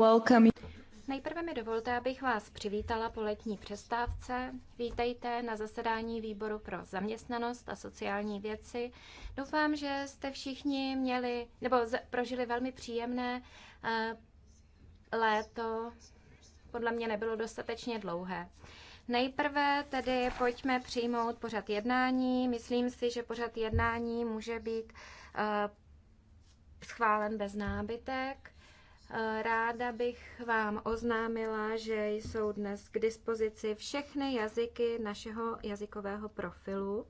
Welcome. Nejprve mi dovolte, abych vás přivítala po letní přestávce. Vítejte na zasedání výboru pro zaměstnanost a sociální věci. Doufám, že jste všichni měli nebo prožili velmi příjemné eh, léto. Podle mě nebylo dostatečně dlouhé. Nejprve tedy pojďme přijmout pořad jednání. Myslím si, že pořad jednání může být eh, schválen bez nábytek. Ráda bych vám oznámila, že jsou dnes k dispozici všechny jazyky našeho jazykového profilu.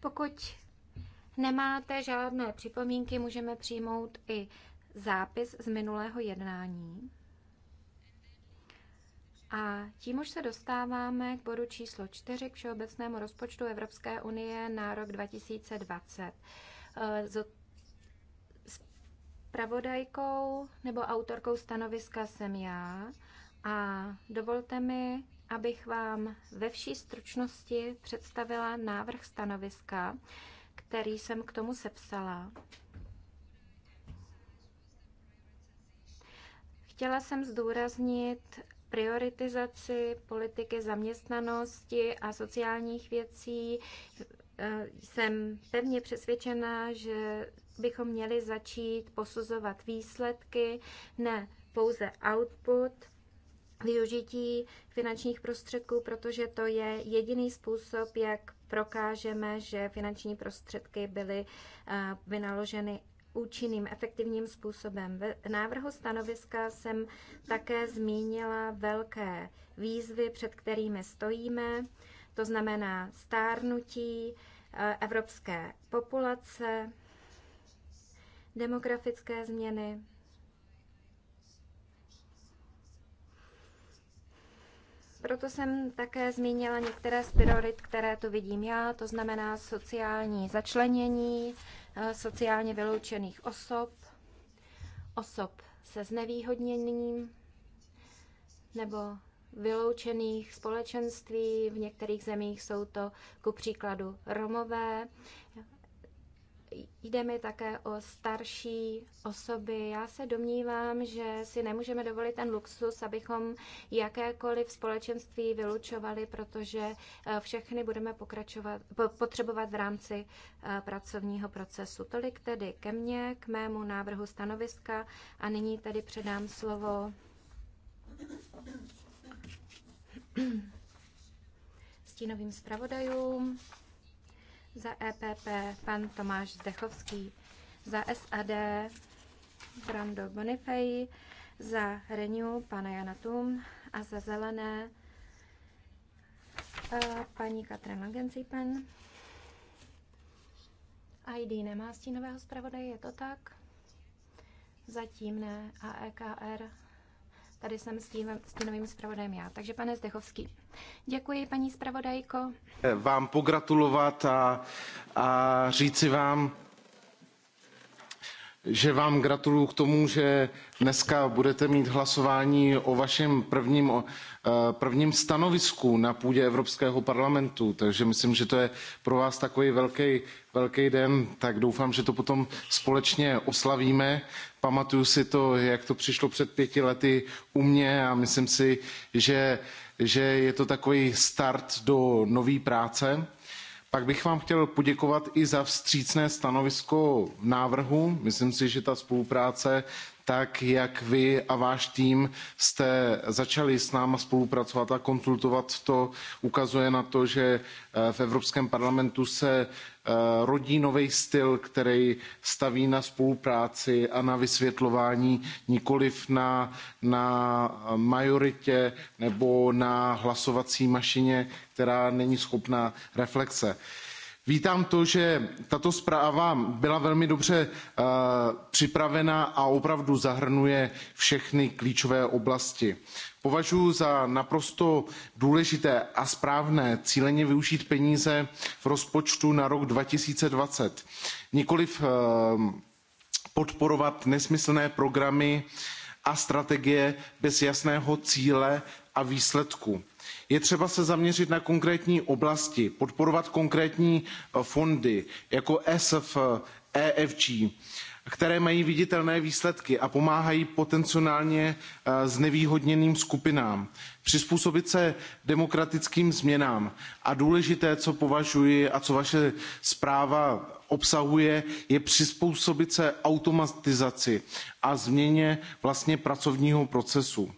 Pokud nemáte žádné připomínky, můžeme přijmout i zápis z minulého jednání. A tím už se dostáváme k bodu číslo 4 k Všeobecnému rozpočtu Evropské unie na rok 2020. Eh, pravodajkou nebo autorkou stanoviska jsem já a dovolte mi, abych vám ve vší stručnosti představila návrh stanoviska, který jsem k tomu sepsala. Chtěla jsem zdůraznit prioritizaci politiky zaměstnanosti a sociálních věcí. E, jsem pevně přesvědčena, že bychom měli začít posuzovat výsledky, ne pouze output, využití finančních prostředků, protože to je jediný způsob, jak prokážeme, že finanční prostředky byly e, vynaloženy účinným, efektivním způsobem. V návrhu stanoviska jsem také zmínila velké výzvy, před kterými stojíme, to znamená stárnutí eh, evropské populace, demografické změny, Proto jsem také zmínila některé z priorit, které tu vidím já, to znamená sociální začlenění, Eh, sociálně vyloučených osob, osob se znevýhodněním nebo vyloučených společenství. V některých zemích jsou to ku příkladu Romové. Jde mi také o starší osoby. Já se domnívám, že si nemůžeme dovolit ten luxus, abychom jakékoliv společenství vylučovali, protože eh, všechny budeme pokračovat, potřebovat v rámci eh, pracovního procesu. Tolik tedy ke mně, k mému návrhu stanoviska a nyní tedy předám slovo stínovým zpravodajům za EPP pan Tomáš Zdechovský, za SAD Brando Bonifej, za Renew pana Jana Tum a za Zelené eh, paní Katrin Langenzipen. ID nemá stínového zpravodaje, je to tak? Zatím ne. A EKR. Tady jsem s tím, stínovým zpravodajem já. Takže pane Zdechovský. Děkuji, paní zpravodajko. Vám pogratulovat a, a říci vám, že vám gratuluju k tomu, že dneska budete mít hlasování o vašem prvním, eh, prvním stanovisku na půdě Evropského parlamentu. Takže myslím, že to je pro vás takový velký, velký den, tak doufám, že to potom společně oslavíme. Pamatuju si to, jak to přišlo před pěti lety u mě a myslím si, že, že je to takový start do nové práce pak bych vám chtěl poděkovat i za vstřícné stanovisko návrhu. Myslím si, že ta spolupráce tak jak vy a váš tým jste začali s námi spolupracovat a konzultovat to, ukazuje na to, že eh, v Evropském parlamentu se eh, rodí nový styl, který staví na spolupráci a na vysvětlování, nikoliv na, na majoritě nebo na hlasovací mašině, která není schopná reflexe. Uh, vítám to že tato zpráva byla velmi dobře eh, připravena a opravdu zahrnuje všechny klíčové oblasti. považuji za naprosto důležité a správné cíleně využít peníze v rozpočtu na rok two thousand and twenty nikoliv eh, podporovat nesmyslné programy a strategie bez jasného cíle a výsledku je třeba se zaměřit na konkrétní oblasti podporovat konkrétní eh, fondy jako esf efg které mají viditelné výsledky a pomáhají potenciálně eh, znevýhodněným skupinám přizpůsobit se demokratickým změnám a důležité co považuji a co vaše zpráva obsahuje je přizpůsobit se automatizaci a změně vlastně pracovního procesu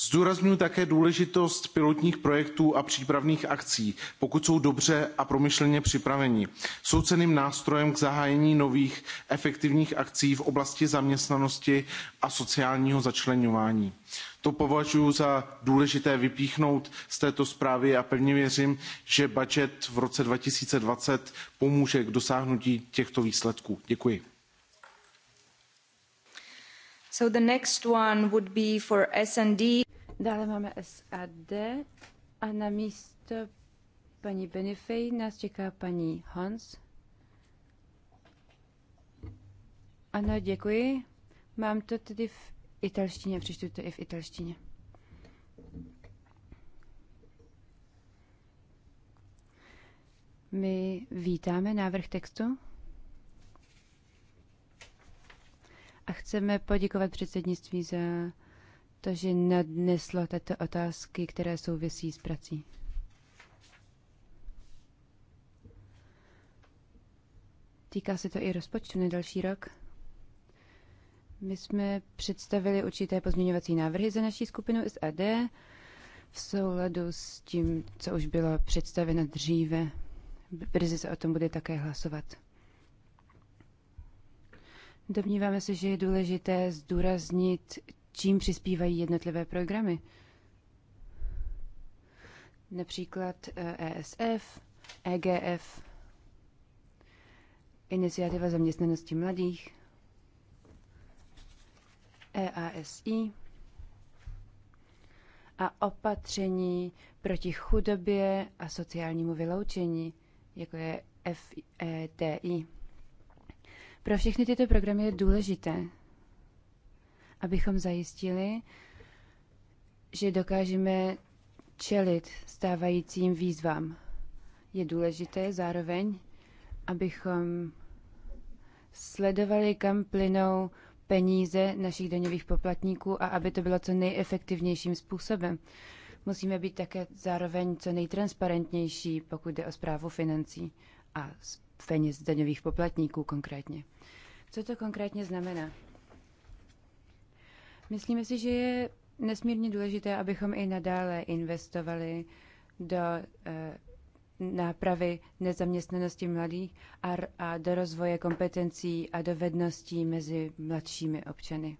zdůrazňuji také důležitost pilotních projektů a přípravných akcí pokud jsou dobře a promyšleně připraveny. jsou cenným nástrojem k zahájení nových efektivních akcí v oblasti zaměstnanosti a sociálního začleňování. to považuji za důležité vypíchnout z této zprávy a pevně věřím že rozpočet v roce two thousand and twenty pomůže k dosáhnutí těchto výsledků. děkuji. So the next one would be for Dále máme SAD a na místo paní Benefej nás čeká paní Hans. Ano, děkuji. Mám to tedy v italštině, přečtu to i v italštině. My vítáme návrh textu a chceme poděkovat předsednictví za takže nadnesla tato otázky, které souvisí s prací. Týká se to i rozpočtu na další rok. My jsme představili určité pozměňovací návrhy za naší skupinu SAD v souladu s tím, co už bylo představeno dříve. Brzy se o tom bude také hlasovat. Domníváme se, že je důležité zdůraznit čím přispívají jednotlivé programy. Například ESF, eh, e EGF, Iniciativa zaměstnanosti mladých, EASI a opatření proti chudobě a sociálnímu vyloučení, jako je FETI. Pro všechny tyto programy je důležité, abychom zajistili, že dokážeme čelit stávajícím výzvám. Je důležité zároveň, abychom sledovali, kam plynou peníze našich daňových poplatníků a aby to bylo co nejefektivnějším způsobem. Musíme být také zároveň co nejtransparentnější, pokud jde o zprávu financí a peněz daňových poplatníků konkrétně. Co to konkrétně znamená? Myslíme si, že je nesmírně důležité, abychom i nadále investovali do eh, nápravy nezaměstnanosti mladých a, a do rozvoje kompetencí a dovedností mezi mladšími občany.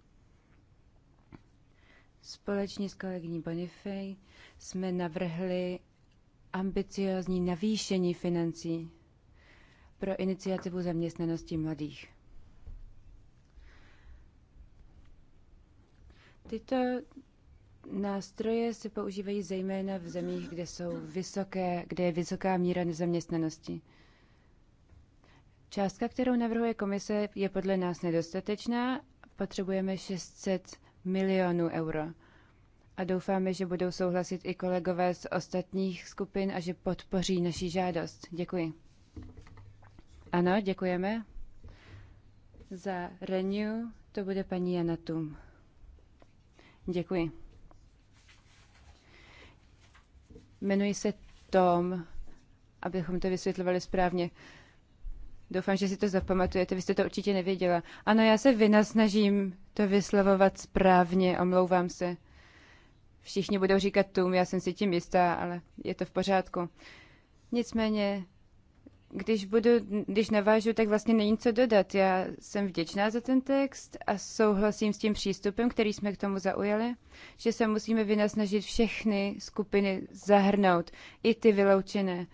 Společně s kolegyní Bonifej jsme navrhli ambiciozní navýšení financí pro iniciativu zaměstnanosti mladých. Tyto nástroje se používají zejména v zemích, kde, jsou vysoké, kde je vysoká míra nezaměstnanosti. Částka, kterou navrhuje komise, je podle nás nedostatečná. Potřebujeme 600 milionů euro. A doufáme, že budou souhlasit i kolegové z ostatních skupin a že podpoří naši žádost. Děkuji. Ano, děkujeme. Za Renew to bude paní Jana Tum. Děkuji. Jmenuji se Tom, abychom to vysvětlovali správně. Doufám, že si to zapamatujete, vy jste to určitě nevěděla. Ano, já se vynasnažím to vyslovovat správně, omlouvám se. Všichni budou říkat Tom, já jsem si tím jistá, ale je to v pořádku. Nicméně když, budu, když navážu, tak vlastně není co dodat. Já jsem vděčná za ten text a souhlasím s tím přístupem, který jsme k tomu zaujali, že se musíme vynasnažit všechny skupiny zahrnout, i ty vyloučené.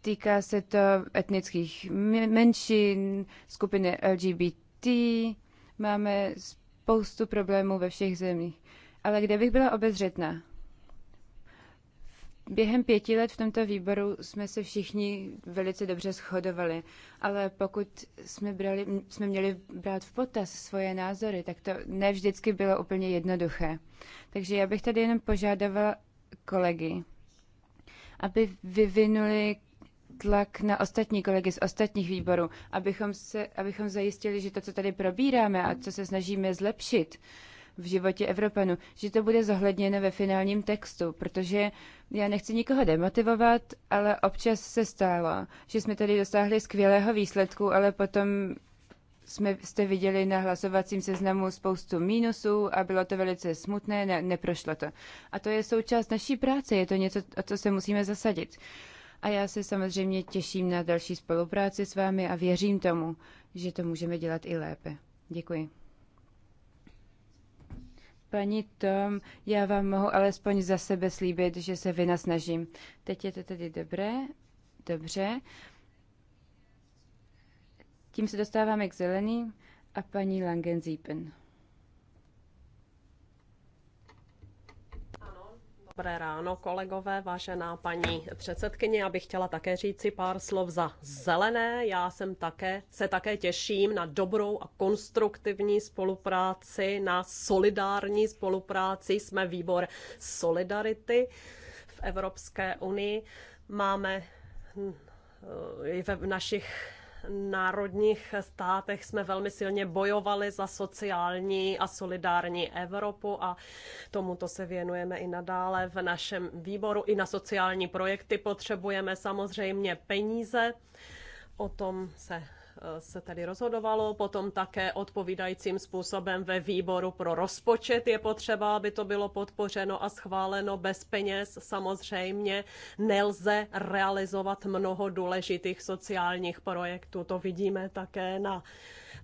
Týká se to etnických menšin, skupiny LGBT, máme spoustu problémů ve všech zemích. Ale kde bych byla obezřetná? Během pěti let v tomto výboru jsme se všichni velice dobře shodovali, ale pokud jsme, brali, jsme měli brát v potaz svoje názory, tak to ne vždycky bylo úplně jednoduché. Takže já bych tady jenom požádala kolegy, aby vyvinuli tlak na ostatní kolegy z ostatních výborů, abychom, se, abychom zajistili, že to, co tady probíráme a co se snažíme zlepšit, v životě Evropanu, že to bude zohledněno ve finálním textu, protože já nechci nikoho demotivovat, ale občas se stalo, že jsme tady dosáhli skvělého výsledku, ale potom jsme, jste viděli na hlasovacím seznamu spoustu mínusů a bylo to velice smutné, ne, neprošlo to. A to je součást naší práce, je to něco, o co se musíme zasadit. A já se samozřejmě těším na další spolupráci s vámi a věřím tomu, že to můžeme dělat i lépe. Děkuji. Paní Tom, já vám mohu alespoň za sebe slíbit, že se vynasnažím. Teď je to tedy dobré, dobře. Tím se dostáváme k zeleným a paní Langenziepen. Dobré ráno, kolegové, vážená paní předsedkyně. Já bych chtěla také říci pár slov za zelené. Já jsem také, se také těším na dobrou a konstruktivní spolupráci, na solidární spolupráci. Jsme výbor Solidarity v Evropské unii. Máme hm, v našich národních státech jsme velmi silně bojovali za sociální a solidární Evropu a tomuto se věnujeme i nadále v našem výboru. I na sociální projekty potřebujeme samozřejmě peníze. O tom se se tady rozhodovalo, potom také odpovídajícím způsobem ve výboru pro rozpočet je potřeba, aby to bylo podpořeno a schváleno bez peněz. Samozřejmě nelze realizovat mnoho důležitých sociálních projektů. To vidíme také na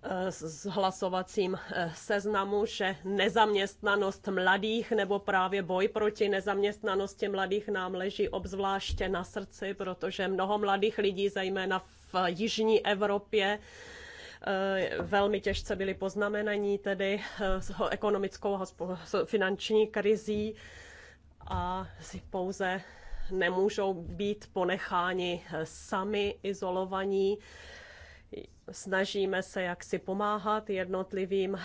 eh, s hlasovacím eh, seznamu, že nezaměstnanost mladých nebo právě boj proti nezaměstnanosti mladých nám leží obzvláště na srdci, protože mnoho mladých lidí, zejména v v jižní Evropě eh, velmi těžce byli poznamenaní tedy eh, s ekonomickou a finanční krizí a si pouze nemůžou být ponecháni eh, sami izolovaní snažíme se jaksi pomáhat jednotlivým eh,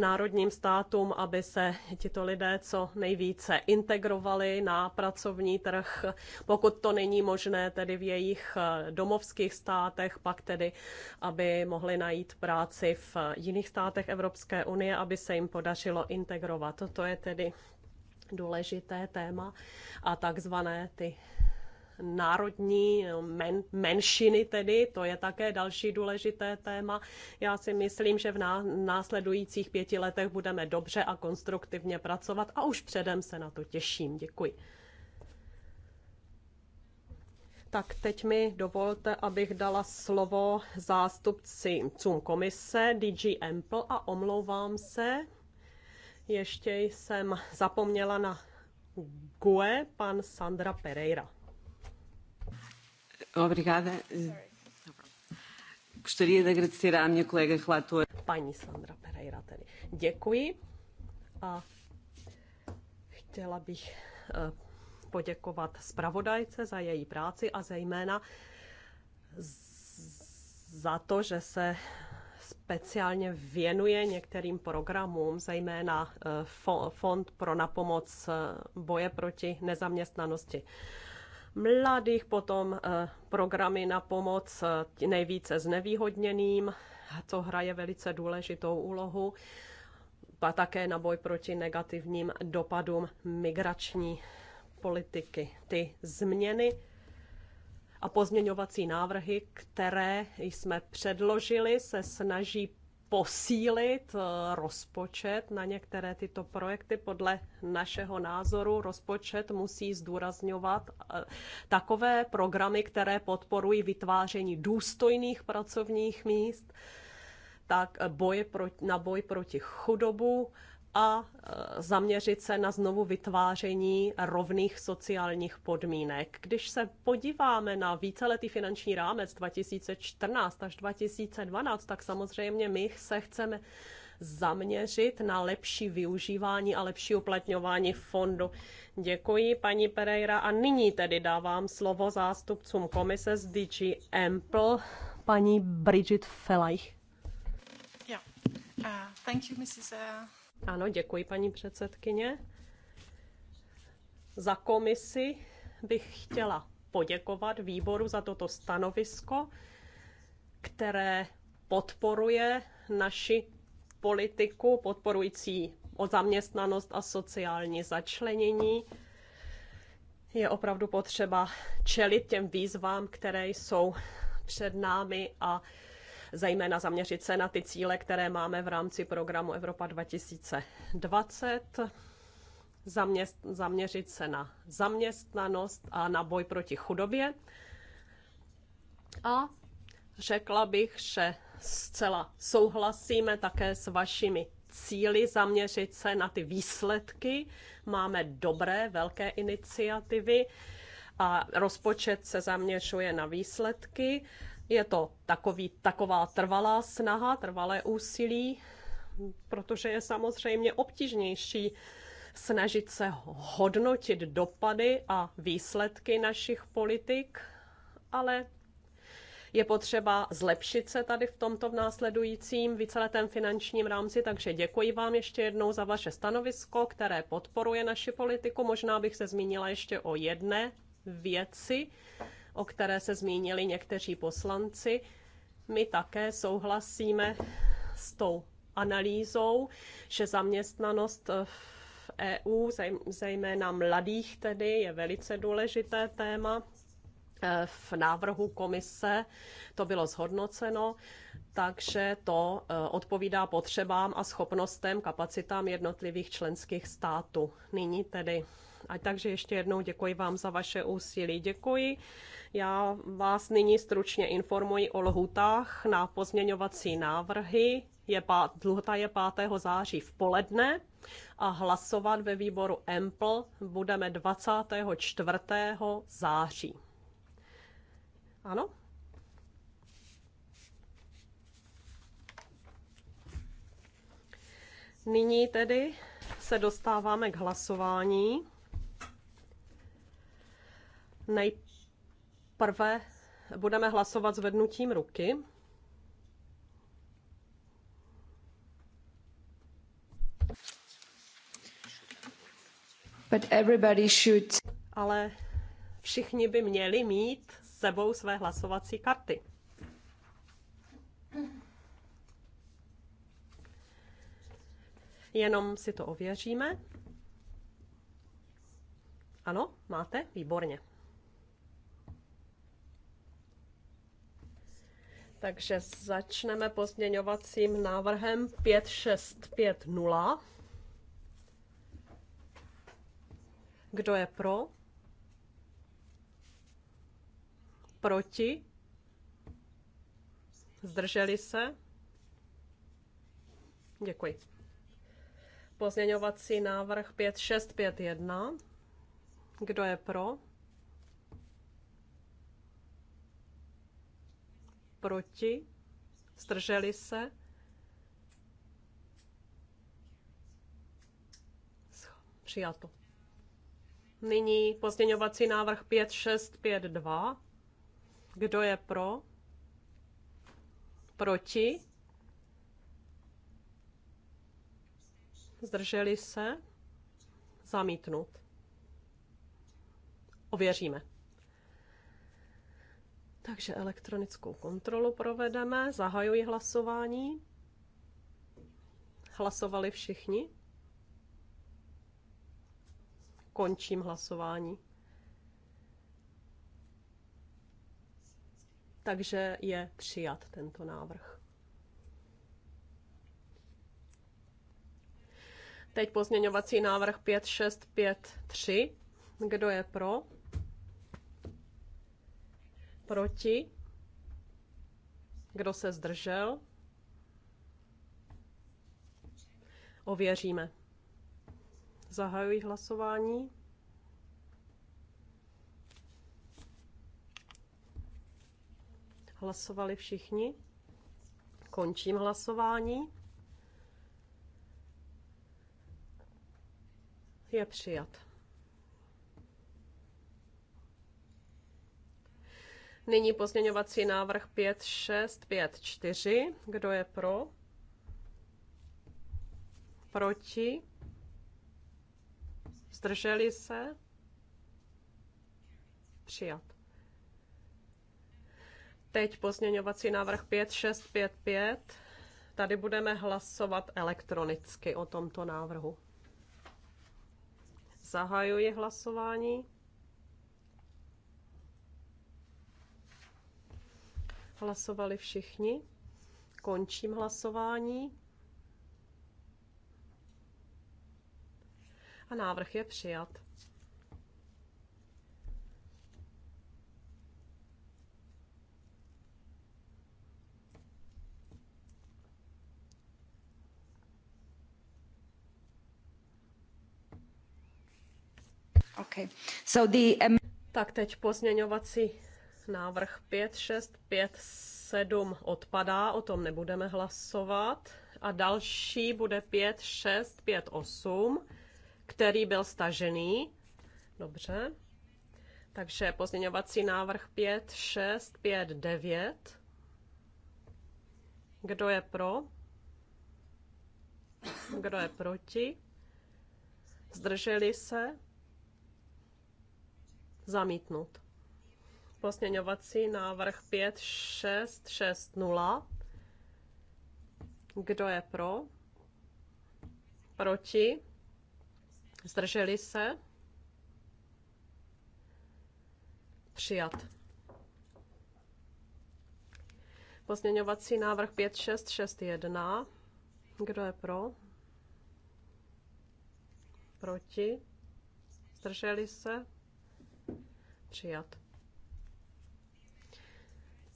národním státům, aby se tito lidé co nejvíce integrovali na pracovní trh. Pokud to není možné tedy v jejich eh, domovských státech, pak tedy, aby mohli najít práci v eh, jiných státech Evropské unie, aby se jim podařilo integrovat. To je tedy důležité téma a takzvané ty národní men, menšiny tedy, to je také další důležité téma. Já si myslím, že v následujících pěti letech budeme dobře a konstruktivně pracovat a už předem se na to těším. Děkuji. Tak teď mi dovolte, abych dala slovo zástupcům komise DG Ample a omlouvám se. Ještě jsem zapomněla na GUE pan Sandra Pereira. Obrigada. Gostaria de agradecer à minha colega relatora. Paní Sandra Pereira tedy. Děkuji a chtěla bych eh, poděkovat zpravodajce za její práci a zejména za to, že se speciálně věnuje některým programům, zejména eh, Fond pro napomoc eh, boje proti nezaměstnanosti mladých, potom eh, programy na pomoc eh, nejvíce znevýhodněným, co hraje velice důležitou úlohu, a také na boj proti negativním dopadům migrační politiky. Ty změny a pozměňovací návrhy, které jsme předložili, se snaží posílit eh, rozpočet na některé tyto projekty. Podle našeho názoru rozpočet musí zdůrazňovat eh, takové programy, které podporují vytváření důstojných pracovních míst, tak eh, boj proti, na boj proti chudobu, a e, zaměřit se na znovu vytváření rovných sociálních podmínek. Když se podíváme na víceletý finanční rámec 2014 až 2012, tak samozřejmě my se chceme zaměřit na lepší využívání a lepší uplatňování fondu. Děkuji, paní Pereira. A nyní tedy dávám slovo zástupcům komise z DG Ample, paní Bridget Felaj. Yeah. Uh, thank you, Mrs. Uh... Ano, děkuji paní předsedkyně. Za komisi bych chtěla poděkovat výboru za toto stanovisko, které podporuje naši politiku podporující o zaměstnanost a sociální začlenění. Je opravdu potřeba čelit těm výzvám, které jsou před námi a zejména zaměřit se na ty cíle, které máme v rámci programu Evropa 2020 zaměst, zaměřit se na zaměstnanost a na boj proti chudobě. A řekla bych, že zcela souhlasíme také s vašimi cíly zaměřit se na ty výsledky. Máme dobré, velké iniciativy a rozpočet se zaměřuje na výsledky je to takový, taková trvalá snaha, trvalé úsilí, protože je samozřejmě obtížnější snažit se hodnotit dopady a výsledky našich politik, ale je potřeba zlepšit se tady v tomto v následujícím víceletém finančním rámci, takže děkuji vám ještě jednou za vaše stanovisko, které podporuje naši politiku. Možná bych se zmínila ještě o jedné věci, o které se zmínili někteří poslanci. My také souhlasíme s tou analýzou, že zaměstnanost v EU, zejména mladých tedy, je velice důležité téma. E, v návrhu komise to bylo zhodnoceno, takže to e, odpovídá potřebám a schopnostem, kapacitám jednotlivých členských států. Nyní tedy. A takže ještě jednou děkuji vám za vaše úsilí. Děkuji. Já vás nyní stručně informuji o lhutách na pozměňovací návrhy. Je pát, lhuta je 5. září v poledne a hlasovat ve výboru EMPL budeme 24. září. Ano? Nyní tedy se dostáváme k hlasování. Nej Nejprve budeme hlasovat zvednutím ruky. But everybody should... Ale všichni by měli mít s sebou své hlasovací karty. Jenom si to ověříme. Ano, máte? Výborně. Takže začneme pozměňovacím návrhem 5650. Kdo je pro? Proti? Zdrželi se? Děkuji. Pozměňovací návrh 5651. Kdo je pro? proti, zdrželi se, přijato. Nyní pozměňovací návrh 5652. Kdo je pro? Proti? Zdrželi se? Zamítnut. Ověříme. Takže elektronickou kontrolu provedeme. Zahajuji hlasování. Hlasovali všichni? Končím hlasování. Takže je přijat tento návrh. Teď pozměňovací návrh 5653. Kdo je pro? Proti? Kdo se zdržel? Ověříme. Zahajuji hlasování. Hlasovali všichni. Končím hlasování. Je přijat. Nyní pozměňovací návrh 5654. Kdo je pro? Proti? Zdrželi se? Přijat. Teď pozměňovací návrh 5655. Tady budeme hlasovat elektronicky o tomto návrhu. Zahajuji hlasování. Hlasovali všichni. Končím hlasování. A návrh je přijat. Okay. So the... Tak teď pozměňovací Návrh 5, 6, 5, 7 odpadá, o tom nebudeme hlasovat. A další bude 5, 6, 5, 8, který byl stažený. Dobře. Takže pozměňovací návrh 5, 6, 5, 9. Kdo je pro? Kdo je proti? Zdrželi se? Zamítnut. Pozměňovací návrh 5660. Kdo je pro? Proti? Zdrželi se? Přijat. Pozměňovací návrh 5661. Kdo je pro? Proti? Zdrželi se? Přijat.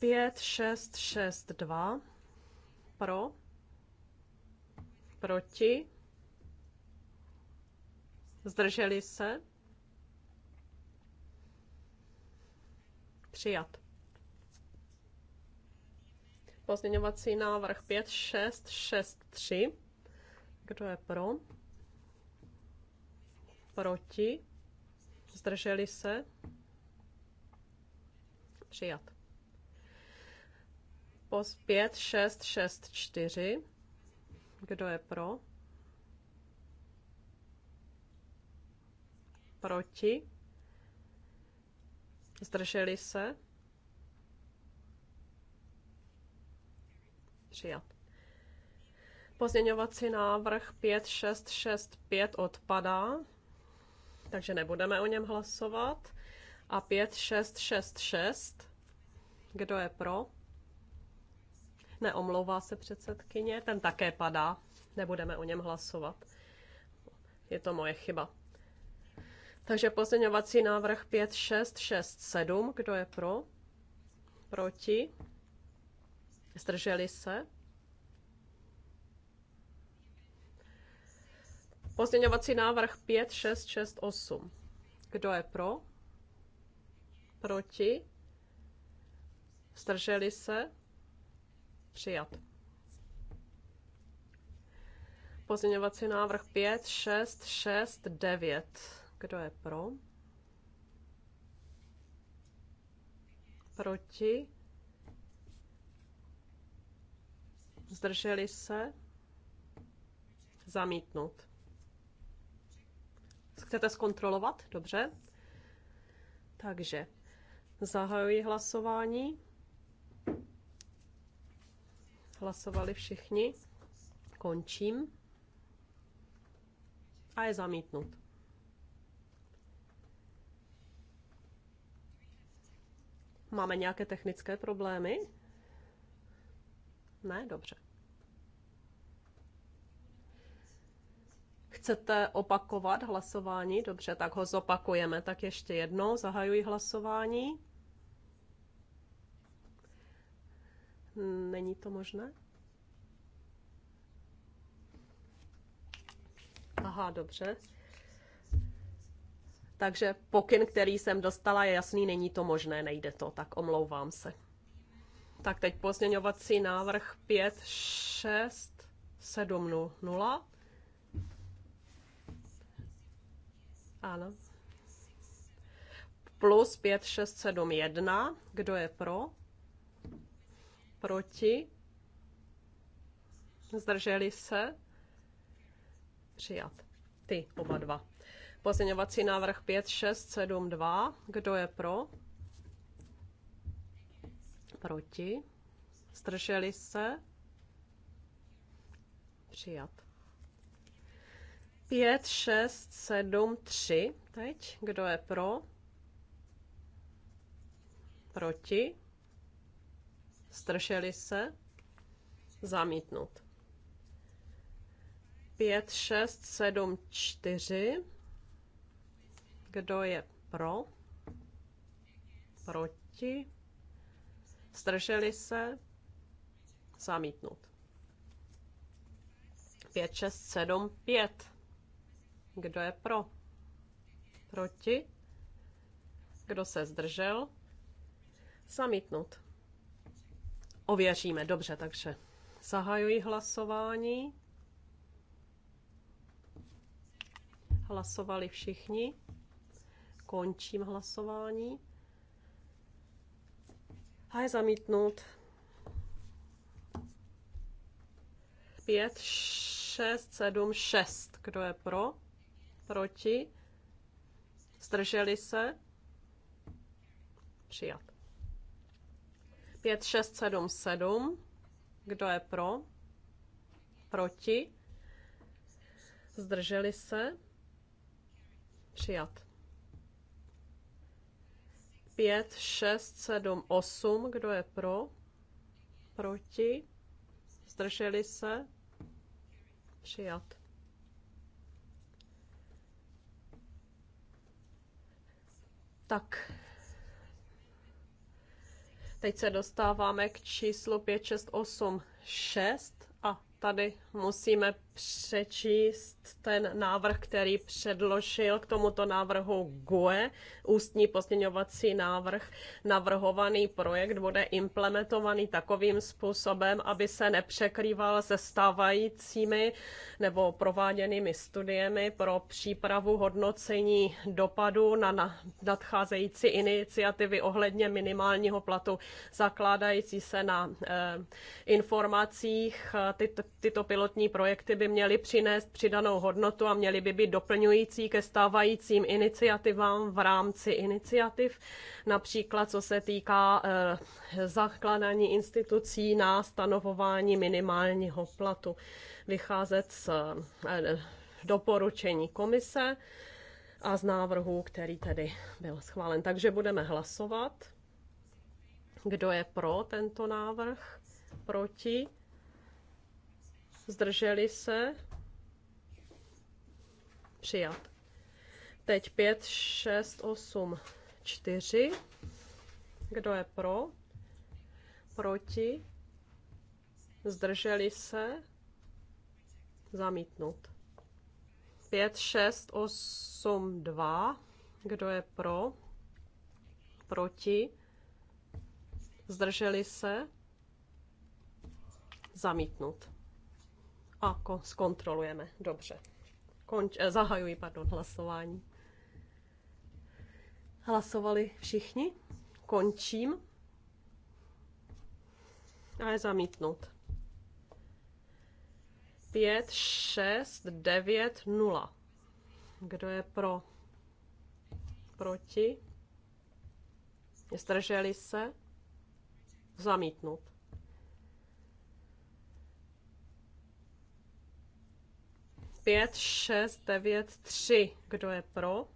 5662 pro, proti, zdrželi se, přijat. Pozměňovací návrh 5663. Kdo je pro? Proti? Zdrželi se? Přijat. Pos 5, 6, 6, 4. Kdo je pro? Proti? Zdrželi se? Přijat. Pozměňovací návrh 5665 odpadá, takže nebudeme o něm hlasovat. A 5666, kdo je pro? Neomlouvá se předsedkyně, ten také padá. Nebudeme o něm hlasovat. Je to moje chyba. Takže pozměňovací návrh 5, 6, 6, 7. Kdo je pro? Proti? Zdrželi se? Pozměňovací návrh 5, 6, 6, 8. Kdo je pro? Proti? Zdrželi se? Přijat. Pozměňovací návrh 5, 6, 6, 9. Kdo je pro? Proti? Zdrželi se? Zamítnout. Chcete zkontrolovat? Dobře. Takže zahajuji hlasování. Hlasovali všichni. Končím. A je zamítnut. Máme nějaké technické problémy? Ne, dobře. Chcete opakovat hlasování? Dobře, tak ho zopakujeme. Tak ještě jednou zahajuji hlasování. Není to možné? Aha, dobře. Takže pokyn, který jsem dostala, je jasný, není to možné, nejde to, tak omlouvám se. Tak teď pozměňovací návrh 5, 6, 7, 0. Ano. Plus 5, 6, 7, 1. Kdo je pro? proti, zdrželi se, přijat. Ty oba dva. Pozměňovací návrh 5, 6, 7, 2. Kdo je pro? Proti. Zdrželi se? Přijat. 5, 6, 7, 3. Teď. Kdo je pro? Proti. Strašeli se? zamítnout. 5, 6, 7, 4. Kdo je pro? Proti? Strašeli se? zamítnout. 5, 6, 7, 5. Kdo je pro? Proti? Kdo se zdržel? Zamítnout. Ověříme, dobře, takže zahajuji hlasování. Hlasovali všichni. Končím hlasování. A je zamítnut. 5, 6, 7, 6. Kdo je pro? Proti? Zdrželi se? Přijat. 5677. Kdo je pro? Proti? Zdrželi se? Přijat. 5, 6, 7, 8. Kdo je pro? Proti? Zdrželi se? Přijat. Tak, Teď se dostáváme k číslu 5686 a tady musíme přečíst ten návrh, který předložil k tomuto návrhu GUE, ústní pozměňovací návrh. Navrhovaný projekt bude implementovaný takovým způsobem, aby se nepřekrýval se stávajícími nebo prováděnými studiemi pro přípravu hodnocení dopadu na nadcházející iniciativy ohledně minimálního platu, zakládající se na eh, informacích. Tyto, tyto pilotní projekty by by měly přinést přidanou hodnotu a měly by být doplňující ke stávajícím iniciativám v rámci iniciativ, například co se týká eh, zakládání institucí na stanovování minimálního platu. Vycházet z eh, doporučení komise a z návrhu, který tedy byl schválen. Takže budeme hlasovat. Kdo je pro tento návrh? Proti? zdrželi se, přijat. Teď 5, 6, 8, 4. Kdo je pro? Proti? Zdrželi se? Zamítnut. 5, 6, 8, 2. Kdo je pro? Proti? Zdrželi se? Zamítnut. A zkontrolujeme. Dobře. Konč, eh, zahajuji pardon, hlasování. Hlasovali všichni? Končím. A je zamítnut. 5, 6, 9, 0. Kdo je pro? Proti? Zdrželi se? Zamítnut. 5, 6, 9, 3. Kdo je pro?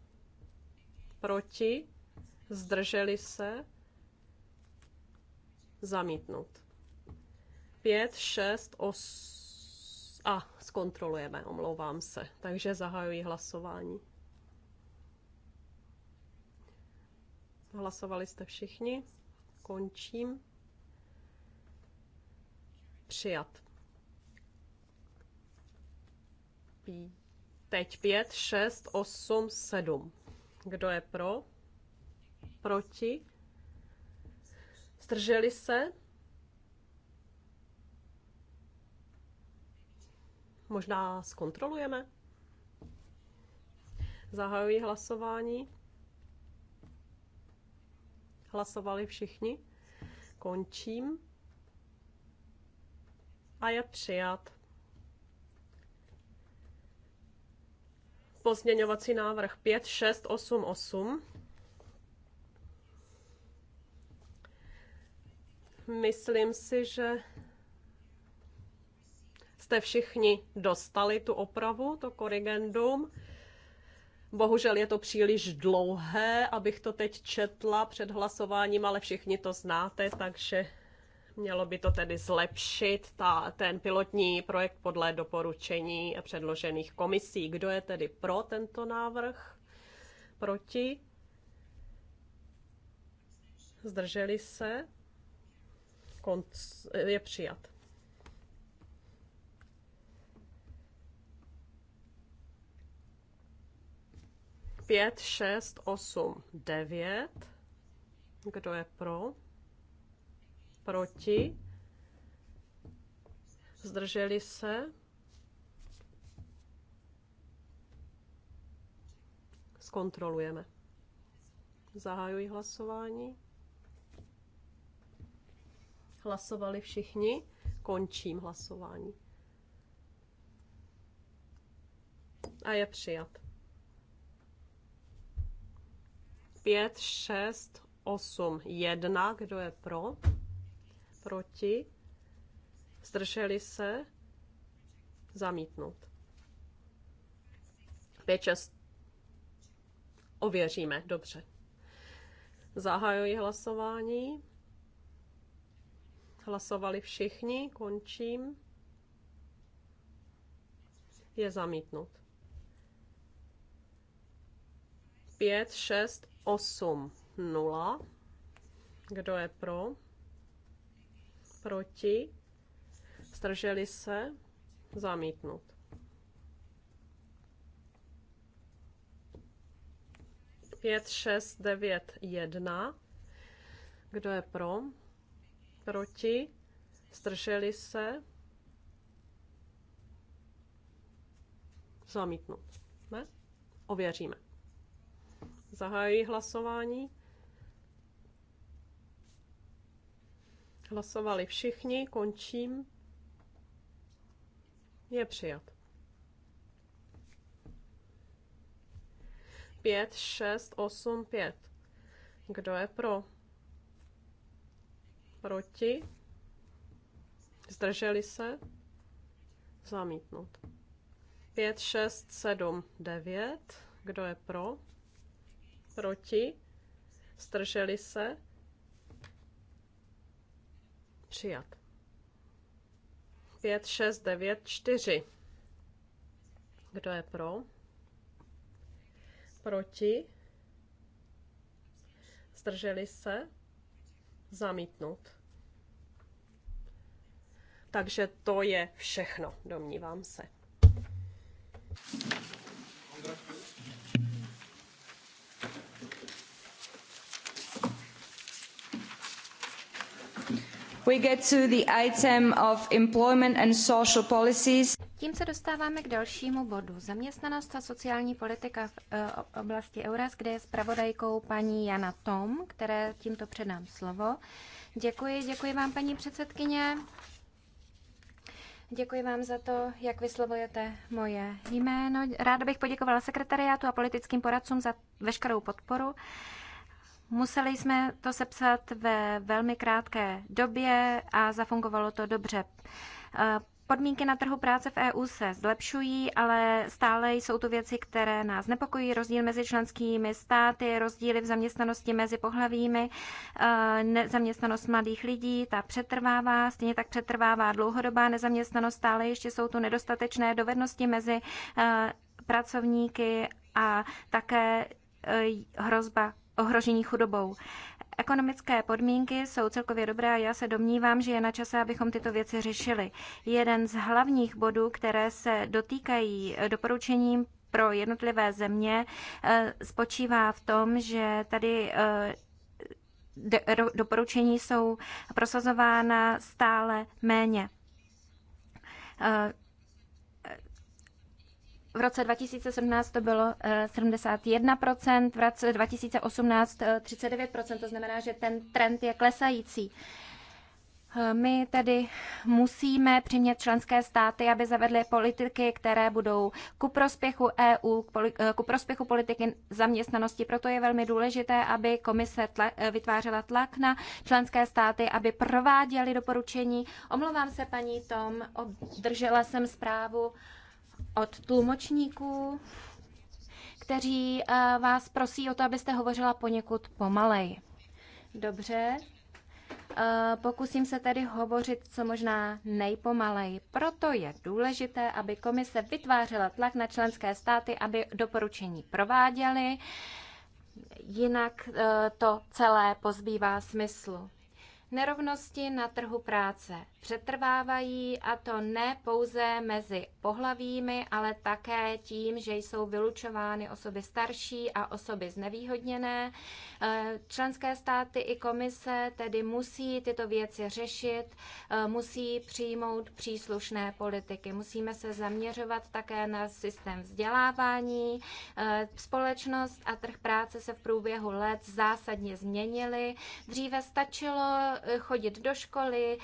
Proti? Zdrželi se? Zamítnout. 5, 6, 8. A zkontrolujeme, omlouvám se. Takže zahajuji hlasování. Hlasovali jste všichni? Končím. Přijat. Teď 5, 6, 8, 7. Kdo je pro? Proti? Zdrželi se? Možná zkontrolujeme? Zahajují hlasování. Hlasovali všichni. Končím. A je přijat. Pozměňovací návrh 8. Myslím si, že jste všichni dostali tu opravu, to korrigendum. Bohužel je to příliš dlouhé, abych to teď četla před hlasováním, ale všichni to znáte, takže Mělo by to tedy zlepšit ta, ten pilotní projekt podle doporučení předložených komisí. Kdo je tedy pro tento návrh? Proti? Zdrželi se? Konc, je přijat. Pět, šest, osm, devět. Kdo je pro? proti, zdrželi se, zkontrolujeme. Zahajuji hlasování. Hlasovali všichni, končím hlasování. A je přijat. 5, 6, 8, 1. Kdo je pro? proti, zdrželi se, zamítnout. 5, 6. Ověříme, dobře. Zahajuji hlasování. Hlasovali všichni, končím. Je zamítnut. 5, 6, 8, 0. Kdo je pro? proti, zdrželi se, zamítnut. Pět, šest, devět, jedna. Kdo je pro? Proti? Zdrželi se? zamítnout. Ne? Ověříme. Zahajuji hlasování. Hlasovali všichni, končím. Je přijat. 5, 6, 8, 5. Kdo je pro? Proti? Zdrželi se? Zamítnout. 5, 6, 7, 9. Kdo je pro? Proti? Zdrželi se? Přijat. 5, 6, 9, 4. Kdo je pro? Proti? Zdrželi se? Zamítnout. Takže to je všechno, domnívám se. Thank you. We get to the item of employment and social policies. Tím se dostáváme k dalšímu bodu. Zaměstnanost a sociální politika v eh, oblasti EURES, kde je zpravodajkou paní Jana Tom, které tímto předám slovo. Děkuji, děkuji vám, paní předsedkyně. Děkuji vám za to, jak vyslovujete moje jméno. Ráda bych poděkovala sekretariátu a politickým poradcům za veškerou podporu. Museli jsme to sepsat ve velmi krátké době a zafungovalo to dobře. Eh, podmínky na trhu práce v EU se zlepšují, ale stále jsou to věci, které nás nepokojí. Rozdíl mezi členskými státy, rozdíly v zaměstnanosti mezi pohlavími, eh, nezaměstnanost mladých lidí, ta přetrvává, stejně tak přetrvává dlouhodobá nezaměstnanost, stále ještě jsou tu nedostatečné dovednosti mezi eh, pracovníky a také hrozba ohrožení chudobou. Ekonomické podmínky jsou celkově dobré a já se domnívám, že je na čase, abychom tyto věci řešili. Jeden z hlavních bodů, které se dotýkají doporučením pro jednotlivé země, eh, spočívá v tom, že tady eh, doporučení jsou prosazována stále méně. Eh, v roce 2017 to bylo 71%, eh, v roce 2018 39%, eh, to znamená, že ten trend je klesající. Eh, my tedy musíme přimět členské státy, aby zavedly politiky, které budou ku prospěchu EU, ku prospěchu politiky zaměstnanosti. Proto je velmi důležité, aby komise tla, vytvářela tlak na členské státy, aby prováděly doporučení. Omlouvám se, paní Tom, obdržela jsem zprávu od tlumočníků, kteří eh, vás prosí o to, abyste hovořila poněkud pomalej. Dobře, eh, Pokusím se tedy hovořit co možná nejpomalej. Proto je důležité, aby komise vytvářela tlak na členské státy, aby doporučení prováděly, jinak eh, to celé pozbývá smyslu. Nerovnosti na trhu práce přetrvávají a to ne pouze mezi pohlavími, ale také tím, že jsou vylučovány osoby starší a osoby znevýhodněné. Eh, členské státy i komise tedy musí tyto věci řešit, eh, musí přijmout příslušné politiky. Musíme se zaměřovat také na systém vzdělávání. Eh, společnost a trh práce se v průběhu let zásadně změnily. Dříve stačilo chodit do školy,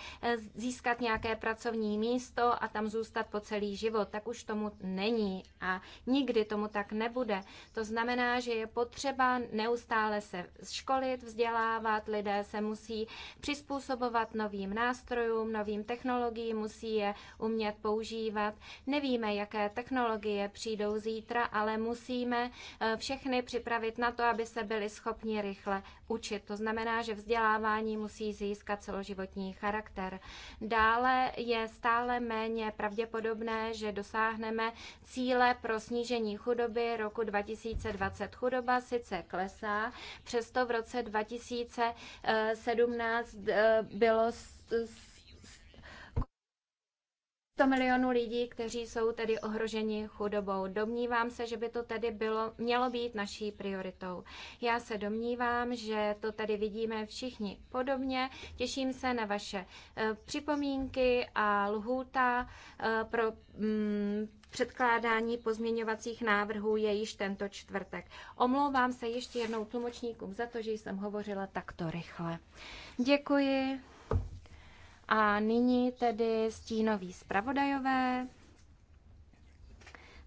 získat nějaké pracovní místo a tam zůstat po celý život. Tak už tomu není a nikdy tomu tak nebude. To znamená, že je potřeba neustále se školit, vzdělávat, lidé se musí přizpůsobovat novým nástrojům, novým technologiím, musí je umět používat. Nevíme, jaké technologie přijdou zítra, ale musíme eh, všechny připravit na to, aby se byli schopni rychle učit. To znamená, že vzdělávání musí získat celoživotní charakter. Dále je stále méně pravděpodobné, že dosáhneme cíle pro snížení chudoby roku 2020. Chudoba sice klesá, přesto v roce 2017 eh, eh, bylo 100 milionů lidí, kteří jsou tedy ohroženi chudobou. Domnívám se, že by to tedy bylo, mělo být naší prioritou. Já se domnívám, že to tady vidíme všichni podobně. Těším se na vaše eh, připomínky a lhůta eh, pro mm, předkládání pozměňovacích návrhů je již tento čtvrtek. Omlouvám se ještě jednou tlumočníkům za to, že jsem hovořila takto rychle. Děkuji. A nyní tedy stínoví zpravodajové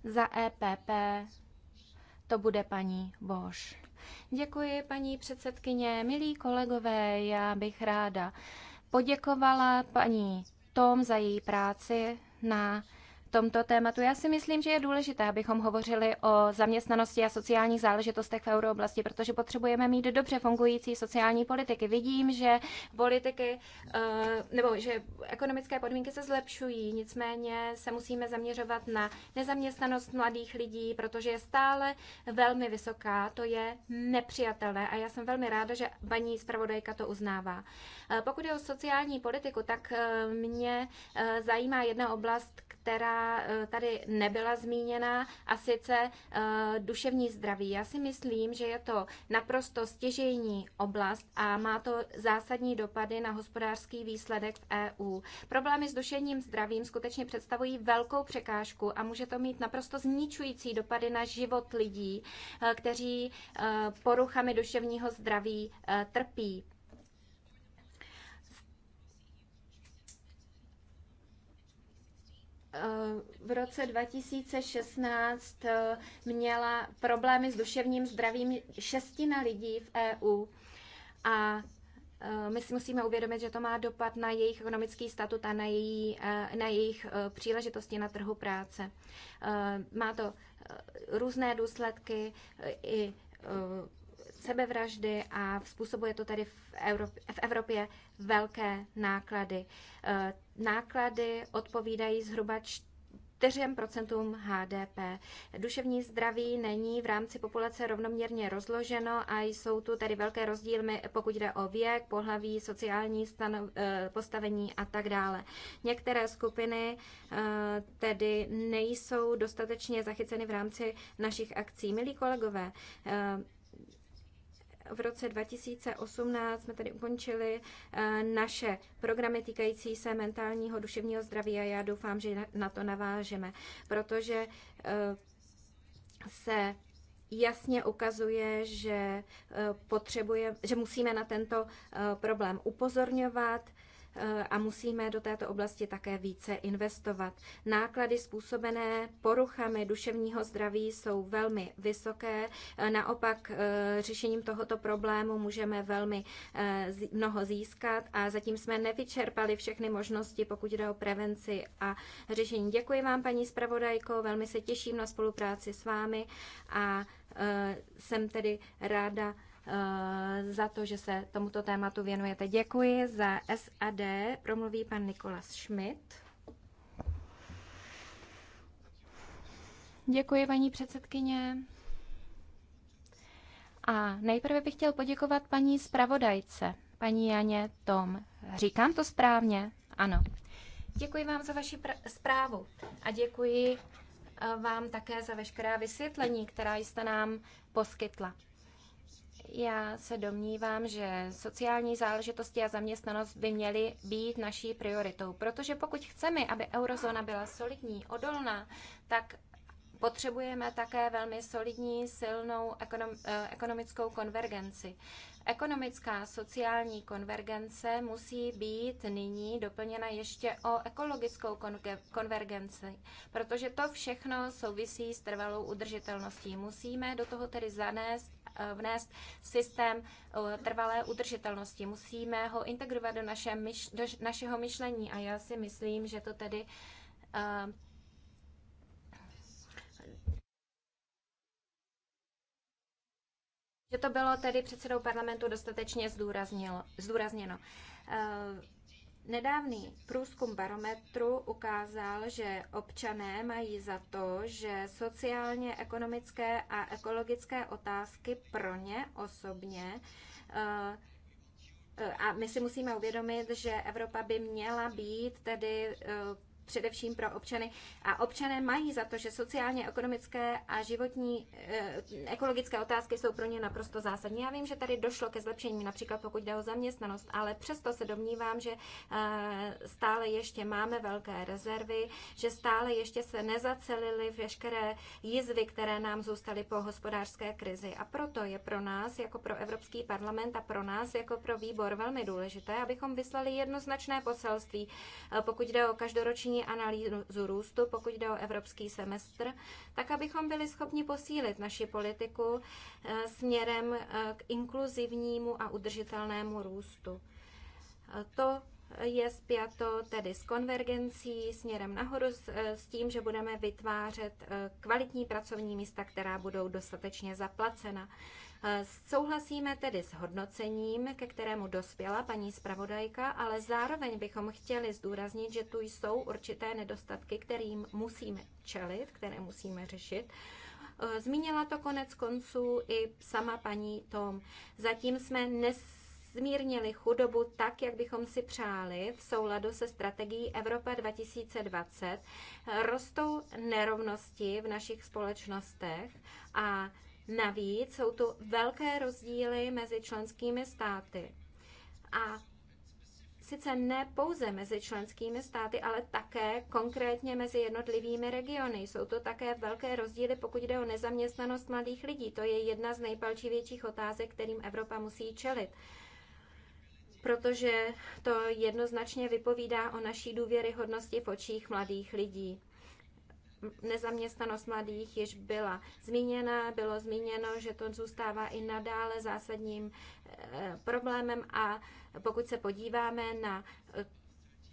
za EPP. To bude paní Boš. Děkuji, paní předsedkyně. Milí kolegové, já bych ráda poděkovala paní Tom za její práci na tomto tématu. Já si myslím, že je důležité, abychom hovořili o zaměstnanosti a sociálních záležitostech v eurooblasti, protože potřebujeme mít dobře fungující sociální politiky. Vidím, že politiky eh, nebo že ekonomické podmínky se zlepšují, nicméně se musíme zaměřovat na nezaměstnanost mladých lidí, protože je stále velmi vysoká. To je nepřijatelné a já jsem velmi ráda, že paní zpravodajka to uznává. Eh, pokud je o sociální politiku, tak eh, mě zajímá jedna oblast, která eh, tady nebyla zmíněna, a sice eh, duševní zdraví. Já si myslím, že je to naprosto stěžejní oblast a má to zásadní dopady na hospodářský výsledek v EU. Problémy s duševním zdravím skutečně představují velkou překážku a může to mít naprosto zničující dopady na život lidí, eh, kteří poruchami duševního zdraví trpí. Eh, v roce 2016 eh, měla problémy s duševním zdravím šestina lidí v EU a eh, my si musíme uvědomit, že to má dopad na jejich ekonomický statut a na, její, na jejich příležitosti na trhu práce. Má to různé důsledky i sebevraždy a způsobuje to tady v Evropě, v Evropě velké náklady. Eh, náklady odpovídají zhruba 4% HDP. Duševní zdraví není v rámci populace rovnoměrně rozloženo a jsou tu tedy velké rozdíly, pokud jde o věk, pohlaví, sociální stano, eh, postavení a tak dále. Některé skupiny eh, tedy nejsou dostatečně zachyceny v rámci našich akcí. Milí kolegové, v roce 2018 jsme tady ukončili eh, naše programy týkající se mentálního duševního zdraví a já doufám, že na to navážeme, protože eh, se jasně ukazuje, že eh, potřebuje, že musíme na tento problém upozorňovat, a musíme do této oblasti také více investovat. Náklady způsobené poruchami duševního zdraví jsou velmi vysoké. Naopak eh, řešením tohoto problému můžeme velmi eh, mnoho získat a zatím jsme nevyčerpali všechny možnosti, pokud jde o prevenci a řešení. Děkuji vám, paní zpravodajko, velmi se těším na spolupráci s vámi a eh, jsem tedy ráda, Eh, za to, že se tomuto tématu věnujete. Děkuji za SAD. Promluví pan Nikolas Schmidt. Děkuji, paní předsedkyně. A nejprve bych chtěl poděkovat paní zpravodajce, paní Janě Tom. Říkám to správně? Ano. Děkuji vám za vaši zprávu a děkuji eh, vám také za veškerá vysvětlení, která jste nám poskytla. Já se domnívám, že sociální záležitosti a zaměstnanost by měly být naší prioritou, protože pokud chceme, aby eurozóna byla solidní, odolná, tak potřebujeme také velmi solidní, silnou eh, ekonomickou konvergenci. Ekonomická sociální konvergence musí být nyní doplněna ještě o ekologickou konvergenci, protože to všechno souvisí s trvalou udržitelností. Musíme do toho tedy zanést Eh, vnést systém eh, trvalé udržitelnosti. Musíme ho integrovat do, naše, do našeho myšlení a já si myslím, že to tedy eh, že to bylo tedy předsedou parlamentu dostatečně zdůrazněno. Nedávný průzkum barometru ukázal, že občané mají za to, že sociálně, ekonomické a ekologické otázky pro ně osobně eh, eh, a my si musíme uvědomit, že Evropa by měla být tedy eh, především pro občany. A občané mají za to, že sociálně, ekonomické a životní eh, ekologické otázky jsou pro ně naprosto zásadní. Já vím, že tady došlo ke zlepšení, například pokud jde o zaměstnanost, ale přesto se domnívám, že eh, stále ještě máme velké rezervy, že stále ještě se nezacelily veškeré jizvy, které nám zůstaly po hospodářské krizi. A proto je pro nás, jako pro Evropský parlament a pro nás, jako pro výbor, velmi důležité, abychom vyslali jednoznačné poselství, eh, pokud jde o každoroční analýzu růstu, pokud jde o evropský semestr, tak abychom byli schopni posílit naši politiku eh, směrem eh, k inkluzivnímu a udržitelnému růstu. Eh, to je spjato tedy s konvergencí směrem nahoru s tím, že budeme vytvářet kvalitní pracovní místa, která budou dostatečně zaplacena. Souhlasíme tedy s hodnocením, ke kterému dospěla paní zpravodajka, ale zároveň bychom chtěli zdůraznit, že tu jsou určité nedostatky, kterým musíme čelit, které musíme řešit. Zmínila to konec konců i sama paní Tom. Zatím jsme nes zmírnili chudobu tak, jak bychom si přáli v souladu se strategií Evropa 2020. Rostou nerovnosti v našich společnostech a Navíc jsou tu velké rozdíly mezi členskými státy. A sice ne pouze mezi členskými státy, ale také konkrétně mezi jednotlivými regiony. Jsou to také velké rozdíly, pokud jde o nezaměstnanost mladých lidí. To je jedna z nejpalčivějších otázek, kterým Evropa musí čelit protože to jednoznačně vypovídá o naší důvěryhodnosti v očích mladých lidí nezaměstnanost mladých již byla zmíněna. Bylo zmíněno, že to zůstává i nadále zásadním eh, problémem a pokud se podíváme na eh,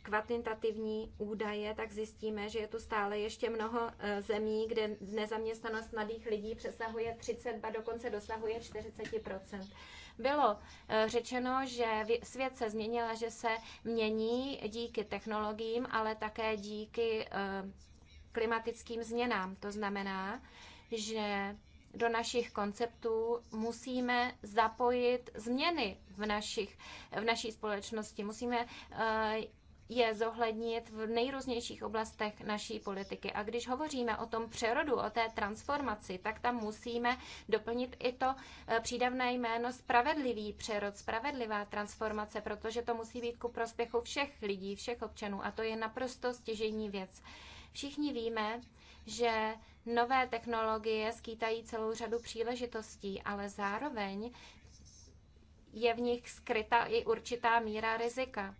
kvantitativní údaje, tak zjistíme, že je tu stále ještě mnoho eh, zemí, kde nezaměstnanost mladých lidí přesahuje 30, a dokonce dosahuje 40 bylo řečeno, že svět se změnil a že se mění díky technologiím, ale také díky klimatickým změnám. To znamená, že do našich konceptů musíme zapojit změny v, našich, v naší společnosti. Musíme eh, je zohlednit v nejrůznějších oblastech naší politiky. A když hovoříme o tom přerodu, o té transformaci, tak tam musíme doplnit i to eh, přídavné jméno spravedlivý přerod, spravedlivá transformace, protože to musí být ku prospěchu všech lidí, všech občanů. A to je naprosto stěžení věc. Všichni víme, že nové technologie skýtají celou řadu příležitostí, ale zároveň je v nich skryta i určitá míra rizika.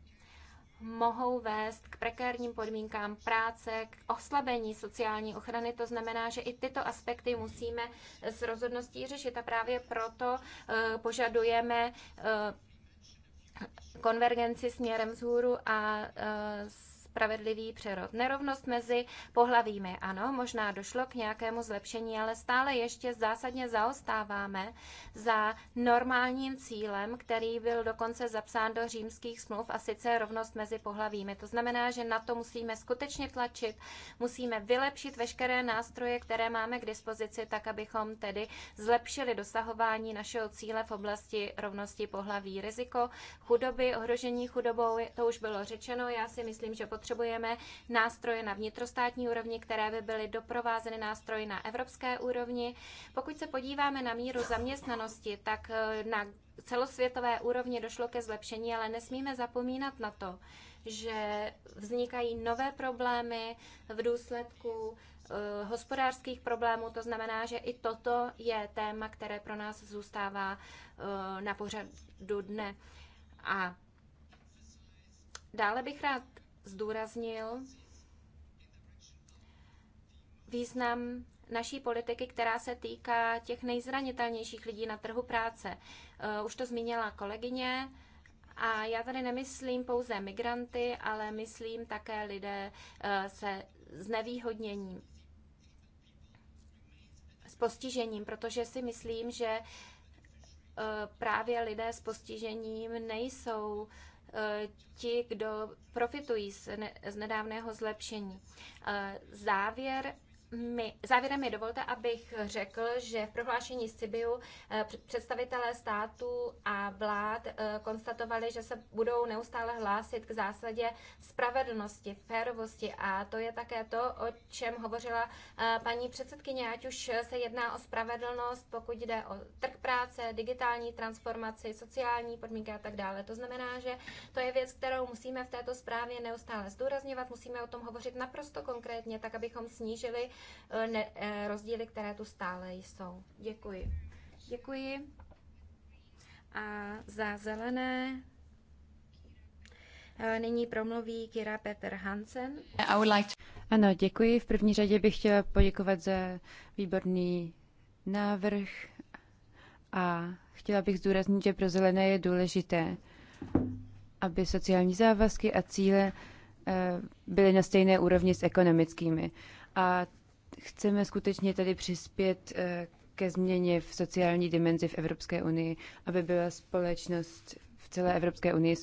Mohou vést k prekérním podmínkám práce, k oslabení sociální ochrany. To znamená, že i tyto aspekty musíme s rozhodností řešit a právě proto eh, požadujeme eh, konvergenci směrem vzhůru a s eh, spravedlivý přerod. Nerovnost mezi pohlavími, ano, možná došlo k nějakému zlepšení, ale stále ještě zásadně zaostáváme za normálním cílem, který byl dokonce zapsán do římských smluv a sice rovnost mezi pohlavími. To znamená, že na to musíme skutečně tlačit, musíme vylepšit veškeré nástroje, které máme k dispozici, tak abychom tedy zlepšili dosahování našeho cíle v oblasti rovnosti pohlaví. Riziko chudoby, ohrožení chudobou, to už bylo řečeno, já si myslím, že potřebujeme potřebujeme nástroje na vnitrostátní úrovni, které by byly doprovázeny nástroji na evropské úrovni. Pokud se podíváme na míru zaměstnanosti, tak eh, na celosvětové úrovni došlo ke zlepšení, ale nesmíme zapomínat na to, že vznikají nové problémy v důsledku eh, hospodářských problémů. To znamená, že i toto je téma, které pro nás zůstává eh, na pořadu dne. A dále bych rád zdůraznil význam naší politiky, která se týká těch nejzranitelnějších lidí na trhu práce. Eh, už to zmínila kolegyně. A já tady nemyslím pouze migranty, ale myslím také lidé eh, se znevýhodněním, s postižením, protože si myslím, že eh, právě lidé s postižením nejsou Eh, ti, kdo profitují z nedávného zlepšení. Eh, závěr mi, závěrem mi dovolte, abych řekl, že v prohlášení z Sibiu eh, představitelé států a vlád eh, konstatovali, že se budou neustále hlásit k zásadě spravedlnosti, férovosti a to je také to, o čem hovořila eh, paní předsedkyně, ať už se jedná o spravedlnost, pokud jde o trh práce, digitální transformaci, sociální podmínky a tak dále. To znamená, že to je věc, kterou musíme v této zprávě neustále zdůrazňovat, musíme o tom hovořit naprosto konkrétně, tak abychom snížili Eh, eh, rozdíly, které tu stále jsou. Děkuji. Děkuji. A za zelené eh, Nyní promluví Kira Peter Hansen. I would like to... Ano, děkuji. V první řadě bych chtěla poděkovat za výborný návrh a chtěla bych zdůraznit, že pro zelené je důležité, aby sociální závazky a cíle byly na stejné úrovni s ekonomickými. A Chceme skutečně tady přispět eh, ke změně v sociální dimenzi v Evropské unii, aby byla společnost v celé Evropské unii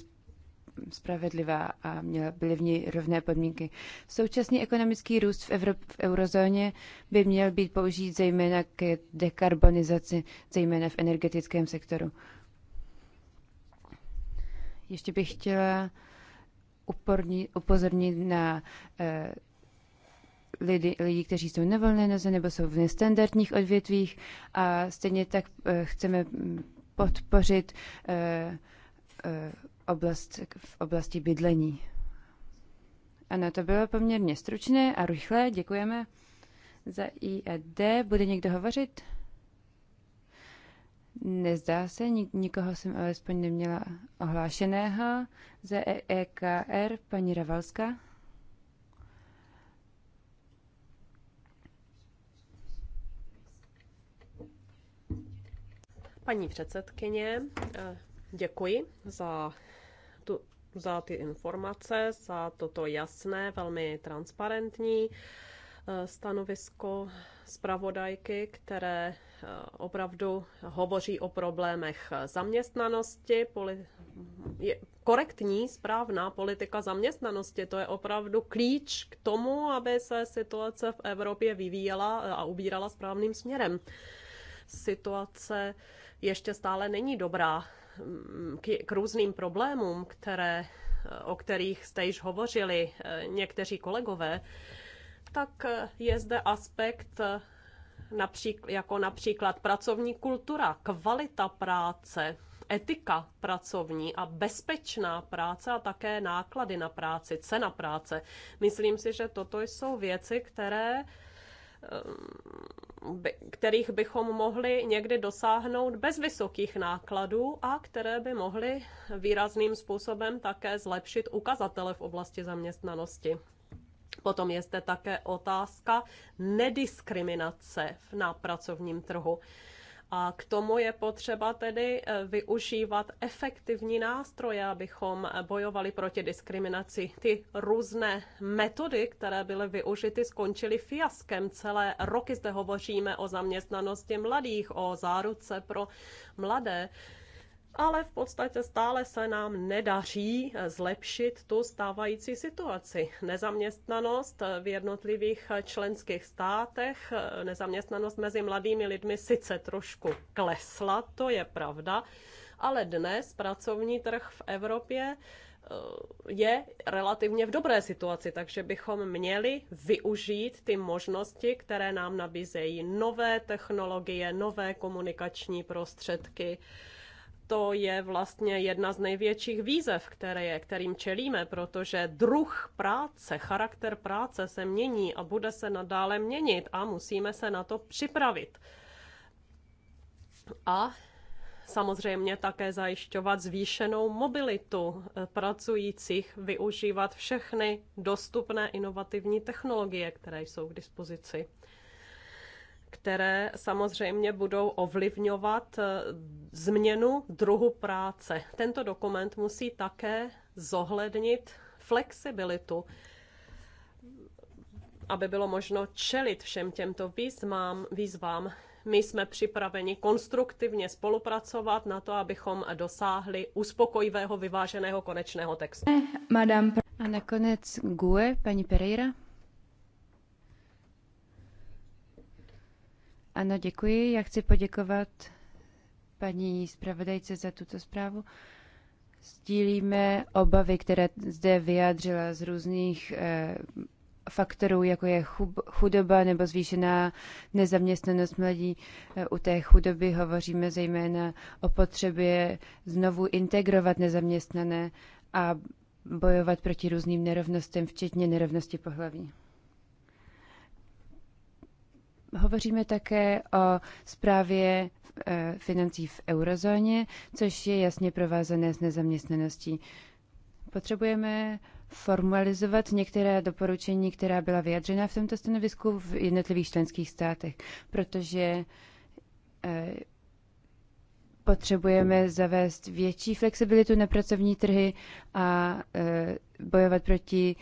spravedlivá a měla, byly v ní rovné podmínky. Současný ekonomický růst v, Evrop, v eurozóně by měl být použít zejména k dekarbonizaci, zejména v energetickém sektoru. Ještě bych chtěla upozornit na eh, lidi, lidi, kteří jsou na volné noze nebo jsou v nestandardních odvětvích a stejně tak eh, chceme podpořit eh, eh, oblast, v oblasti bydlení. Ano, to bylo poměrně stručné a rychlé. Děkujeme za I a e D. Bude někdo hovořit? Nezdá se, nikoho jsem alespoň neměla ohlášeného. Za EKR e paní Ravalska. Paní předsedkyně, eh, děkuji za, tu, za ty informace, za toto jasné, velmi transparentní eh, stanovisko zpravodajky, které eh, opravdu hovoří o problémech zaměstnanosti, poli- je korektní, správná politika zaměstnanosti. To je opravdu klíč k tomu, aby se situace v Evropě vyvíjela a ubírala správným směrem. Situace ještě stále není dobrá mm, k, k různým problémům, které, eh, o kterých jste již hovořili eh, někteří kolegové, tak eh, je zde aspekt například, jako například pracovní kultura, kvalita práce, etika pracovní a bezpečná práce a také náklady na práci, cena práce. Myslím si, že toto jsou věci, které Ehm, kterých bychom mohli někdy dosáhnout bez vysokých nákladů a které by mohly výrazným způsobem také zlepšit ukazatele v oblasti zaměstnanosti. Potom je zde také otázka nediskriminace na pracovním trhu. A k tomu je potřeba tedy eh, využívat efektivní nástroje, abychom eh, bojovali proti diskriminaci. Ty různé metody, které byly využity, skončily fiaskem. Celé roky zde hovoříme o zaměstnanosti mladých, o záruce pro mladé ale v podstatě stále se nám nedaří eh, zlepšit tu stávající situaci. Nezaměstnanost eh, v jednotlivých eh, členských státech, nezaměstnanost mezi mladými lidmi sice trošku klesla, to je pravda, ale dnes pracovní trh v Evropě je relativně v dobré situaci, takže bychom měli využít ty možnosti, které nám nabízejí nové technologie, nové komunikační prostředky, to je vlastně jedna z největších výzev, které je, kterým čelíme, protože druh práce, charakter práce se mění a bude se nadále měnit a musíme se na to připravit. A samozřejmě také zajišťovat zvýšenou mobilitu eh, pracujících, využívat všechny dostupné inovativní technologie, které jsou k dispozici které samozřejmě budou ovlivňovat eh, změnu druhu práce. Tento dokument musí také zohlednit flexibilitu, aby bylo možno čelit všem těmto výzvám, výzvám. My jsme připraveni konstruktivně spolupracovat na to, abychom dosáhli uspokojivého, vyváženého konečného textu. Madame. A nakonec GUE, paní Pereira. Ano, děkuji. Já chci poděkovat paní zpravodajce za tuto zprávu. Sdílíme obavy, které zde vyjádřila z různých eh, faktorů, jako je chudoba nebo zvýšená nezaměstnanost mladí. Eh, u té chudoby hovoříme zejména o potřebě znovu integrovat nezaměstnané a bojovat proti různým nerovnostem, včetně nerovnosti pohlaví. Hovoříme také o zprávě eh, financí v eurozóně, což je jasně provázané s nezaměstnaností. Potřebujeme formalizovat některé doporučení, která byla vyjadřena v tomto stanovisku v jednotlivých členských státech, protože eh, potřebujeme zavést větší flexibilitu na pracovní trhy a eh, bojovat proti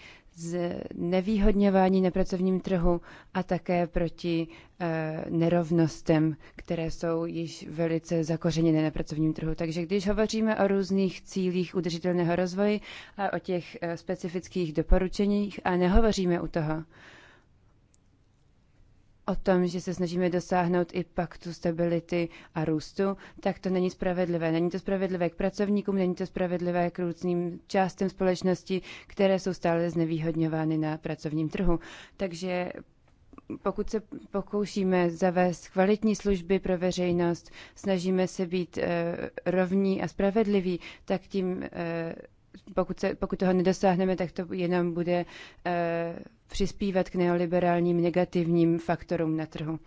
nevýhodňování na pracovním trhu a také proti eh, nerovnostem, které jsou již velice zakořeněné na pracovním trhu. Takže když hovoříme o různých cílích udržitelného rozvoje a o těch eh, specifických doporučeních a nehovoříme u toho o tom, že se snažíme dosáhnout i paktu stability a růstu, tak to není spravedlivé. Není to spravedlivé k pracovníkům, není to spravedlivé k různým částem společnosti, které jsou stále znevýhodňovány na pracovním trhu. Takže pokud se pokoušíme zavést kvalitní služby pro veřejnost, snažíme se být eh, rovní a spravedliví, tak tím eh, pokud, se, pokud toho nedosáhneme, tak to jenom bude e, přispívat k neoliberálním negativním faktorům na trhu.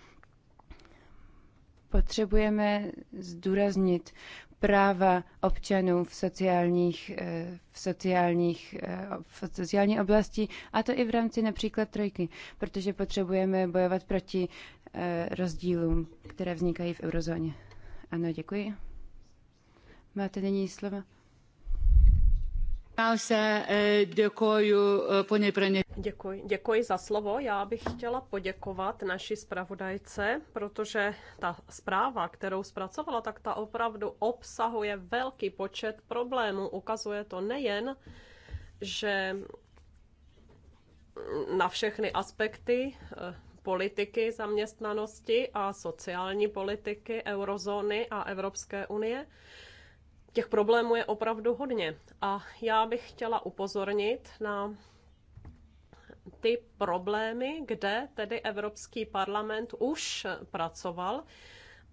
Potřebujeme zdůraznit práva občanů v, sociálních, eh, v, sociálních, eh, v sociální oblasti, a to i v rámci například trojky, protože potřebujeme bojovat proti rozdílům, které vznikají v eurozóně. Ano, děkuji. Máte nyní slovo? E, e, děkuji, děkuji za slovo. Já bych chtěla poděkovat naší zpravodajce, protože ta zpráva, kterou zpracovala, tak ta opravdu obsahuje velký počet problémů. Ukazuje to nejen, že na všechny aspekty e, politiky zaměstnanosti a sociální politiky eurozóny a Evropské unie, těch problémů je opravdu hodně. A já bych chtěla upozornit na ty problémy, kde tedy Evropský parlament už pracoval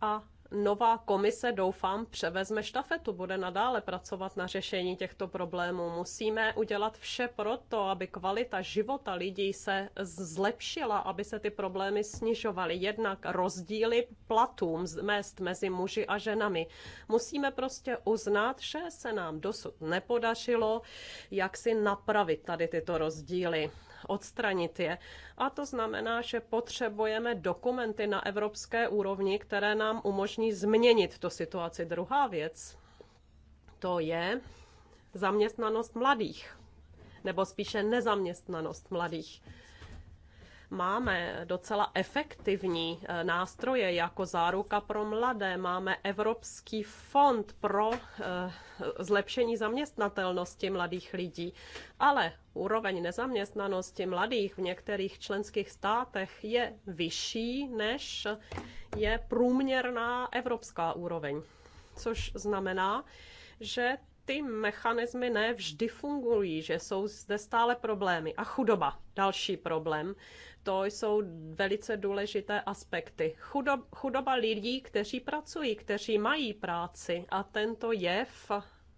a nová komise, doufám, převezme štafetu, bude nadále pracovat na řešení těchto problémů. Musíme udělat vše pro to aby kvalita života lidí se zlepšila, aby se ty problémy snižovaly. Jednak rozdíly platům mest mezi muži a ženami. Musíme prostě uznat, že se nám dosud nepodařilo, jak si napravit tady tyto rozdíly odstranit je. A to znamená, že potřebujeme dokumenty na evropské úrovni, které nám umožní změnit tu situaci. Druhá věc, to je zaměstnanost mladých, nebo spíše nezaměstnanost mladých. Máme docela efektivní eh, nástroje jako záruka pro mladé, máme Evropský fond pro eh, zlepšení zaměstnatelnosti mladých lidí, ale úroveň nezaměstnanosti mladých v některých členských státech je vyšší, než je průměrná evropská úroveň. Což znamená, že ty mechanismy ne vždy fungují, že jsou zde stále problémy. A chudoba, další problém. To jsou velice důležité aspekty. Chudoba, chudoba lidí, kteří pracují, kteří mají práci a tento jev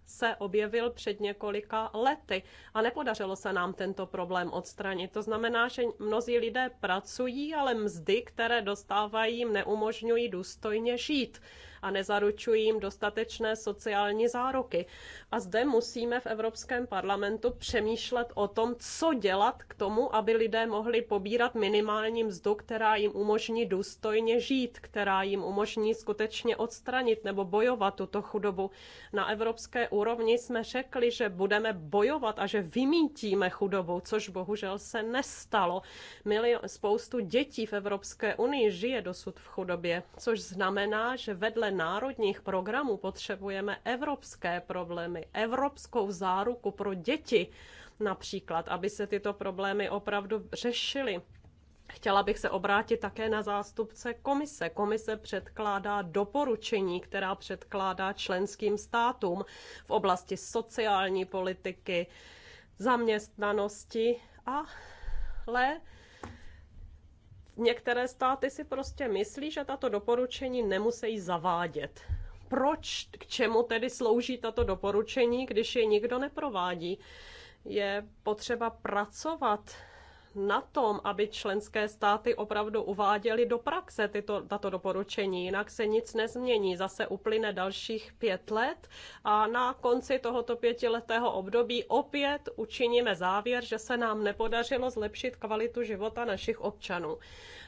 se objevil před několika lety a nepodařilo se nám tento problém odstranit. To znamená, že mnozí lidé pracují, ale mzdy, které dostávají, jim neumožňují důstojně žít a nezaručují jim dostatečné sociální záruky. A zde musíme v Evropském parlamentu přemýšlet o tom, co dělat k tomu, aby lidé mohli pobírat minimální mzdu, která jim umožní důstojně žít, která jim umožní skutečně odstranit nebo bojovat tuto chudobu. Na evropské úrovni jsme řekli, že budeme bojovat a že vymítíme chudobu, což bohužel se nestalo. Milion, spoustu dětí v Evropské unii žije dosud v chudobě, což znamená, že vedle národních programů potřebujeme evropské problémy, evropskou záruku pro děti například, aby se tyto problémy opravdu řešily. Chtěla bych se obrátit také na zástupce komise. Komise předkládá doporučení, která předkládá členským státům v oblasti sociální politiky, zaměstnanosti a le. Některé státy si prostě myslí, že tato doporučení nemusí zavádět. Proč, k čemu tedy slouží tato doporučení, když je nikdo neprovádí? Je potřeba pracovat na tom, aby členské státy opravdu uváděly do praxe tyto, tato doporučení, jinak se nic nezmění. Zase uplyne dalších pět let a na konci tohoto pětiletého období opět učiníme závěr, že se nám nepodařilo zlepšit kvalitu života našich občanů.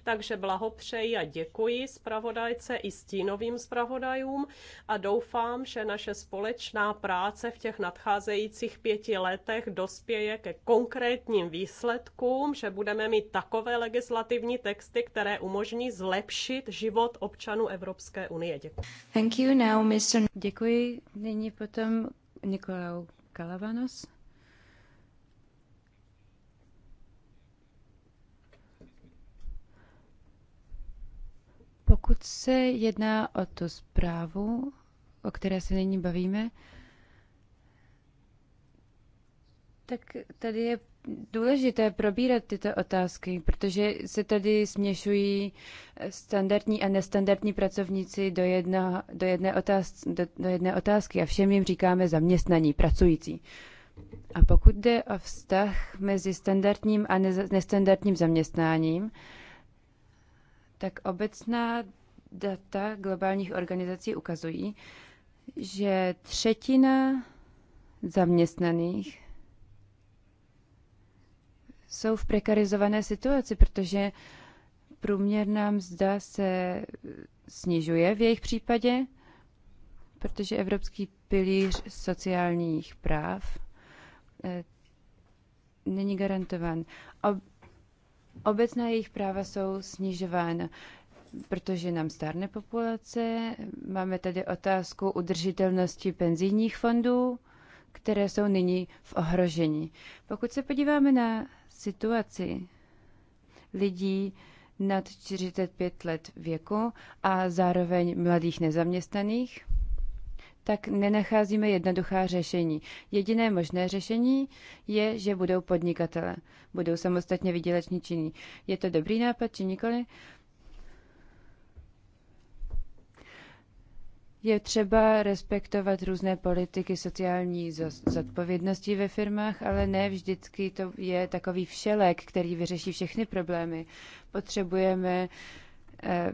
Takže blahopřeji a děkuji zpravodajce i stínovým zpravodajům a doufám, že naše společná práce v těch nadcházejících pěti letech dospěje ke konkrétním výsledkům, že budeme mít takové legislativní texty, které umožní zlepšit život občanů Evropské unie. Děkuji. Thank you now, Mr. Děkuji. Nyní potom Nikolau Kalavanos. Pokud se jedná o tu zprávu, o které se nyní bavíme, tak tady je důležité probírat tyto otázky, protože se tady směšují standardní a nestandardní pracovníci do, jedno, do, jedné, otázky, do, do jedné otázky a všem jim říkáme zaměstnaní, pracující. A pokud jde o vztah mezi standardním a nestandardním zaměstnáním, tak obecná data globálních organizací ukazují, že třetina zaměstnaných jsou v prekarizované situaci, protože průměrná mzda se snižuje v jejich případě, protože Evropský pilíř sociálních práv eh, není garantovan. Ob- obecná jejich práva jsou snižována, protože nám stárne populace. Máme tady otázku udržitelnosti penzijních fondů, které jsou nyní v ohrožení. Pokud se podíváme na situaci lidí nad 45 let věku a zároveň mladých nezaměstnaných, tak nenacházíme jednoduchá řešení. Jediné možné řešení je, že budou podnikatele, budou samostatně vydělečně činní. Je to dobrý nápad či nikoli? Je třeba respektovat různé politiky sociální zodpovědnosti ve firmách, ale ne vždycky to je takový všelek, který vyřeší všechny problémy. Potřebujeme eh,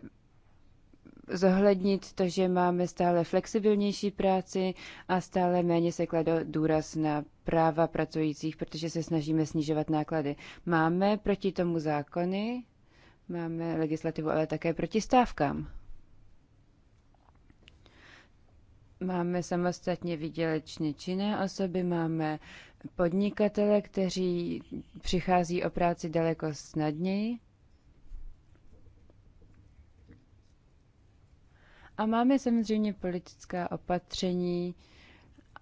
zohlednit to, že máme stále flexibilnější práci a stále méně se klade důraz na práva pracujících, protože se snažíme snižovat náklady. Máme proti tomu zákony, máme legislativu, ale také proti stávkám. Máme samostatně výdělečně činné osoby, máme podnikatele, kteří přichází o práci daleko snadněji A máme samozřejmě politická opatření,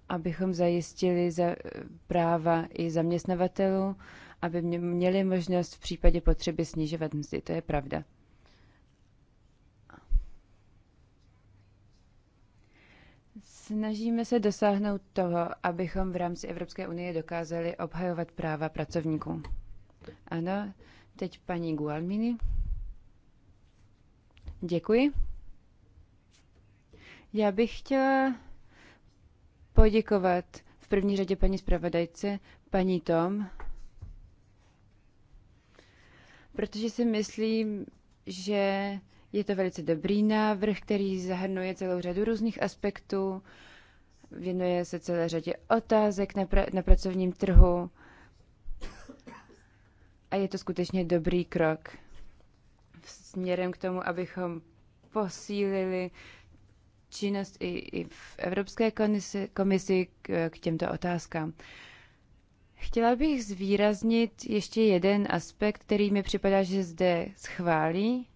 abychom zajistili za práva i zaměstnavatelů, aby měli možnost v případě potřeby snižovat mzdy. To je pravda. Snažíme se dosáhnout toho, abychom v rámci Evropské unie dokázali obhajovat práva pracovníků. Ano, teď paní Gualmini. Děkuji. Já bych chtěla poděkovat v první řadě paní zpravodajce, paní Tom, protože si myslím, že je to velice dobrý návrh, který zahrnuje celou řadu různých aspektů, věnuje se celé řadě otázek na, pra- na pracovním trhu a je to skutečně dobrý krok směrem k tomu, abychom posílili činnost i, i v Evropské komisi, komisi k, k těmto otázkám. Chtěla bych zvýraznit ještě jeden aspekt, který mi připadá, že zde schválí,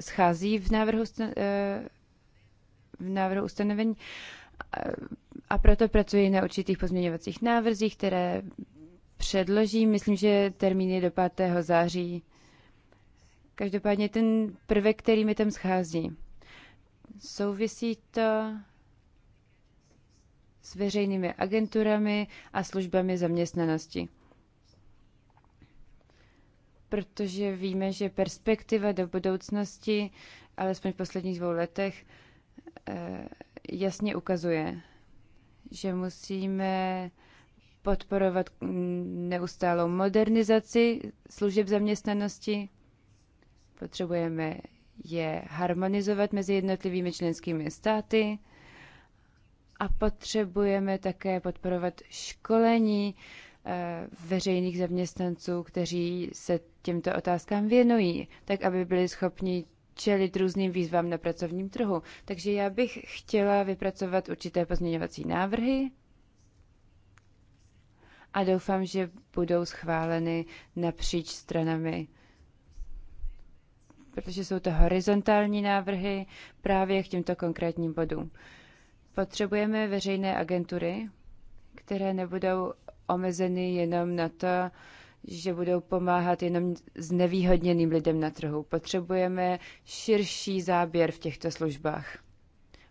schází v návrhu, eh, v návrhu ustanovení eh, a proto pracuji na určitých pozměňovacích návrzích, které předložím. Myslím, že termín je do 5. září. Každopádně ten prvek, který mi tam schází. Souvisí to s veřejnými agenturami a službami zaměstnanosti. Protože víme, že perspektiva do budoucnosti, alespoň v posledních dvou letech, eh, jasně ukazuje, že musíme podporovat neustálou modernizaci služeb zaměstnanosti. Potřebujeme je harmonizovat mezi jednotlivými členskými státy a potřebujeme také podporovat školení eh, veřejných zaměstnanců, kteří se těmto otázkám věnují, tak aby byli schopni čelit různým výzvám na pracovním trhu. Takže já bych chtěla vypracovat určité pozměňovací návrhy a doufám, že budou schváleny napříč stranami protože jsou to horizontální návrhy právě k těmto konkrétním bodům. Potřebujeme veřejné agentury, které nebudou omezeny jenom na to, že budou pomáhat jenom znevýhodněným lidem na trhu. Potřebujeme širší záběr v těchto službách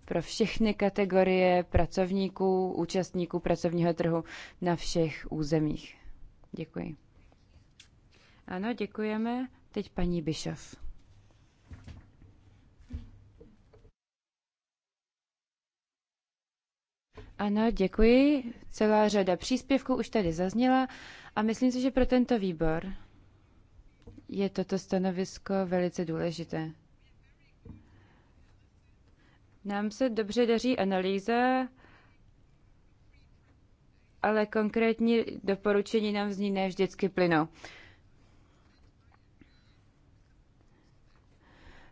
pro všechny kategorie pracovníků, účastníků pracovního trhu na všech územích. Děkuji. Ano, děkujeme. Teď paní Bischoff. Ano, děkuji. Celá řada příspěvků už tady zazněla a myslím si, že pro tento výbor je toto stanovisko velice důležité. Nám se dobře daří analýza, ale konkrétní doporučení nám z ní ne vždycky plynou.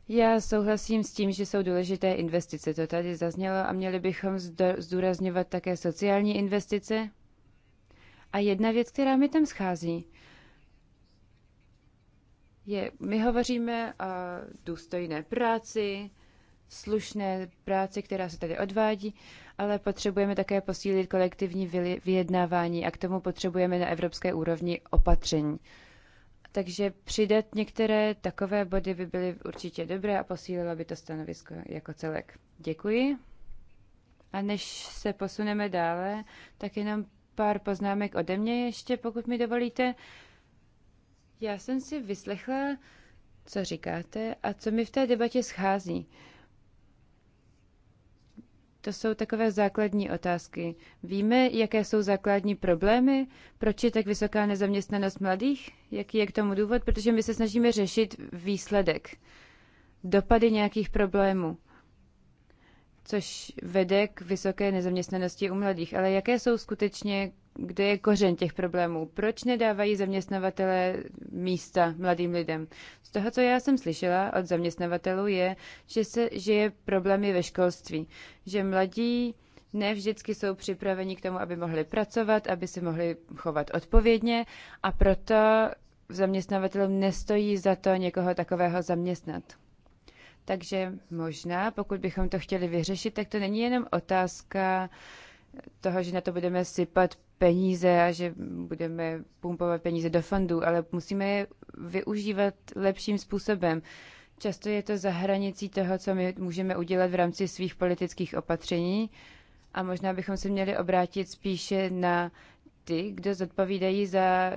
Já souhlasím s tím, že jsou důležité investice, to tady zaznělo, a měli bychom zdůrazňovat také sociální investice. A jedna věc, která mi tam schází, je, my hovoříme o důstojné práci, slušné práci, která se tady odvádí, ale potřebujeme také posílit kolektivní vyjednávání a k tomu potřebujeme na evropské úrovni opatření. Takže přidat některé takové body by byly určitě dobré a posílilo by to stanovisko jako celek. Děkuji. A než se posuneme dále, tak jenom pár poznámek ode mě ještě, pokud mi dovolíte. Já jsem si vyslechla, co říkáte a co mi v té debatě schází. Uh, to jsou takové základní otázky. Víme, jaké jsou základní problémy? Proč je tak vysoká nezaměstnanost mladých? Jaký je k tomu důvod? Protože my se snažíme řešit výsledek, dopady nějakých problémů, což vede k vysoké nezaměstnanosti u mladých. Ale jaké jsou skutečně kde je kořen těch problémů. Proč nedávají zaměstnavatele místa mladým lidem? Z toho, co já jsem slyšela od zaměstnavatelů, je, že, se, že je problémy ve školství. Že mladí ne vždycky jsou připraveni k tomu, aby mohli pracovat, aby si mohli chovat odpovědně a proto zaměstnavatelům nestojí za to někoho takového zaměstnat. Takže možná, pokud bychom to chtěli vyřešit, tak to není jenom otázka uh, toho, že na to budeme sypat peníze a že budeme pumpovat peníze do fondů, ale musíme je využívat lepším způsobem. Často je to za hranicí toho, co my můžeme udělat v rámci svých politických opatření a možná bychom se měli obrátit spíše na ty, kdo zodpovídají za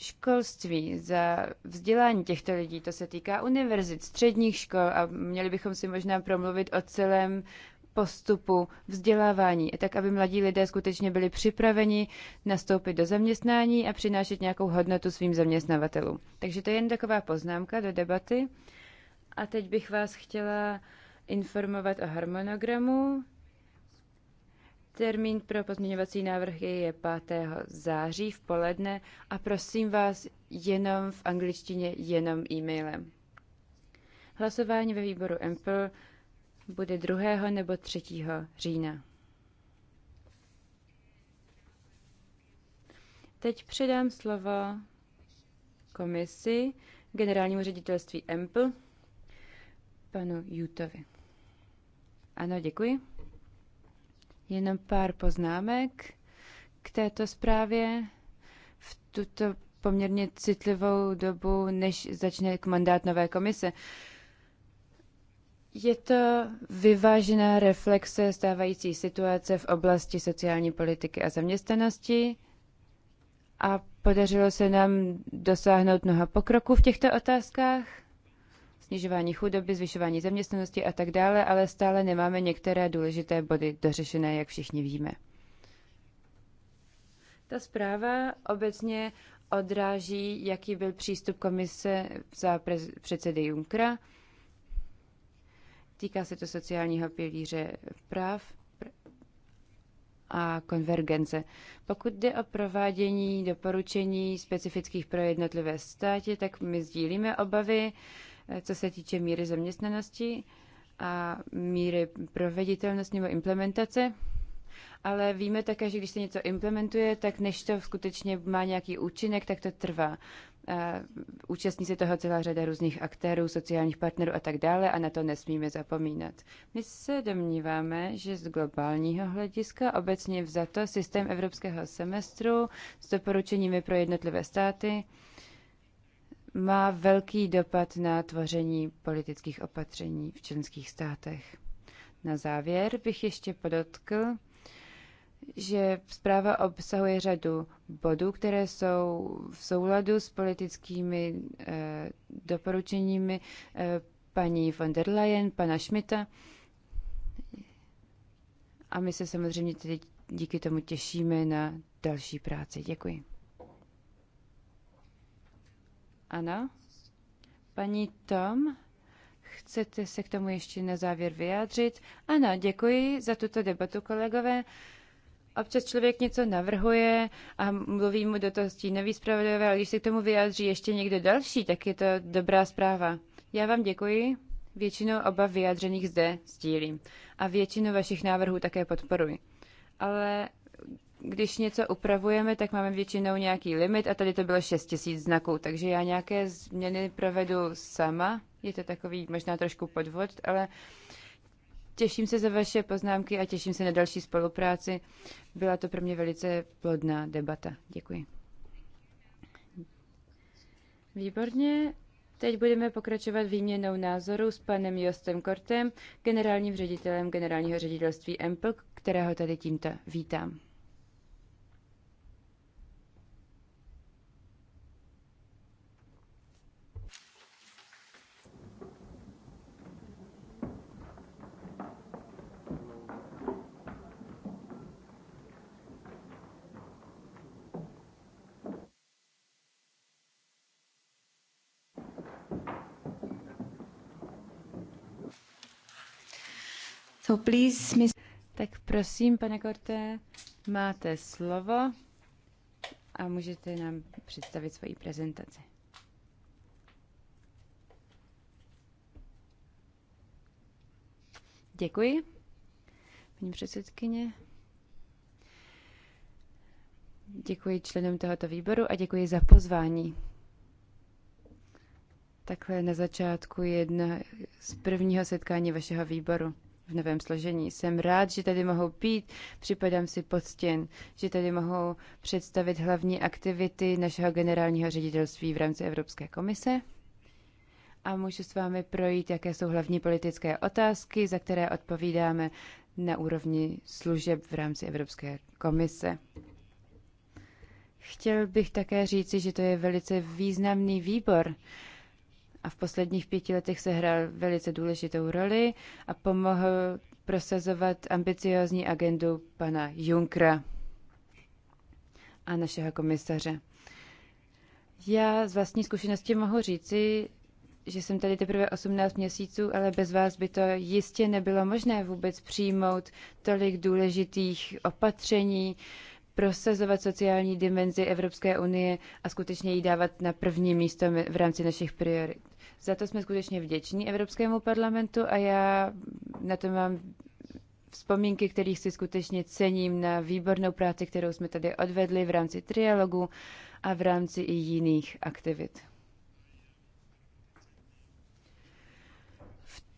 školství, za vzdělání těchto lidí. To se týká univerzit, středních škol a měli bychom si možná promluvit o celém postupu vzdělávání, tak aby mladí lidé skutečně byli připraveni nastoupit do zaměstnání a přinášet nějakou hodnotu svým zaměstnavatelům. Takže to je jen taková poznámka do debaty. A teď bych vás chtěla informovat o harmonogramu. Termín pro pozměňovací návrhy je 5. září v poledne a prosím vás jenom v angličtině, jenom e-mailem. Hlasování ve výboru MPL bude 2. nebo 3. října. Teď předám slovo komisi generálnímu ředitelství EMPL, panu Jutovi. Ano, děkuji. Jenom pár poznámek k této zprávě. V tuto poměrně citlivou dobu, než začne mandát nové komise. Uh, je to vyvážená reflexe stávající situace v oblasti sociální politiky a zaměstnanosti a podařilo se nám dosáhnout mnoha pokroků v těchto otázkách, snižování chudoby, zvyšování zaměstnanosti a tak dále, ale stále nemáme některé důležité body dořešené, jak všichni víme. Ta zpráva obecně odráží, jaký byl přístup komise za prez- předsedy Junckera – Týká se to sociálního pilíře práv a konvergence. Pokud jde o provádění doporučení specifických pro jednotlivé státy, tak my sdílíme obavy, co se týče míry zaměstnanosti a míry proveditelnosti nebo implementace. Ale víme také, že když se něco implementuje, tak než to skutečně má nějaký účinek, tak to trvá. Eh, účastníci toho celá řada různých aktérů, sociálních partnerů a tak dále a na to nesmíme zapomínat. My se domníváme, že z globálního hlediska obecně vzato systém evropského semestru s doporučeními pro jednotlivé státy má velký dopad na tvoření politických opatření v členských státech. Na závěr bych ještě podotkl, že zpráva obsahuje řadu bodů, které jsou v souladu s politickými eh, doporučeními eh, paní von der Leyen, pana Schmidta. A my se samozřejmě tedy díky tomu těšíme na další práci. Děkuji. Ano? Paní Tom, chcete se k tomu ještě na závěr vyjádřit? Ano, děkuji za tuto debatu, kolegové. Eh, občas člověk něco navrhuje a mluví mu do toho stínový zpravodajové, ale když se k tomu vyjádří ještě někdo další, tak je to dobrá zpráva. Já vám děkuji. Většinou oba vyjádřených zde sdílím a většinu vašich návrhů také podporuji. Ale když něco upravujeme, tak máme většinou nějaký limit a tady to bylo 6 tisíc znaků, takže já nějaké změny provedu sama. Je to takový možná trošku podvod, ale uh, Těším se za vaše poznámky a těším se na další spolupráci. Byla to pro mě velice plodná debata. Děkuji. Výborně. Teď budeme pokračovat výměnou názoru s panem Jostem Kortem, generálním ředitelem generálního ředitelství EMPL, kterého tady tímto vítám. So please, miss... Tak prosím, pane Korte, máte slovo a můžete nám představit svoji prezentaci. Děkuji, paní předsedkyně. Děkuji členům tohoto výboru a děkuji za pozvání. Takhle na začátku jedna z prvního setkání vašeho výboru v novém složení. Jsem rád, že tady mohou pít, připadám si poctěn, že tady mohou představit hlavní aktivity našeho generálního ředitelství v rámci Evropské komise a můžu s vámi projít, jaké jsou hlavní politické otázky, za které odpovídáme na úrovni služeb v rámci Evropské komise. Chtěl bych také říci, že to je velice významný výbor a v posledních pěti letech se hrál velice důležitou roli a pomohl prosazovat ambiciozní agendu pana Junkra a našeho komisaře. Já z vlastní zkušenosti mohu říci, že jsem tady teprve 18 měsíců, ale bez vás by to jistě nebylo možné vůbec přijmout tolik důležitých opatření, prosazovat sociální dimenzi Evropské unie a skutečně ji dávat na první místo v rámci našich priorit. Za to jsme skutečně vděční Evropskému parlamentu a já na to mám vzpomínky, kterých si skutečně cením na výbornou práci, kterou jsme tady odvedli v rámci trialogu a v rámci i jiných aktivit.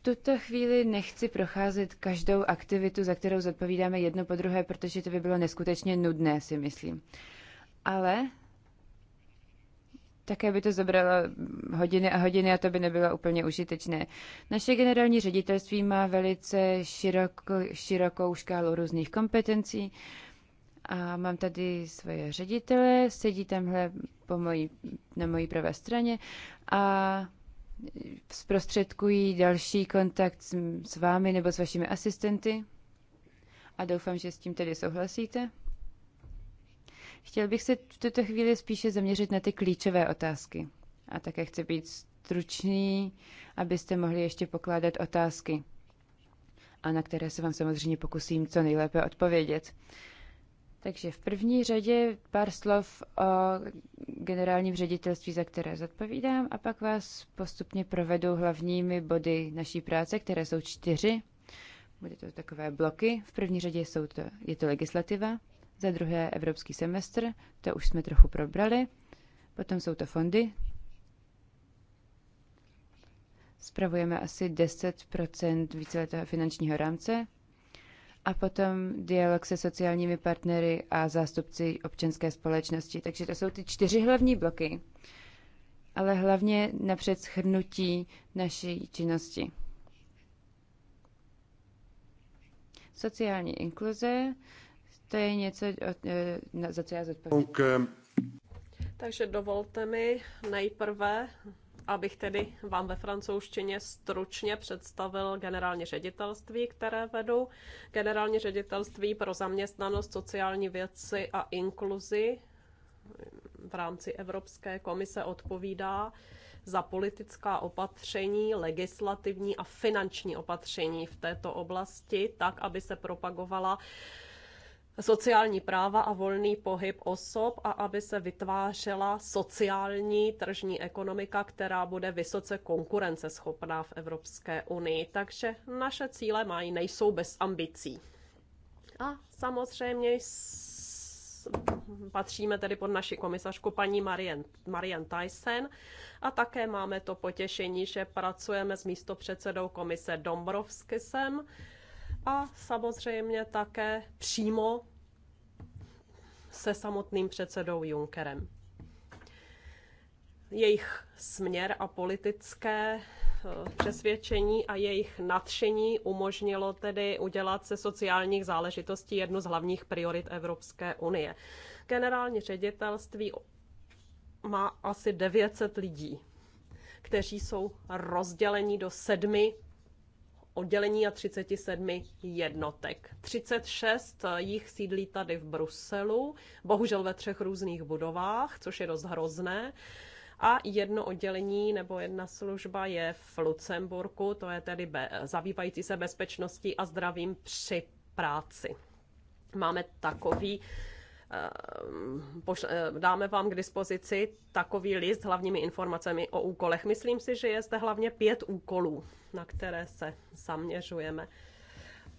tuto chvíli nechci procházet každou aktivitu, za kterou zodpovídáme jedno po druhé, protože to by bylo neskutečně nudné, si myslím. Ale také by to zabralo hodiny a hodiny a to by nebylo úplně užitečné. Naše generální ředitelství má velice široko, širokou škálu různých kompetencí a mám tady svoje ředitele, sedí tamhle po mojí, na mojí pravé straně a zprostředkují další kontakt s, s vámi nebo s vašimi asistenty. A doufám, že s tím tedy souhlasíte. Chtěl bych se v tuto chvíli spíše zaměřit na ty klíčové otázky. A také chci být stručný, abyste mohli ještě pokládat otázky a na které se vám samozřejmě pokusím co nejlépe odpovědět. Takže v první řadě pár slov o generálním ředitelství, za které zodpovídám, a pak vás postupně provedu hlavními body naší práce, které jsou čtyři. Bude to takové bloky. V první řadě jsou to, je to legislativa, za druhé evropský semestr, to už jsme trochu probrali, potom jsou to fondy. Spravujeme asi 10 víceletého finančního rámce, a potom dialog se sociálními partnery a zástupci občanské společnosti. Takže to jsou ty čtyři hlavní bloky, ale hlavně napřed schrnutí naší činnosti. Sociální inkluze, to je něco, e, za co já zodpovídám. Takže dovolte mi nejprve abych tedy vám ve francouzštině stručně představil generální ředitelství, které vedu. Generální ředitelství pro zaměstnanost, sociální věci a inkluzi v rámci Evropské komise odpovídá za politická opatření, legislativní a finanční opatření v této oblasti, tak, aby se propagovala sociální práva a volný pohyb osob a aby se vytvářela sociální tržní ekonomika, která bude vysoce konkurenceschopná v Evropské unii. Takže naše cíle mají, nejsou bez ambicí. A samozřejmě patříme tedy pod naši komisařku paní Marian, Marian Tyson a také máme to potěšení, že pracujeme s místopředsedou komise Dombrovskisem, a samozřejmě také přímo se samotným předsedou Junckerem. Jejich směr a politické eh, přesvědčení a jejich nadšení umožnilo tedy udělat se sociálních záležitostí jednu z hlavních priorit Evropské unie. Generální ředitelství má asi 900 lidí, kteří jsou rozděleni do sedmi oddělení a 37 jednotek. 36 eh, jich sídlí tady v Bruselu, bohužel ve třech různých budovách, což je dost hrozné. A jedno oddělení nebo jedna služba je v Lucemburku, to je tedy be, zabývající se bezpečností a zdravím při práci. Máme takový Ehm, ehm, dáme vám k dispozici takový list s hlavními informacemi o úkolech. Myslím si, že je zde hlavně pět úkolů, na které se zaměřujeme.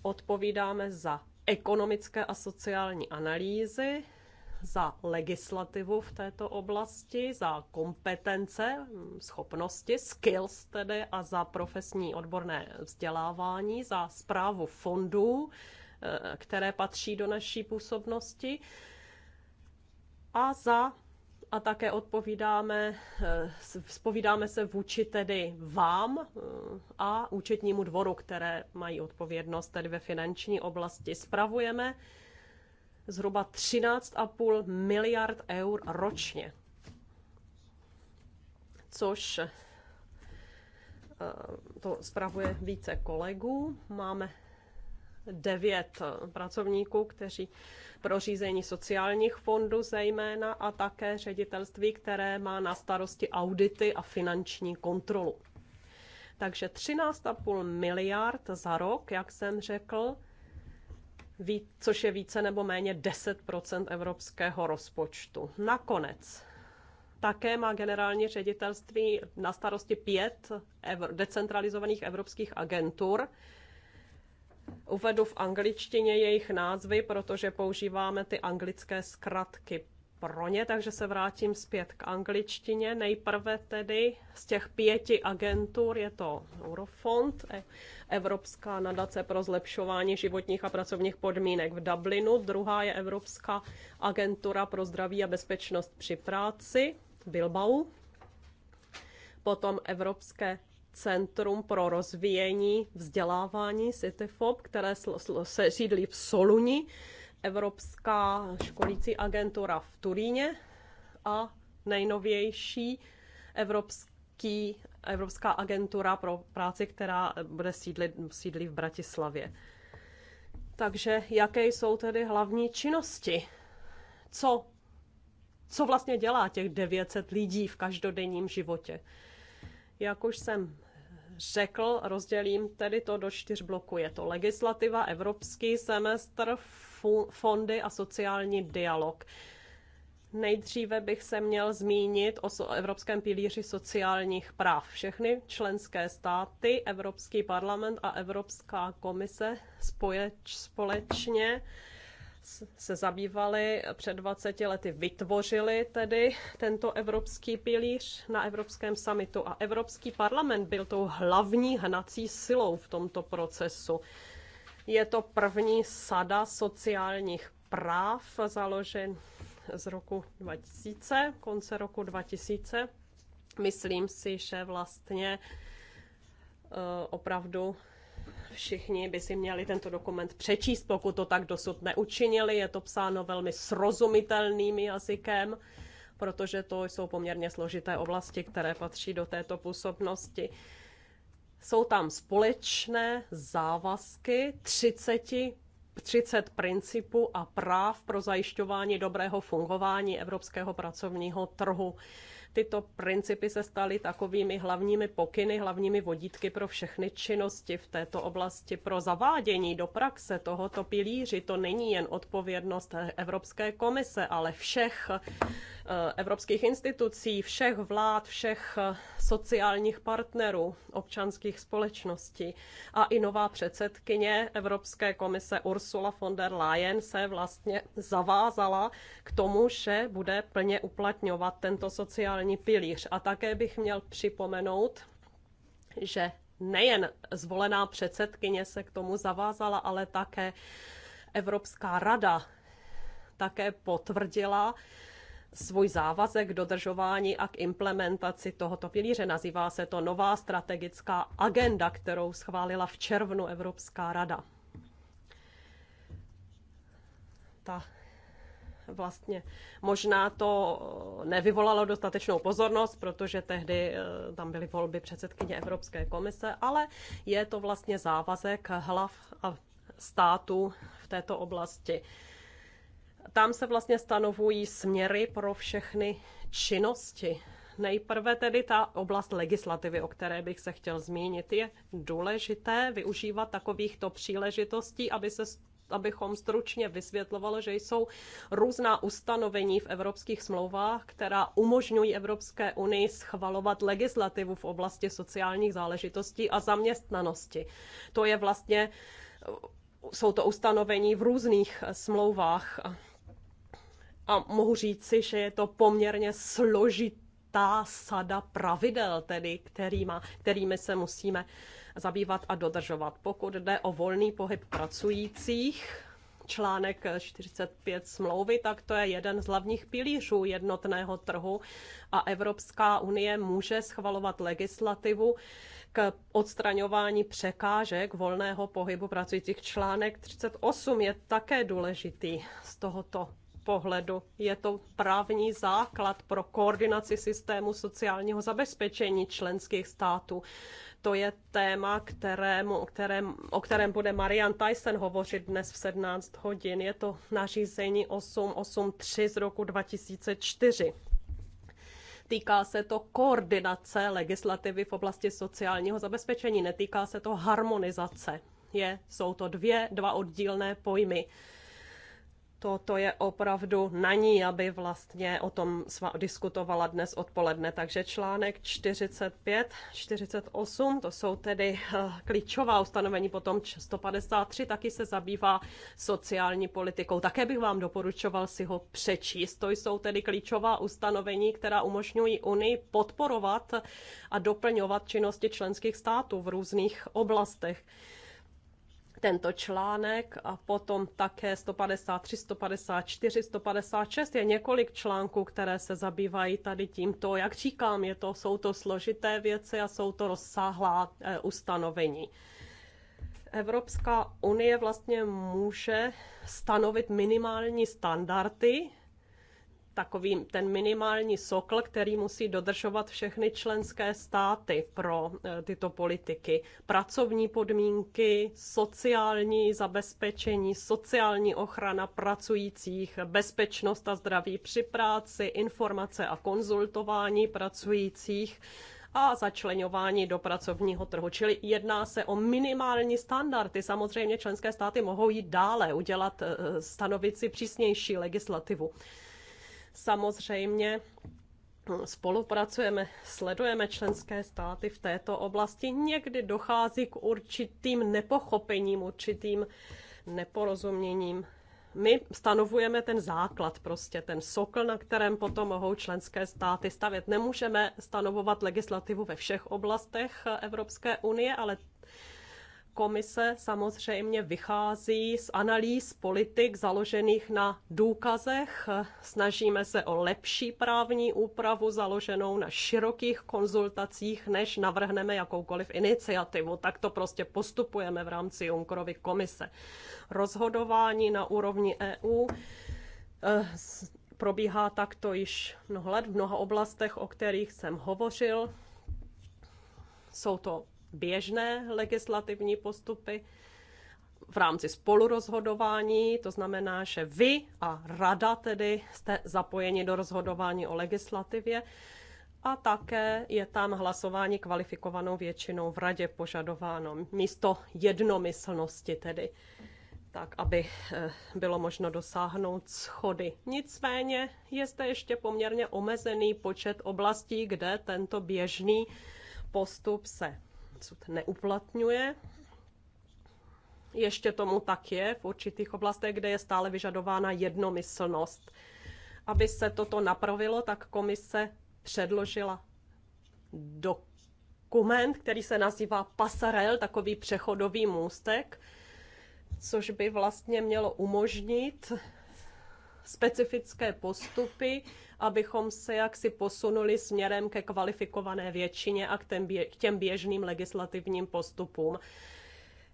Odpovídáme za ekonomické a sociální analýzy, za legislativu v této oblasti, za kompetence, schopnosti, skills tedy a za profesní odborné vzdělávání, za zprávu fondů, eh, které patří do naší působnosti, a za a také odpovídáme, eh, spovídáme se vůči tedy vám eh, a účetnímu dvoru, které mají odpovědnost tedy ve finanční oblasti. Spravujeme zhruba 13,5 miliard eur ročně, což eh, to spravuje více kolegů. Máme devět pracovníků, kteří pro řízení sociálních fondů zejména a také ředitelství, které má na starosti audity a finanční kontrolu. Takže 13,5 miliard za rok, jak jsem řekl, což je více nebo méně 10 evropského rozpočtu. Nakonec také má generální ředitelství na starosti pět decentralizovaných evropských agentur, Uvedu v angličtině jejich názvy, protože používáme ty anglické zkratky pro ně, takže se vrátím zpět k angličtině. Nejprve tedy z těch pěti agentur je to Eurofond, e, Evropská nadace pro zlepšování životních a pracovních podmínek v Dublinu, druhá je Evropská agentura pro zdraví a bezpečnost při práci v Bilbao, potom Evropské Centrum pro rozvíjení vzdělávání CityFob, které se sídlí v Soluni, Evropská školící agentura v Turíně a nejnovější Evropský, Evropská agentura pro práci, která bude sídlit, sídlit v Bratislavě. Takže jaké jsou tedy hlavní činnosti? Co, co vlastně dělá těch 900 lidí v každodenním životě? Jak už jsem řekl, rozdělím tedy to do čtyř bloků. Je to legislativa, evropský semestr, fondy a sociální dialog. Nejdříve bych se měl zmínit o Evropském pilíři sociálních práv. Všechny členské státy, Evropský parlament a Evropská komise společně se zabývali před 20 lety, vytvořili tedy tento evropský pilíř na Evropském samitu a Evropský parlament byl tou hlavní hnací silou v tomto procesu. Je to první sada sociálních práv založen z roku 2000, konce roku 2000. Myslím si, že vlastně eh, opravdu všichni by si měli tento dokument přečíst, pokud to tak dosud neučinili. Je to psáno velmi srozumitelným jazykem, protože to jsou poměrně složité oblasti, které patří do této působnosti. Jsou tam společné závazky 30 30 principů a práv pro zajišťování dobrého fungování evropského pracovního trhu. Tyto principy se staly takovými hlavními pokyny, hlavními vodítky pro všechny činnosti v této oblasti. Pro zavádění do praxe tohoto pilíři to není jen odpovědnost Evropské komise, ale všech eh, evropských institucí, všech vlád, všech eh, sociálních partnerů, občanských společností. A i nová předsedkyně Evropské komise Ursula von der Leyen se vlastně zavázala k tomu, že bude plně uplatňovat tento sociální sociální pilíř. A také bych měl připomenout, že nejen zvolená předsedkyně se k tomu zavázala, ale také Evropská rada také potvrdila svůj závazek k dodržování a k implementaci tohoto pilíře. Nazývá se to nová strategická agenda, kterou schválila v červnu Evropská rada. Ta vlastně možná to eh, nevyvolalo dostatečnou pozornost, protože tehdy eh, tam byly volby předsedkyně Evropské komise, ale je to vlastně závazek hlav a států v této oblasti. Tam se vlastně stanovují směry pro všechny činnosti Nejprve tedy ta oblast legislativy, o které bych se chtěl zmínit, je důležité využívat takovýchto příležitostí, aby se abychom stručně vysvětlovali, že jsou různá ustanovení v evropských smlouvách, která umožňují Evropské unii schvalovat legislativu v oblasti sociálních záležitostí a zaměstnanosti. To je vlastně, jsou to ustanovení v různých smlouvách. A mohu říci, že je to poměrně složitá sada pravidel, tedy kterýma, kterými se musíme zabývat a dodržovat. Pokud jde o volný pohyb pracujících, článek 45 smlouvy, tak to je jeden z hlavních pilířů jednotného trhu a Evropská unie může schvalovat legislativu k odstraňování překážek volného pohybu pracujících. Článek 38 je také důležitý z tohoto pohledu je to právní základ pro koordinaci systému sociálního zabezpečení členských států. To je téma, kterému, o, kterém, o kterém bude Marian Tyson hovořit dnes v 17 hodin. Je to nařízení 883 z roku 2004. Týká se to koordinace legislativy v oblasti sociálního zabezpečení, netýká se to harmonizace. Je, jsou to dvě, dva oddílné pojmy to, to je opravdu na ní, aby vlastně o tom diskutovala dnes odpoledne. Takže článek 45, 48, to jsou tedy eh, klíčová ustanovení, potom 153 taky se zabývá sociální politikou. Také bych vám doporučoval si ho přečíst. To jsou tedy klíčová ustanovení, která umožňují Unii podporovat a doplňovat činnosti členských států v různých oblastech tento článek a potom také 153, 154, 156 je několik článků, které se zabývají tady tímto. Jak říkám, je to, jsou to složité věci a jsou to rozsáhlá eh, ustanovení. Evropská unie vlastně může stanovit minimální standardy takový ten minimální sokl, který musí dodržovat všechny členské státy pro e, tyto politiky. Pracovní podmínky, sociální zabezpečení, sociální ochrana pracujících, bezpečnost a zdraví při práci, informace a konzultování pracujících a začlenování do pracovního trhu. Čili jedná se o minimální standardy. Samozřejmě členské státy mohou jít dále, udělat, e, stanovit si přísnější legislativu. Samozřejmě hm, spolupracujeme, sledujeme členské státy v této oblasti. Někdy dochází k určitým nepochopením, určitým neporozuměním. My stanovujeme ten základ, prostě ten sokl, na kterém potom mohou členské státy stavět. Nemůžeme stanovovat legislativu ve všech oblastech Evropské unie, ale Komise samozřejmě vychází z analýz politik založených na důkazech. Snažíme se o lepší právní úpravu založenou na širokých konzultacích, než navrhneme jakoukoliv iniciativu. Tak to prostě postupujeme v rámci Junckerovy komise. Rozhodování na úrovni EU eh, probíhá takto již mnoho let v mnoha oblastech, o kterých jsem hovořil. Jsou to běžné legislativní postupy v rámci spolurozhodování, to znamená, že vy a rada tedy jste zapojeni do rozhodování o legislativě a také je tam hlasování kvalifikovanou většinou v radě požadováno místo jednomyslnosti tedy tak, aby eh, bylo možno dosáhnout schody. Nicméně je zde ještě poměrně omezený počet oblastí, kde tento běžný postup se odsud neuplatňuje. Ještě tomu tak je v určitých oblastech, kde je stále vyžadována jednomyslnost. Aby se toto napravilo, tak komise předložila dokument, který se nazývá Pasarel, takový přechodový můstek, což by vlastně mělo umožnit specifické postupy, abychom se jaksi posunuli směrem ke kvalifikované většině a k těm běžným legislativním postupům.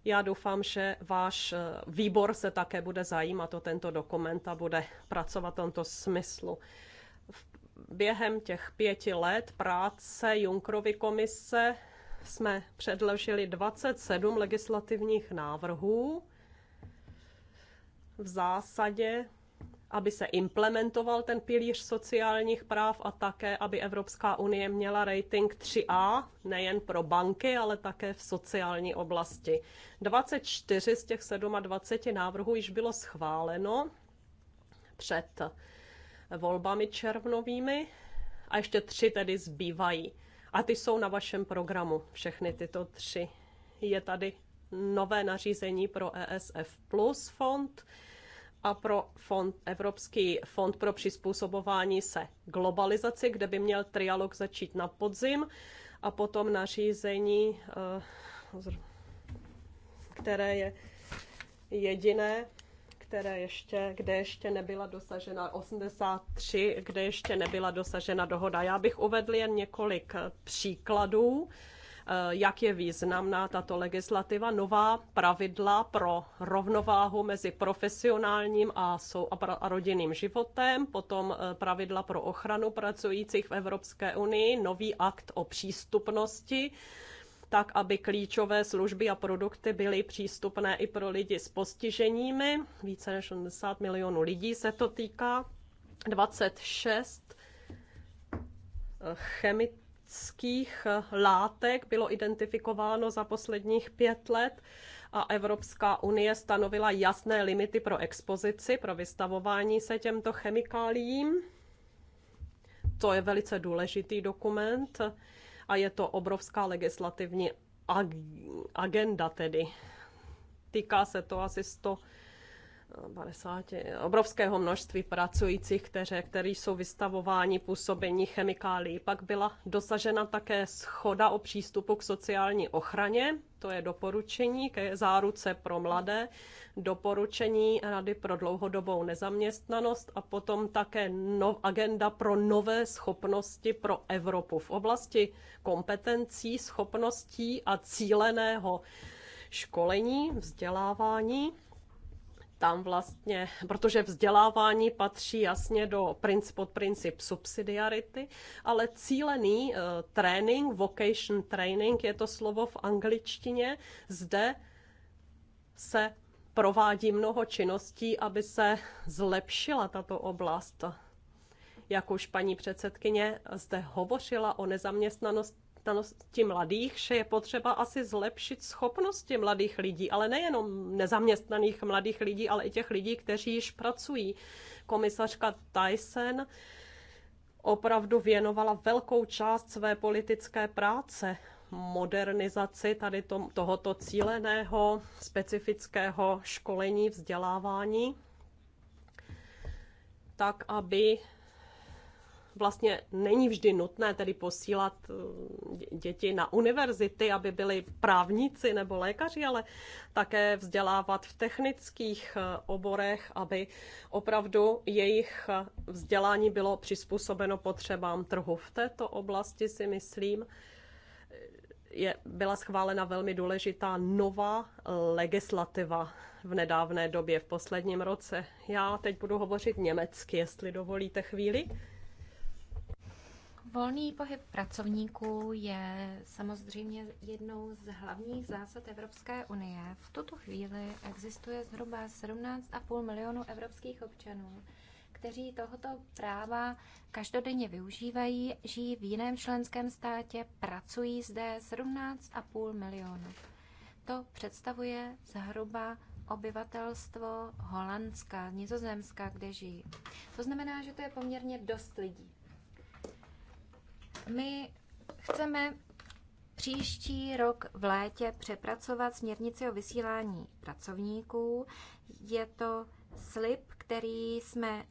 Já doufám, že váš eh, výbor se také bude zajímat o tento dokument a bude pracovat v tomto smyslu. Během těch pěti let práce Junkrovy komise jsme předložili 27 legislativních návrhů. V zásadě aby se implementoval ten pilíř sociálních práv a také, aby Evropská unie měla rating 3A, nejen pro banky, ale také v sociální oblasti. 24 z těch 27 návrhů již bylo schváleno před volbami červnovými a ještě tři tedy zbývají. A ty jsou na vašem programu, všechny tyto tři. Je tady nové nařízení pro ESF Plus fond, a pro fond, Evropský fond pro přizpůsobování se globalizaci, kde by měl trialog začít na podzim a potom nařízení, eh, které je jediné, které ještě, kde ještě nebyla dosažena 83, kde ještě nebyla dosažena dohoda. Já bych uvedl jen několik eh, příkladů Eh, jak je významná tato legislativa, nová pravidla pro rovnováhu mezi profesionálním a, sou, a rodinným životem, potom eh, pravidla pro ochranu pracujících v Evropské unii, nový akt o přístupnosti, tak aby klíčové služby a produkty byly přístupné i pro lidi s postiženími. Více než 80 milionů lidí se to týká. 26 eh, chemit chemických eh, látek bylo identifikováno za posledních pět let a Evropská unie stanovila jasné limity pro expozici, pro vystavování se těmto chemikáliím. To je velice důležitý dokument a je to obrovská legislativní agenda tedy. Týká se to asi 100 50, obrovského množství pracujících, kteří, kteří jsou vystavováni působení chemikálií. Pak byla dosažena také schoda o přístupu k sociální ochraně, to je doporučení ke záruce pro mladé, doporučení Rady pro dlouhodobou nezaměstnanost a potom také no, agenda pro nové schopnosti pro Evropu v oblasti kompetencí, schopností a cíleného školení, vzdělávání tam vlastně, protože vzdělávání patří jasně do princip, pod princip subsidiarity, ale cílený uh, eh, training, vocation training je to slovo v angličtině, zde se provádí mnoho činností, aby se zlepšila tato oblast. Jak už paní předsedkyně zde hovořila o nezaměstnanosti, nezaměstnanosti mladých, že je potřeba asi zlepšit schopnosti mladých lidí, ale nejenom nezaměstnaných mladých lidí, ale i těch lidí, kteří již pracují. Komisařka Tyson opravdu věnovala velkou část své politické práce modernizaci tady to, tohoto cíleného specifického školení, vzdělávání, tak aby vlastně není vždy nutné tedy posílat eh, děti na univerzity, aby byli právníci nebo lékaři, ale také vzdělávat v technických eh, oborech, aby opravdu jejich eh, vzdělání bylo přizpůsobeno potřebám trhu. V této oblasti si myslím, je, byla schválena velmi důležitá nová legislativa v nedávné době, v posledním roce. Já teď budu hovořit německy, jestli dovolíte chvíli. Volný pohyb pracovníků je samozřejmě jednou z hlavních zásad Evropské unie. V tuto chvíli existuje zhruba 17,5 milionu evropských občanů, kteří tohoto práva každodenně využívají, žijí v jiném členském státě, pracují zde 17,5 milionu. To představuje zhruba obyvatelstvo Holandska, Nizozemska, kde žijí. To znamená, že to je poměrně dost lidí. My chceme příští rok v létě přepracovat směrnici o vysílání pracovníků. Je to slib, který jsme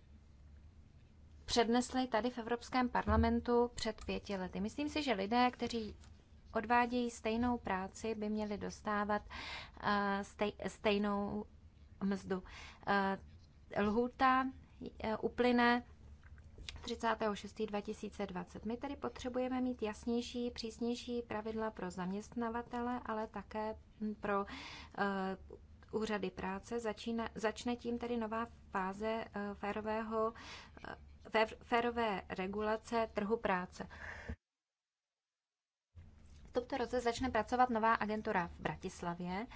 přednesli tady v Evropském parlamentu před pěti lety. Myslím si, že lidé, kteří odvádějí stejnou práci, by měli dostávat eh, stejnou mzdu. Lhuta eh, lhůta eh, uplyne 36.2020. My tedy potřebujeme mít jasnější, přísnější pravidla pro zaměstnavatele, ale také pro uh, úřady práce. Začína, začne tím tedy nová fáze uh, férového, uh, férové regulace trhu práce. V tomto roce začne pracovat nová agentura v Bratislavě.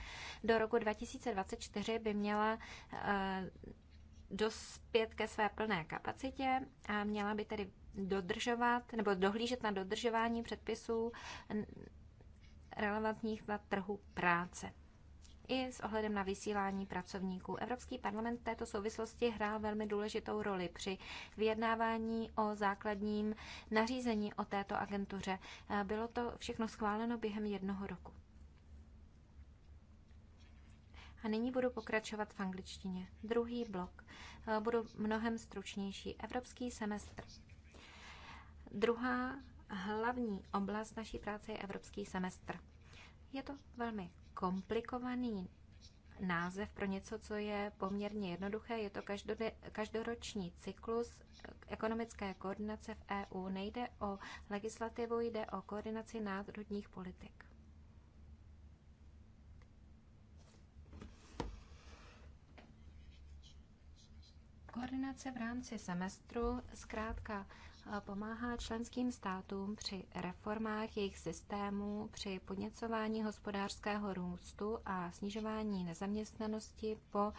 Do roku 2024 by měla uh, dospět ke své plné kapacitě a měla by tedy dodržovat nebo dohlížet na dodržování předpisů relevantních na trhu práce. I s ohledem na vysílání pracovníků. Evropský parlament v této souvislosti hrál velmi důležitou roli při vyjednávání o základním nařízení o této agentuře. Bylo to všechno schváleno během jednoho roku. A nyní budu pokračovat v angličtině. Druhý blok. Eh, budu mnohem stručnější. Evropský semestr. Druhá hlavní oblast naší práce je evropský semestr. Je to velmi komplikovaný název pro něco, co je poměrně jednoduché. Je to každoroční cyklus ekonomické koordinace v EU. Nejde o legislativu, jde o koordinaci národních politik. Koordinace v rámci semestru zkrátka pomáhá členským státům při reformách jejich systémů, při podněcování hospodářského růstu a snižování nezaměstnanosti po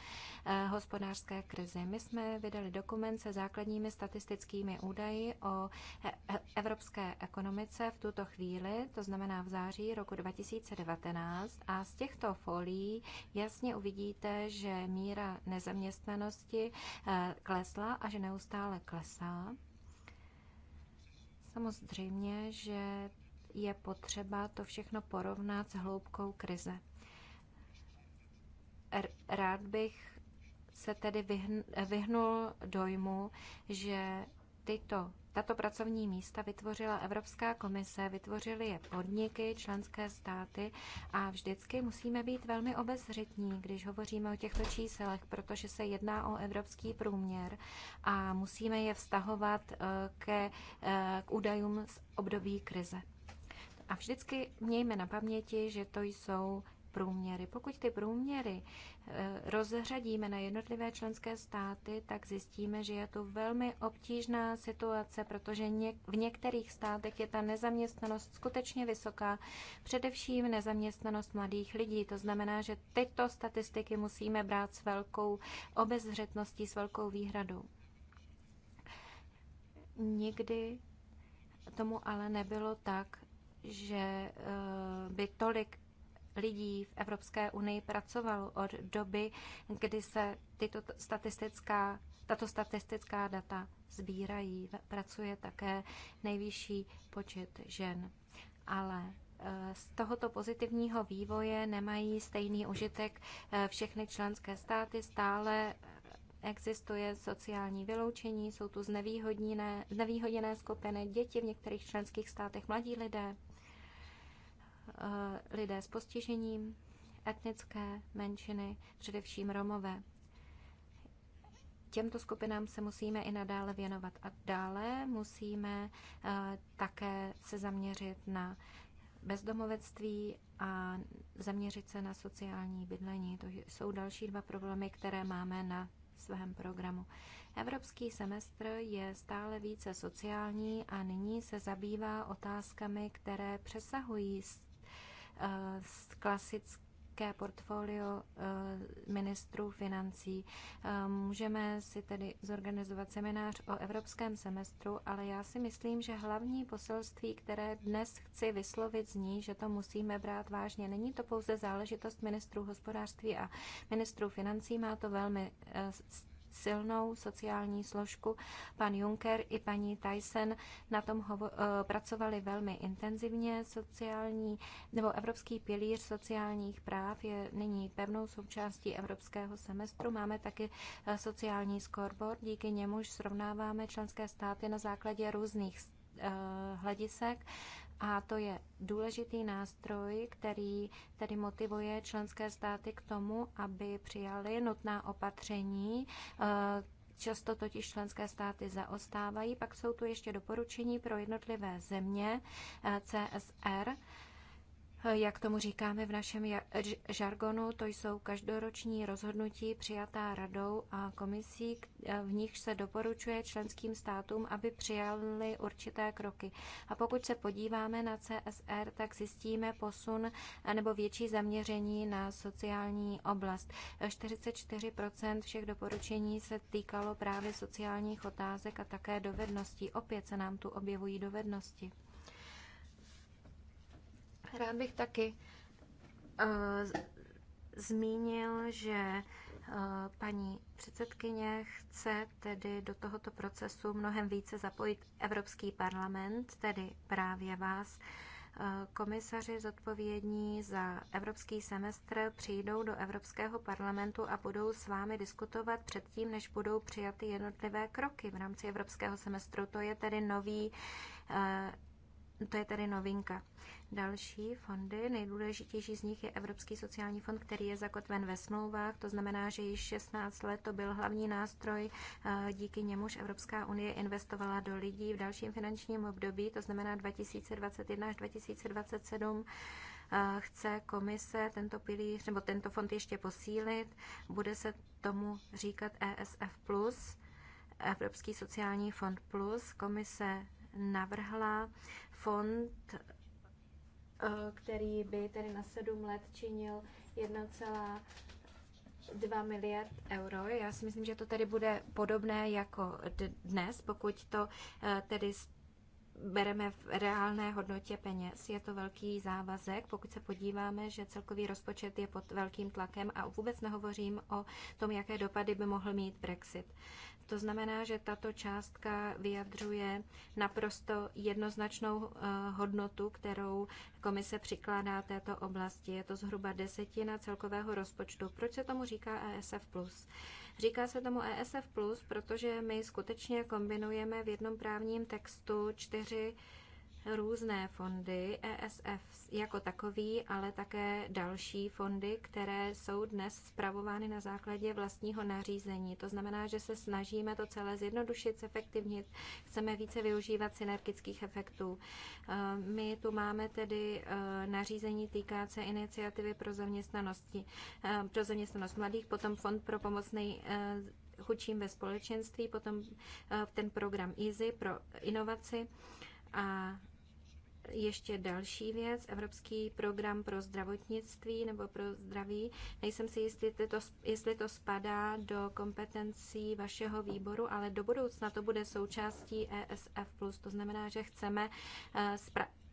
eh, hospodářské krizi. My jsme vydali dokument se základními statistickými údaji o eh, eh, evropské ekonomice v tuto chvíli, to znamená v září roku 2019 a z těchto folií jasně uvidíte, že míra nezaměstnanosti klesla a že neustále klesá. Samozřejmě, že je potřeba to všechno porovnat s hloubkou krize. Rád bych se tedy vyhnul dojmu, že tyto, tato pracovní místa vytvořila Evropská komise, vytvořily je podniky, členské státy a vždycky musíme být velmi obezřetní, když hovoříme o těchto číselech, protože se jedná o evropský průměr a musíme je vztahovat eh, ke, eh, k údajům z období krize. A vždycky mějme na paměti, že to jsou průměry. Pokud ty průměry eh, rozřadíme na jednotlivé členské státy, tak zjistíme, že je to velmi obtížná situace, protože v některých státech je ta nezaměstnanost skutečně vysoká, především nezaměstnanost mladých lidí. To znamená, že tyto statistiky musíme brát s velkou obezřetností, s velkou výhradou. Nikdy tomu ale nebylo tak, že eh, by tolik lidí v Evropské unii pracovalo od doby, kdy se tyto statistická, tato statistická data sbírají. Pracuje také nejvyšší počet žen. Ale eh, z tohoto pozitivního vývoje nemají stejný užitek eh, všechny členské státy. Stále eh, existuje sociální vyloučení, jsou tu znevýhodněné, znevýhodněné skupiny děti v některých členských státech, mladí lidé. Eh, lidé s postižením, etnické menšiny, především Romové. Těmto skupinám se musíme i nadále věnovat. A dále musíme eh, také se zaměřit na bezdomovectví a zaměřit se na sociální bydlení. To jsou další dva problémy, které máme na svém programu. Evropský semestr je stále více sociální a nyní se zabývá otázkami, které přesahují Eh, klasické portfolio eh, ministrů financí. Eh, můžeme si tedy zorganizovat seminář o evropském semestru, ale já si myslím, že hlavní poselství, které dnes chci vyslovit, ní, že to musíme brát vážně. Není to pouze záležitost ministrů hospodářství a ministrů financí, má to velmi silnou sociální složku. Pan Juncker i paní Tyson na tom eh, pracovali velmi intenzivně. Sociální nebo Evropský pilíř sociálních práv je nyní pevnou součástí evropského semestru. Máme taky eh, sociální scoreboard, díky němuž srovnáváme členské státy na základě různých eh, hledisek. A to je důležitý nástroj, který tedy motivuje členské státy k tomu, aby přijali nutná opatření, eh, Často totiž členské státy zaostávají. Pak jsou tu ještě doporučení pro jednotlivé země eh, CSR jak tomu říkáme v našem žargonu, to jsou každoroční rozhodnutí přijatá radou a komisí, v nich se doporučuje členským státům, aby přijali určité kroky. A pokud se podíváme na CSR, tak zjistíme posun nebo větší zaměření na sociální oblast. 44% všech doporučení se týkalo právě sociálních otázek a také dovedností. Opět se nám tu objevují dovednosti. Rád bych taky uh, zmínil, že eh, paní předsedkyně chce tedy do tohoto procesu mnohem více zapojit Evropský parlament, tedy právě vás. Eh, komisaři zodpovědní za evropský semestr přijdou do Evropského parlamentu a budou s vámi diskutovat předtím, než budou přijaty jednotlivé kroky v rámci Evropského semestru. To je tedy nový to je tedy novinka další fondy. Nejdůležitější z nich je Evropský sociální fond, který je zakotven ve smlouvách. To znamená, že již 16 let to byl hlavní nástroj, eh, díky němuž Evropská unie investovala do lidí v dalším finančním období, to znamená 2021 až 2027 eh, chce komise tento pilíř nebo tento fond ještě posílit. Bude se tomu říkat ESF+, Evropský sociální fond plus. Komise navrhla fond Eh, který by tedy na sedm let činil 1,2 miliard euro. Já si myslím, že to tedy bude podobné jako dnes, pokud to eh, tedy bereme v reálné hodnotě peněz. Je to velký závazek, pokud se podíváme, že celkový rozpočet je pod velkým tlakem a vůbec nehovořím o tom, jaké dopady by mohl mít Brexit. To znamená, že tato částka vyjadřuje naprosto jednoznačnou eh, hodnotu, kterou komise přikládá této oblasti. Je to zhruba desetina celkového rozpočtu. Proč se tomu říká ESF+. Říká se tomu ESF+, protože my skutečně kombinujeme v jednom právním textu čtyři různé fondy, ESF jako takový, ale také další fondy, které jsou dnes zpravovány na základě vlastního nařízení. To znamená, že se snažíme to celé zjednodušit, zefektivnit, chceme více využívat synergických efektů. Eh, my tu máme tedy eh, nařízení týká se iniciativy pro, zaměstnanosti, eh, pro zaměstnanost mladých, potom fond pro pomoc nej, chudším ve společenství, potom ten program EASY pro inovaci a ještě další věc, Evropský program pro zdravotnictví nebo pro zdraví. Nejsem si jistý, to, jestli to spadá do kompetencí vašeho výboru, ale do budoucna to bude součástí ESF+. To znamená, že chceme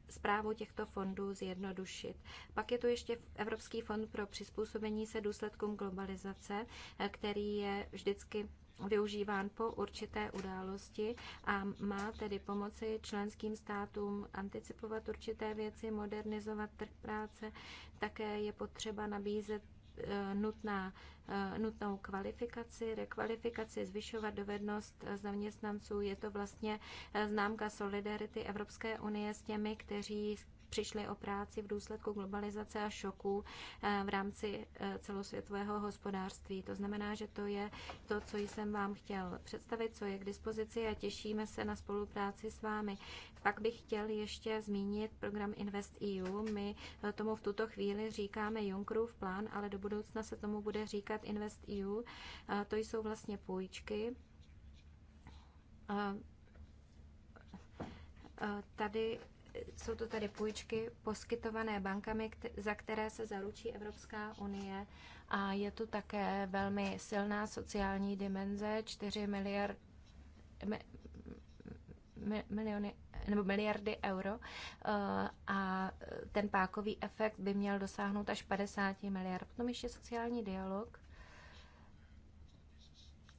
zprávu eh, těchto fondů zjednodušit. Pak je tu ještě Evropský fond pro přizpůsobení se důsledkům globalizace, eh, který je vždycky využíván po určité události a má tedy pomoci členským státům anticipovat určité věci, modernizovat trh práce. Také je potřeba nabízet eh, nutná, eh, nutnou kvalifikaci, rekvalifikaci, zvyšovat dovednost zaměstnanců. Je to vlastně eh, známka solidarity Evropské unie s těmi, kteří přišli o práci v důsledku globalizace a šoků eh, v rámci eh, celosvětového hospodářství. To znamená, že to je to, co jsem vám chtěl představit, co je k dispozici a těšíme se na spolupráci s vámi. Pak bych chtěl ještě zmínit program Invest EU. My eh, tomu v tuto chvíli říkáme Junckerův plán, ale do budoucna se tomu bude říkat Invest EU. To jsou vlastně půjčky. Tady jsou to tady půjčky poskytované bankami, za které se zaručí Evropská unie a je tu také velmi silná sociální dimenze, 4 miliard, miliony nebo miliardy euro eh, a ten pákový efekt by měl dosáhnout až 50 miliard. Potom no, ještě sociální dialog.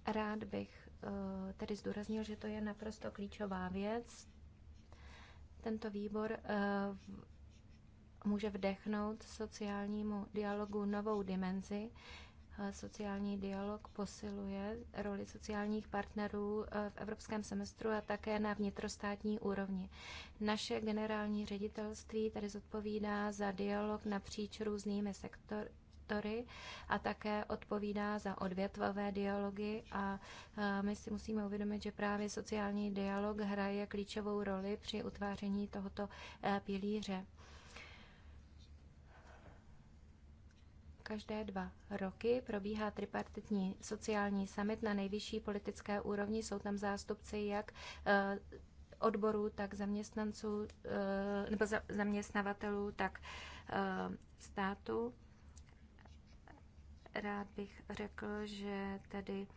Rád bych eh, tedy zdůraznil, že to je naprosto klíčová věc tento výbor eh, může vdechnout sociálnímu dialogu novou dimenzi. Eh, sociální dialog posiluje roli sociálních partnerů eh, v evropském semestru a také na vnitrostátní úrovni. Naše generální ředitelství tady zodpovídá za dialog napříč různými sektor, sektory a také odpovídá za odvětvové dialogy a my si musíme uvědomit, že právě sociální dialog hraje klíčovou roli při utváření tohoto eh, pilíře. každé dva roky probíhá tripartitní sociální summit na nejvyšší politické úrovni. Jsou tam zástupci jak eh, odborů, tak zaměstnanců, eh, nebo zaměstnavatelů, tak státu. Rád bych řekl, že tedy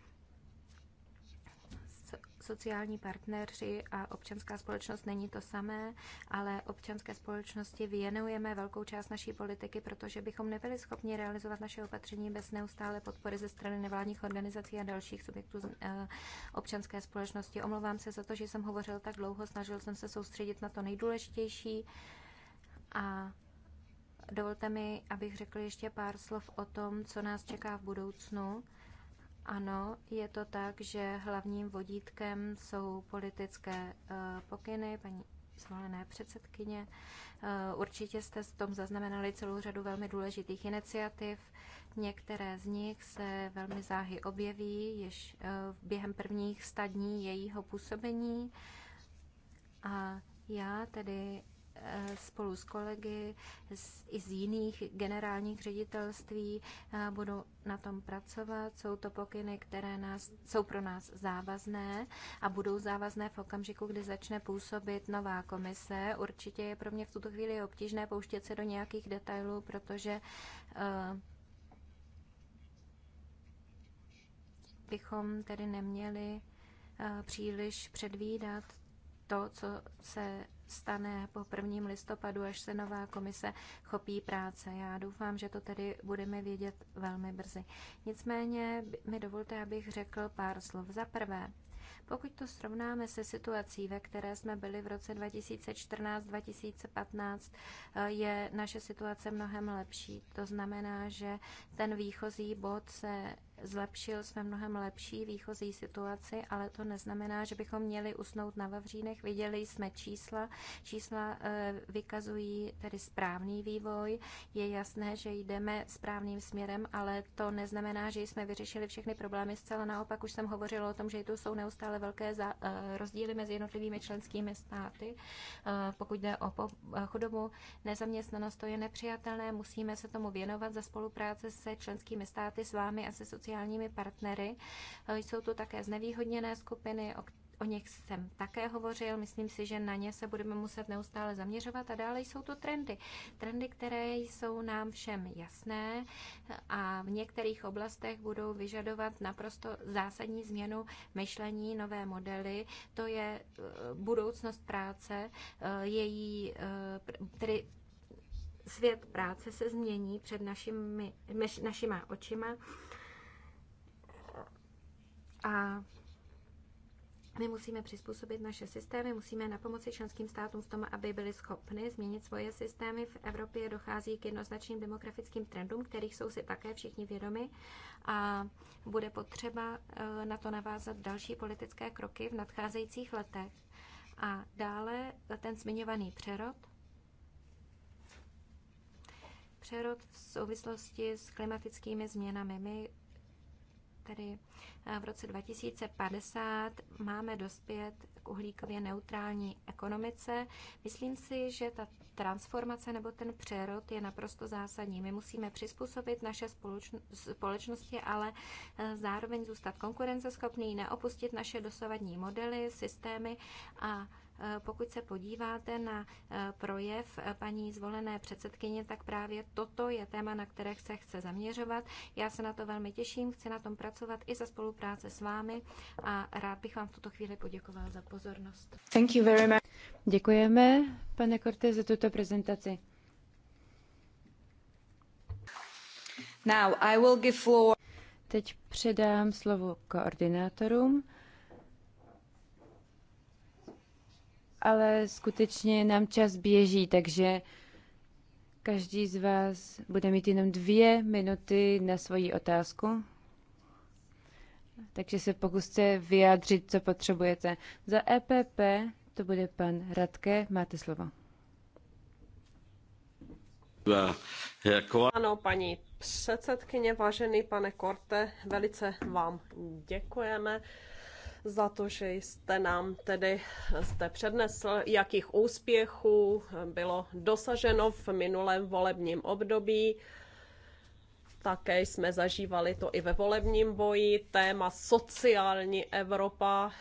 sociální partneři a občanská společnost není to samé, ale občanské společnosti věnujeme velkou část naší politiky, protože bychom nebyli schopni realizovat naše opatření bez neustále podpory ze strany nevládních organizací a dalších subjektů eh, občanské společnosti. Omlouvám se za to, že jsem hovořil tak dlouho, snažil jsem se soustředit na to nejdůležitější a Dovolte mi, abych řekl ještě pár slov o tom, co nás čeká v budoucnu. Ano, je to tak, že hlavním vodítkem jsou politické eh, pokyny, paní zvolené předsedkyně. Eh, určitě jste s tom zaznamenali celou řadu velmi důležitých iniciativ. Některé z nich se velmi záhy objeví již eh, během prvních stadní jejího působení. A já tedy Eh, spolu s kolegy z, i z jiných generálních ředitelství eh, budu na tom pracovat. Jsou to pokyny, které nás, jsou pro nás závazné a budou závazné v okamžiku, kdy začne působit nová komise. Určitě je pro mě v tuto chvíli obtížné pouštět se do nějakých detailů, protože uh, bychom tedy neměli uh, příliš předvídat to, co se stane po prvním listopadu, až se nová komise chopí práce. Já doufám, že to tedy budeme vědět velmi brzy. Nicméně mi dovolte, abych řekl pár slov. Za prvé, pokud to srovnáme se situací, ve které jsme byli v roce 2014-2015, je naše situace mnohem lepší. To znamená, že ten výchozí bod se Zlepšil jsme mnohem lepší výchozí situaci, ale to neznamená, že bychom měli usnout na Vavřínech. Viděli jsme čísla. Čísla eh, vykazují tedy správný vývoj. Je jasné, že jdeme správným směrem, ale to neznamená, že jsme vyřešili všechny problémy. Zcela naopak už jsem hovořila o tom, že tu jsou neustále velké eh, rozdíly mezi jednotlivými členskými státy. Eh, pokud jde o chudobu, nezaměstnanost, to je nepřijatelné. Musíme se tomu věnovat za spolupráce se členskými státy, s vámi a se sociální sociálními partnery. Eh, jsou to také znevýhodněné skupiny, o O nich jsem také hovořil, myslím si, že na ně se budeme muset neustále zaměřovat a dále jsou to trendy. Trendy, které jsou nám všem jasné eh, a v některých oblastech budou vyžadovat naprosto zásadní změnu myšlení, nové modely. To je eh, budoucnost práce, její, tedy svět práce se změní před našimi, našima očima a my musíme přizpůsobit naše systémy, musíme na pomoci členským státům v tom, aby byli schopni změnit svoje systémy. V Evropě dochází k jednoznačným demografickým trendům, kterých jsou si také všichni vědomi a bude potřeba eh, na to navázat další politické kroky v nadcházejících letech. A dále ten zmiňovaný přerod. Přerod v souvislosti s klimatickými změnami. My tedy eh, v roce 2050 máme dospět k uhlíkově neutrální ekonomice. Myslím si, že ta transformace nebo ten přerod je naprosto zásadní. My musíme přizpůsobit naše společnosti, ale eh, zároveň zůstat konkurenceschopný, neopustit naše dosavadní modely, systémy a Eh, pokud se podíváte na eh, projev eh, paní zvolené předsedkyně, tak právě toto je téma, na které se chce zaměřovat. Já se na to velmi těším, chci na tom pracovat i za spolupráce s vámi a rád bych vám v tuto chvíli poděkoval za pozornost. Thank you very much. Děkujeme, pane Korte, za tuto prezentaci. Now I will give floor. Teď předám slovo koordinátorům. ale skutečně nám čas běží, takže každý z vás bude mít jenom dvě minuty na svoji otázku. Takže se pokuste vyjádřit, co potřebujete. Za EPP to bude pan Radke, máte slovo. Jako- ano, paní předsedkyně, vážený pane Korte, velice vám děkujeme za to, že jste nám tedy jste přednesl, jakých úspěchů bylo dosaženo v minulém volebním období. Také jsme zažívali to i ve volebním boji. Téma sociální Evropa,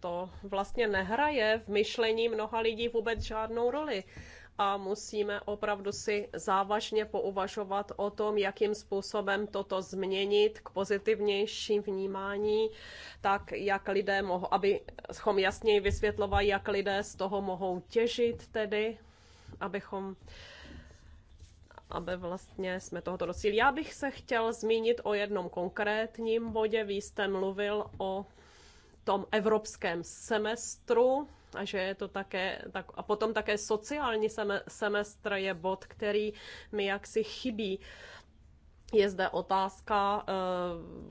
to vlastně nehraje v myšlení mnoha lidí vůbec žádnou roli a musíme opravdu si závažně pouvažovat o tom, jakým způsobem toto změnit k pozitivnějším vnímání, tak jak lidé mohou, abychom jasněji vysvětlovali, jak lidé z toho mohou těžit tedy, abychom aby vlastně jsme tohoto dosíli. Já bych se chtěl zmínit o jednom konkrétním bodě. Vy jste mluvil o tom evropském semestru, a že je to také, tak, a potom také sociální semestr je bod, který mi jaksi chybí. Je zde otázka eh,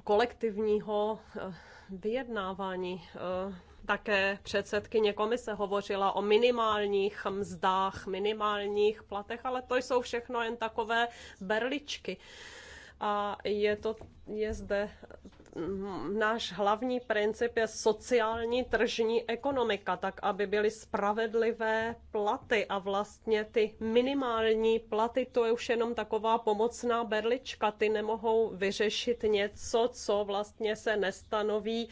kolektivního eh, vyjednávání. Eh, také předsedkyně komise hovořila o minimálních mzdách, minimálních platech, ale to jsou všechno jen takové berličky. A je, to, je zde náš hlavní princip je sociální tržní ekonomika, tak aby byly spravedlivé platy a vlastně ty minimální platy, to je už jenom taková pomocná berlička, ty nemohou vyřešit něco, co vlastně se nestanoví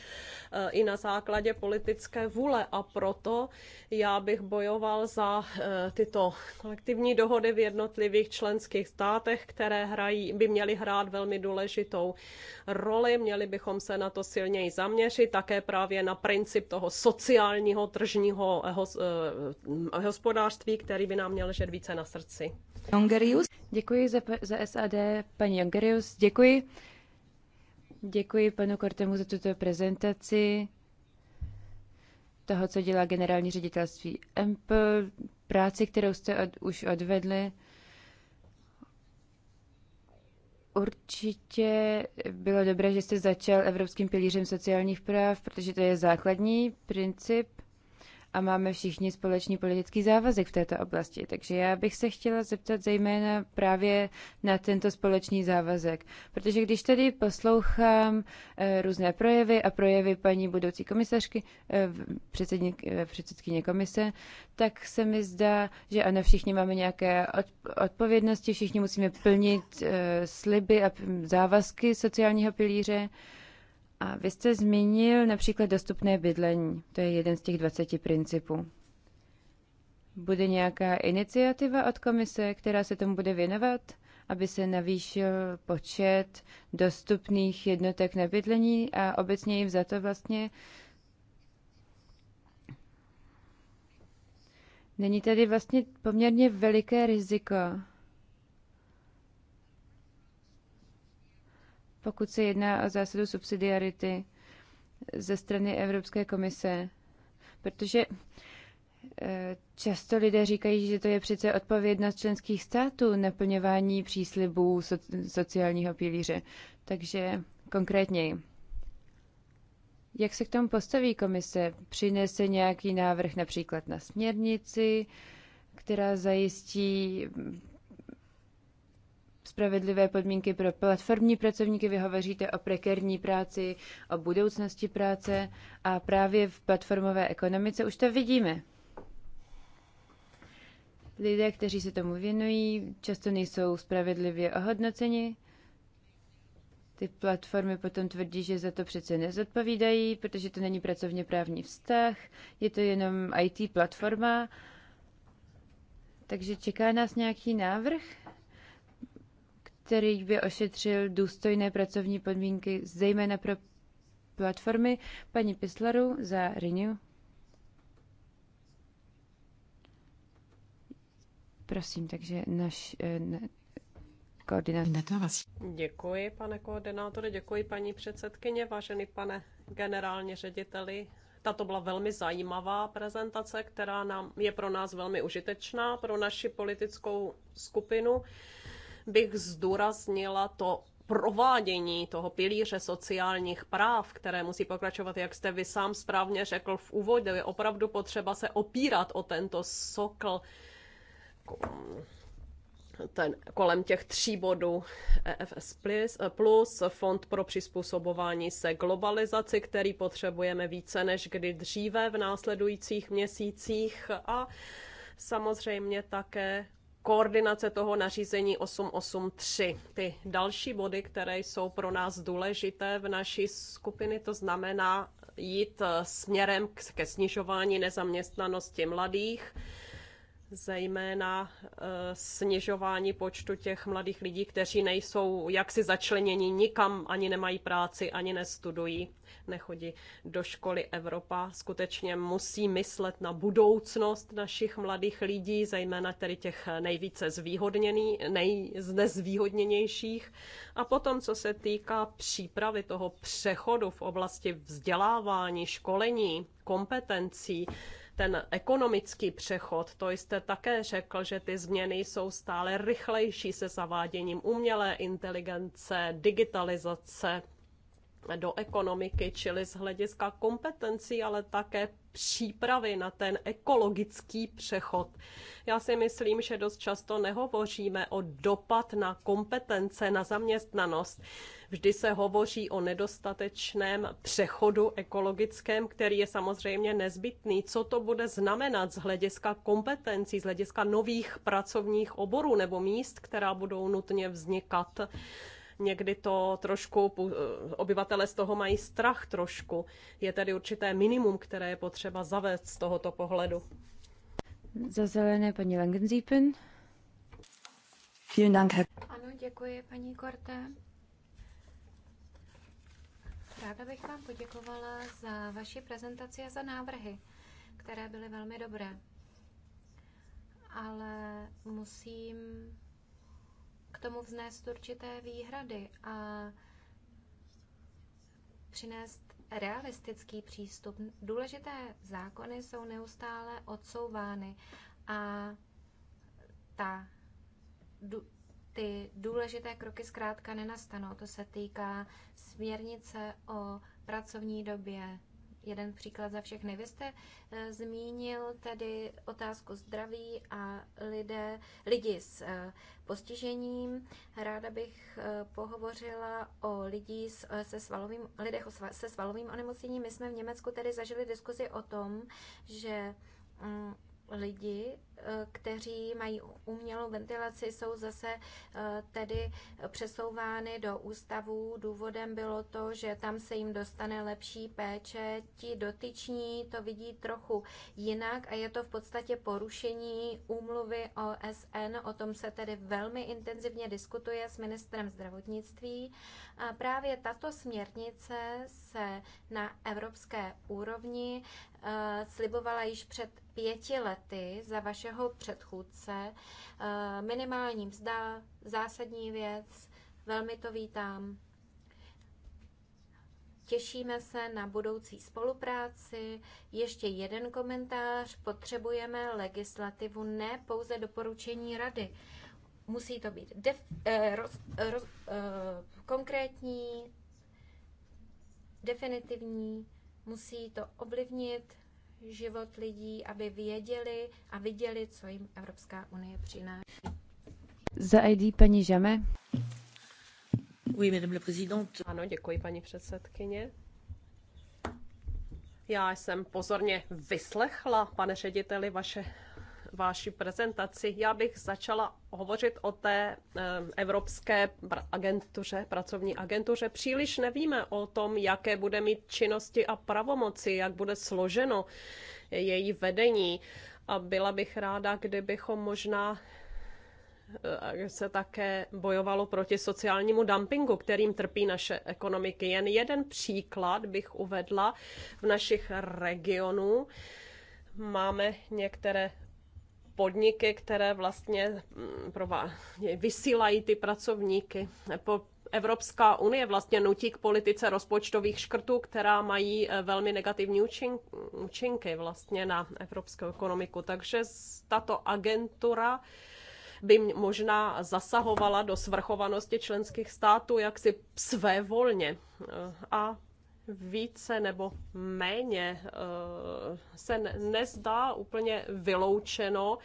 e, i na základě politické vůle a proto já bych bojoval za e, tyto kolektivní dohody v jednotlivých členských státech, které hrají, by měly hrát velmi důležitou roli, měly by bychom se na to silněji zaměřit, také právě na princip toho sociálního tržního eh, eh, hospodářství, který by nám měl ležet více na srdci. Jongerius. Děkuji za, za SAD, paní Jongerius, děkuji. Děkuji panu Kortemu za tuto prezentaci toho, co dělá generální ředitelství MP, práci, kterou jste od, už odvedli. Určitě bylo dobré, že jste začal Evropským pilířem sociálních práv, protože to je základní princip a máme všichni společný politický závazek v této oblasti. Takže já bych se chtěla zeptat zejména právě na tento společný závazek. Protože když tady poslouchám eh, různé projevy a projevy paní budoucí komisařky, eh, eh, předsedkyně komise, tak se mi zdá, že ano, všichni máme nějaké odpovědnosti, všichni musíme plnit sliby a závazky sociálního pilíře. A vy jste zmínil například dostupné bydlení. To je jeden z těch 20 principů. Bude nějaká iniciativa od komise, která se tomu bude věnovat, aby se navýšil počet dostupných jednotek na bydlení a obecně jim za to vlastně Není tady vlastně poměrně veliké riziko, pokud se jedná o zásadu subsidiarity ze strany Evropské komise. Protože eh, Často lidé říkají, že to je přece odpovědnost členských států naplňování příslibů sociálního pilíře. Takže konkrétněji. Jak se k tomu postaví komise? Přinese nějaký návrh například na směrnici, která zajistí spravedlivé podmínky pro platformní pracovníky, vy hovoříte o prekérní práci, o budoucnosti práce a právě v platformové ekonomice už to vidíme. Lidé, kteří se tomu věnují, často nejsou spravedlivě ohodnoceni. Ty platformy potom tvrdí, že za to přece nezodpovídají, protože to není pracovně právní vztah, je to jenom IT platforma. Takže čeká nás nějaký návrh? který by ošetřil důstojné pracovní podmínky, zejména pro platformy. Paní Pislaru za Renew. Prosím, takže náš eh, koordinátor. Děkuji, pane koordinátore, děkuji, paní předsedkyně, vážený pane generální řediteli. Tato byla velmi zajímavá prezentace, která nám, je pro nás velmi užitečná, pro naši politickou skupinu bych zdůraznila to provádění toho pilíře sociálních práv, které musí pokračovat, jak jste vy sám správně řekl v úvodě, je opravdu potřeba se opírat o tento sokl ten, kolem těch tří bodů EFS plus, plus Fond pro přizpůsobování se globalizaci, který potřebujeme více než kdy dříve v následujících měsících a samozřejmě také koordinace toho nařízení 883. Ty další body, které jsou pro nás důležité v naší skupiny, to znamená jít směrem ke snižování nezaměstnanosti mladých, zejména eh, snižování počtu těch mladých lidí, kteří nejsou jaksi začleněni nikam, ani nemají práci, ani nestudují, nechodí do školy. Evropa skutečně musí myslet na budoucnost našich mladých lidí, zejména tedy těch nejvíce zvýhodněných, nejznezvýhodněnějších. A potom, co se týká přípravy toho přechodu v oblasti vzdělávání, školení, kompetencí, ten ekonomický přechod, to jste také řekl, že ty změny jsou stále rychlejší se zaváděním umělé inteligence, digitalizace do ekonomiky, čili z hlediska kompetencí, ale také přípravy na ten ekologický přechod. Já si myslím, že dost často nehovoříme o dopad na kompetence, na zaměstnanost. Vždy se hovoří o nedostatečném přechodu ekologickém, který je samozřejmě nezbytný. Co to bude znamenat z hlediska kompetencí, z hlediska nových pracovních oborů nebo míst, která budou nutně vznikat? někdy to trošku, eh, obyvatele z toho mají strach trošku. Je tedy určité minimum, které je potřeba zavést z tohoto pohledu. Za zelené paní Langensiepen. Vielen Dank, Herr. Ano, děkuji, paní Korte. Ráda bych vám poděkovala za vaši prezentaci a za návrhy, které byly velmi dobré. Ale musím k tomu vznést určité výhrady a přinést realistický přístup. Důležité zákony jsou neustále odsouvány a ta ty důležité kroky zkrátka nenastanou. To se týká směrnice o pracovní době. Jeden příklad za všechny. Vy jste eh, zmínil tedy otázku zdraví a lidé, lidi s eh, postižením. Ráda bych eh, pohovořila o lidí s, se svalovým, lidech se svalovým onemocněním. My jsme v Německu tedy zažili diskuzi o tom, že mm, lidi kteří mají umělou ventilaci, jsou zase eh, tedy přesouvány do ústavů. Důvodem bylo to, že tam se jim dostane lepší péče. Ti dotyční to vidí trochu jinak a je to v podstatě porušení úmluvy OSN. O tom se tedy velmi intenzivně diskutuje s ministrem zdravotnictví. A právě tato směrnice se na evropské úrovni eh, slibovala již před pěti lety za vaše vašeho předchůdce. Eh, minimální mzda, zásadní věc, velmi to vítám. Těšíme se na budoucí spolupráci. Ještě jeden komentář. Potřebujeme legislativu, ne pouze doporučení rady. Musí to být def, eh, roz, roz, eh, konkrétní, definitivní, musí to ovlivnit život lidí, aby věděli a viděli, co jim Evropská unie přináší. Za ID paní Žame. Oui, madame la présidente. Ano, děkuji, paní předsedkyně. Já jsem pozorně vyslechla, pane řediteli, vaše vaši prezentaci. Já bych začala hovořit o té eh, evropské agentuře, pracovní agentuře. Příliš nevíme o tom, jaké bude mít činnosti a pravomoci, jak bude složeno její vedení. A byla bych ráda, kdybychom možná eh, eh, se také bojovalo proti sociálnímu dumpingu, kterým trpí naše ekonomiky. Jen jeden příklad bych uvedla v našich regionů. Máme některé podniky, které vlastně mm, vysílají ty pracovníky. Evropská unie vlastně nutí k politice rozpočtových škrtů, která mají eh, velmi negativní účinky vlastně na evropskou ekonomiku. Takže tato agentura by možná zasahovala do svrchovanosti členských států jaksi svévolně. Eh, a více nebo méně eh, se nezdá úplně vyloučeno,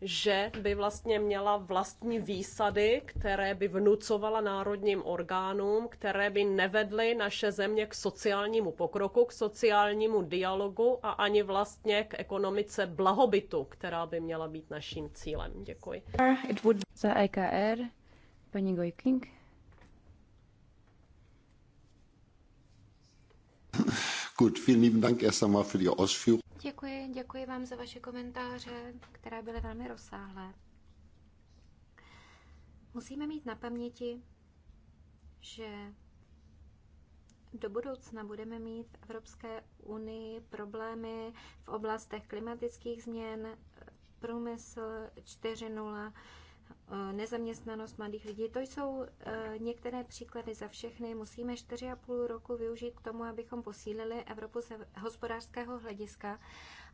že by vlastně měla vlastní výsady, které by vnucovala národním orgánům, které by nevedly naše země k sociálnímu pokroku, k sociálnímu dialogu a ani vlastně k ekonomice blahobytu, která by měla být naším cílem. Děkuji. Za EKR paní Gojking. Gut, vielen lieben Dank erst einmal für die Ausführung. Děkuji, děkuji vám za vaše komentáře, které byly velmi rozsáhlé. Musíme mít na paměti, že do budoucna budeme mít v Evropské unii problémy v oblastech klimatických změn, průmysl 4.0, Eh, nezaměstnanost mladých lidí. To jsou eh, některé příklady za všechny. Musíme 4,5 roku využít k tomu, abychom posílili Evropu z hospodářského hlediska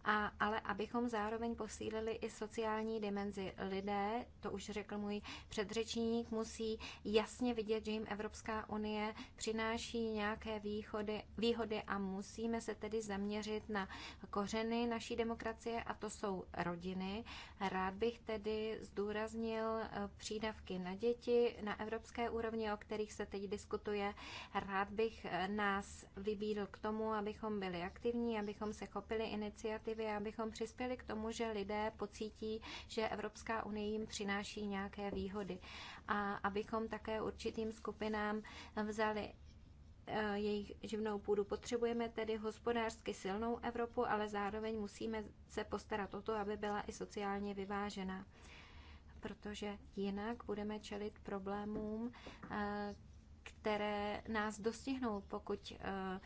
a, ale abychom zároveň posílili i sociální dimenzi. Lidé, to už řekl můj předřečník, musí jasně vidět, že jim Evropská unie přináší nějaké východy, výhody a musíme se tedy zaměřit na kořeny naší demokracie a to jsou rodiny. Rád bych tedy zdůraznil eh, přídavky na děti na evropské úrovni, o kterých se teď diskutuje. Rád bych eh, nás vybídl k tomu, abychom byli aktivní, abychom se chopili iniciativy legislativy, abychom přispěli k tomu, že lidé pocítí, že Evropská unie jim přináší nějaké výhody a abychom také určitým skupinám vzali eh, jejich živnou půdu. Potřebujeme tedy hospodářsky silnou Evropu, ale zároveň musíme se postarat o to, aby byla i sociálně vyvážená, protože jinak budeme čelit problémům, eh, které nás dostihnou, pokud eh,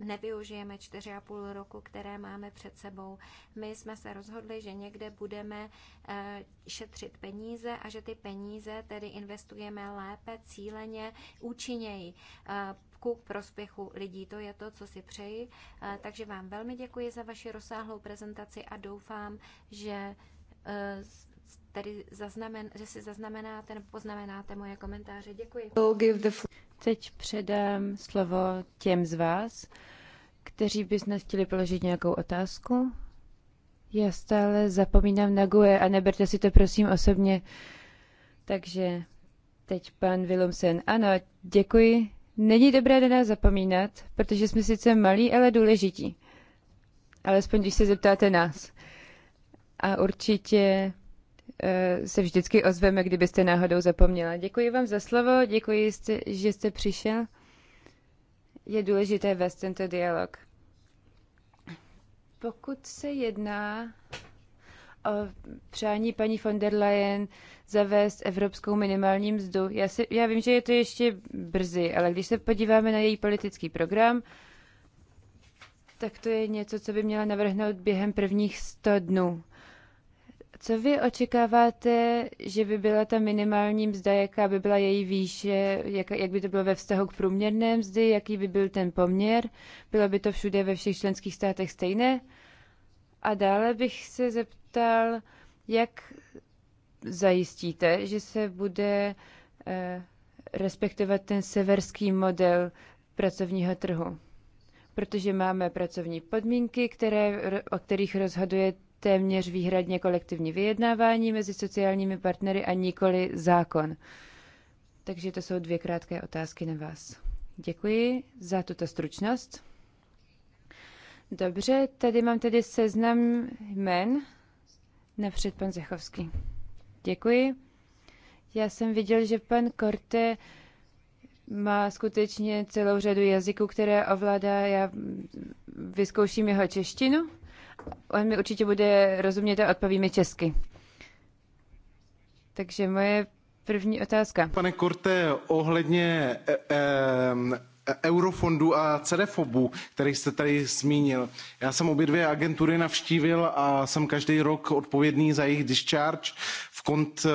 nevyužijeme 4,5 roku, které máme před sebou. My jsme se rozhodli, že někde budeme eh, šetřit peníze a že ty peníze tedy investujeme lépe, cíleně, účinněji eh, ku prospěchu lidí. To je to, co si přeji. Eh, takže vám velmi děkuji za vaši rozsáhlou prezentaci a doufám, že tedy zaznamen, že si zaznamenáte nebo poznamenáte moje komentáře. Děkuji teď předám slovo těm z vás, kteří by snad chtěli položit nějakou otázku. Já stále zapomínám na GUE a neberte si to prosím osobně. Takže teď pan Willumsen. Ano, děkuji. Není dobré na nás zapomínat, protože jsme sice malí, ale důležití. Alespoň když se zeptáte nás. A určitě Eh, se vždycky ozveme, kdybyste náhodou zapomněla. Děkuji vám za slovo, děkuji, že jste přišel. Je důležité vést tento dialog. Pokud se jedná o přání paní von der Leyen zavést evropskou minimální mzdu, já, si, já vím, že je to ještě brzy, ale když se podíváme na její politický program, tak to je něco, co by měla navrhnout během prvních 100 dnů. Co vy očekáváte, že by byla ta minimální mzda, jaká by byla její výše, jak, jak by to bylo ve vztahu k průměrné mzdy, jaký by byl ten poměr? Bylo by to všude ve všech členských státech stejné? A dále bych se zeptal, jak zajistíte, že se bude eh, respektovat ten severský model pracovního trhu? Protože máme pracovní podmínky, které, o kterých rozhoduje téměř výhradně kolektivní vyjednávání mezi sociálními partnery a nikoli zákon. Takže to jsou dvě krátké otázky na vás. Děkuji za tuto stručnost. Dobře, tady mám tedy seznam jmen. Napřed pan Zechovský. Děkuji. Já jsem viděl, že pan Korte má skutečně celou řadu jazyků, které ovládá. Já vyzkouším jeho češtinu. On mi určitě bude rozumět a odpovíme česky. Takže moje první otázka. Pane Korte, ohledně e, e, e eurofondu a CDFOBů, který jste tady zmínil. Já jsem obě dvě agentury navštívil a jsem každý rok odpovědný za jejich discharge v kont e,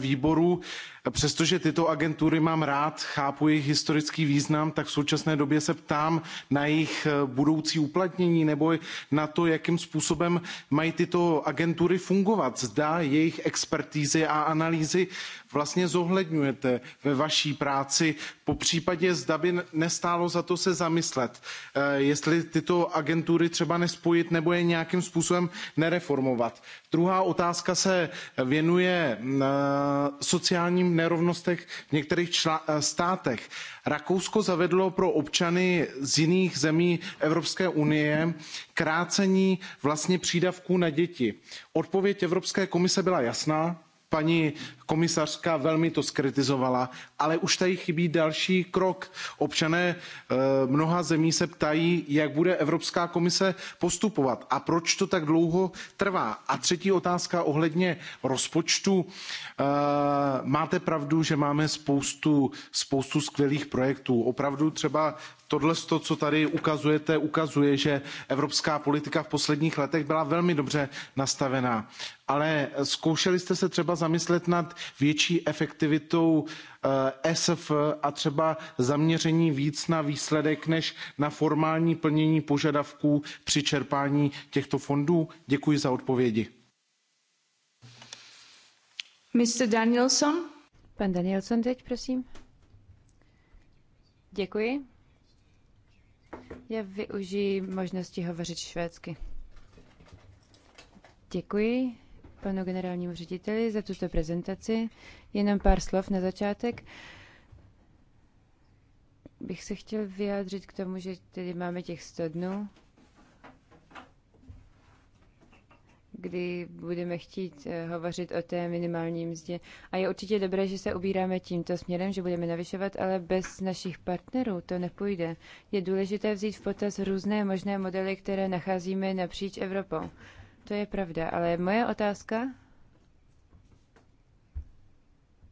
výboru. Přestože tyto agentury mám rád, chápu jejich historický význam, tak v současné době se ptám na jejich eh, budoucí uplatnění nebo na to, jakým způsobem mají tyto agentury fungovat. Zda jejich expertízy a analýzy vlastně zohledňujete ve vaší práci, popřípadě zda by nestálo za to se zamyslet, eh, jestli tyto agentury třeba nespojit nebo je nějakým způsobem nereformovat. Druhá otázka se věnuje eh, sociálním nerovnostech v některých eh, státech. rakousko zavedlo pro občany z jiných zemí evropské unie krácení vlastně přídavků na děti. odpověď evropské komise byla jasná paní komisařka velmi to zkritizovala ale už tady chybí další krok. občané eh, mnoha zemí se ptají jak bude evropská komise postupovat a proč to tak dlouho trvá. a třetí otázka ohledně rozpočtu eh, máte pravdu že máme spoustu, spoustu skvělých projektů opravdu třeba tohle co tady ukazujete ukazuje že evropská politika v posledních letech byla velmi dobře nastavená ale zkoušeli jste se třeba zamyslet nad větší efektivitou esf eh, a třeba zaměření víc na výsledek než na formální plnění požadavků při čerpání těchto fondů? děkuji za odpovědi. Mr. Danielson? Pan Danielson teď, prosím. Děkuji. Já využiji možnosti hovořit švédsky. Děkuji panu generálnímu řediteli za tuto prezentaci. Jenom pár slov na začátek. Bych se chtěl vyjádřit k tomu, že tedy máme těch 100 dnů, kdy budeme chtít eh, hovořit o té minimální mzdě. A je určitě dobré, že se ubíráme tímto směrem, že budeme navyšovat, ale bez našich partnerů to nepůjde. Je důležité vzít v potaz různé možné modely, které nacházíme napříč Evropou. To je pravda, ale moje otázka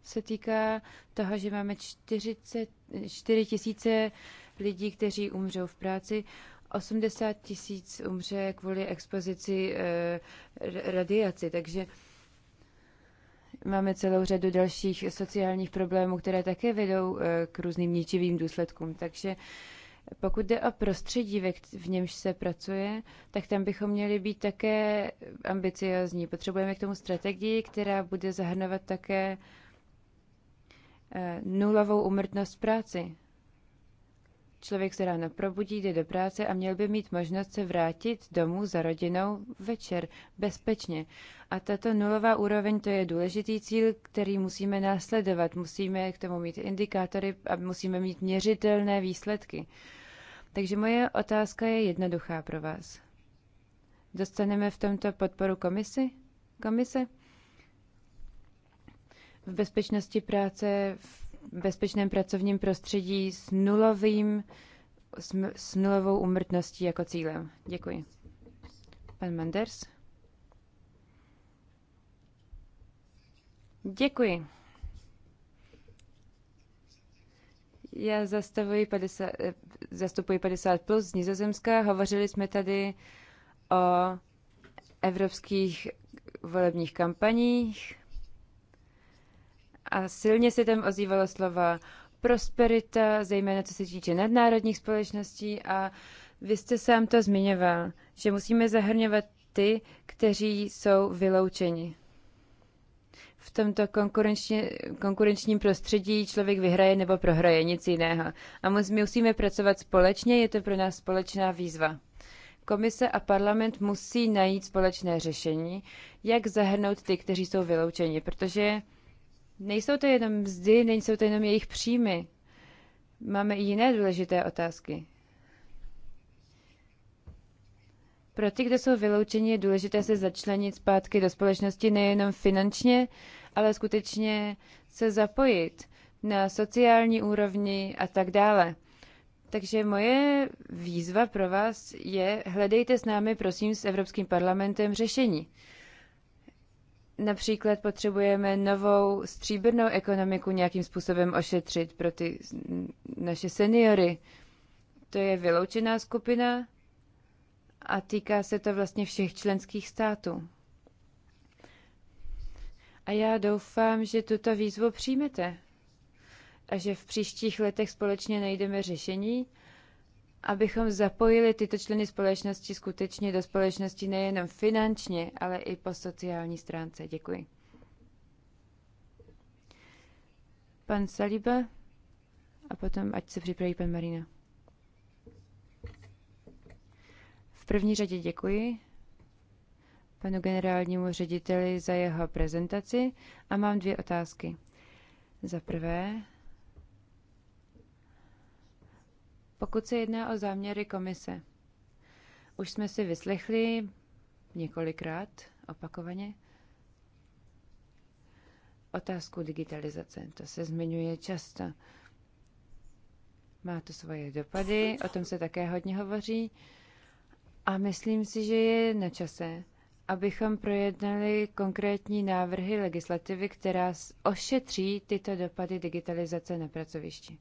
se týká toho, že máme 40, 4 tisíce lidí, kteří umřou v práci. 80 tisíc umře kvůli expozici e, radiaci, takže máme celou řadu dalších sociálních problémů, které také vedou e, k různým ničivým důsledkům. Takže e, pokud jde o prostředí, v němž se pracuje, tak tam bychom měli být také ambiciozní. Potřebujeme k tomu strategii, která bude zahrnovat také eh, nulovou umrtnost práci. Člověk se ráno probudí, jde do práce a měl by mít možnost se vrátit domů za rodinou večer bezpečně. A tato nulová úroveň to je důležitý cíl, který musíme následovat. Musíme k tomu mít indikátory a musíme mít měřitelné výsledky. Takže moje otázka je jednoduchá pro vás. Dostaneme v tomto podporu komisi? komise? V bezpečnosti práce, v bezpečném pracovním prostředí s, nulovým, s, s nulovou umrtností jako cílem. Děkuji. Pan Manders. Děkuji. Já zastavuji 50, zastupuji 50 plus z Nizozemska. Hovořili jsme tady o evropských volebních kampaních a silně se tam ozývalo slova prosperita, zejména co se týče nadnárodních společností a vy jste sám to zmiňoval, že musíme zahrňovat ty, kteří jsou vyloučeni. V tomto konkurenčním prostředí člověk vyhraje nebo prohraje, nic jiného. A my musíme pracovat společně, je to pro nás společná výzva. Komise a parlament musí najít společné řešení, jak zahrnout ty, kteří jsou vyloučeni, protože Nejsou to jenom mzdy, nejsou to jenom jejich příjmy. Máme i jiné důležité otázky. Pro ty, kdo jsou vyloučeni, je důležité se začlenit zpátky do společnosti nejenom finančně, ale skutečně se zapojit na sociální úrovni a tak dále. Takže moje výzva pro vás je, hledejte s námi, prosím, s Evropským parlamentem řešení. Například potřebujeme novou stříbrnou ekonomiku nějakým způsobem ošetřit pro ty naše seniory. To je vyloučená skupina a týká se to vlastně všech členských států. A já doufám, že tuto výzvu přijmete a že v příštích letech společně najdeme řešení, abychom zapojili tyto členy společnosti skutečně do společnosti nejenom finančně, ale i po sociální stránce. Děkuji. Pan Saliba a potom ať se připraví pan Marina. V první řadě děkuji panu generálnímu řediteli za jeho prezentaci a mám dvě otázky. Za prvé, Pokud se jedná o záměry komise, už jsme si vyslechli několikrát opakovaně otázku digitalizace. To se zmiňuje často. Má to svoje dopady, o tom se také hodně hovoří. A myslím si, že je na čase, abychom projednali konkrétní návrhy legislativy, která ošetří tyto dopady digitalizace na pracovišti.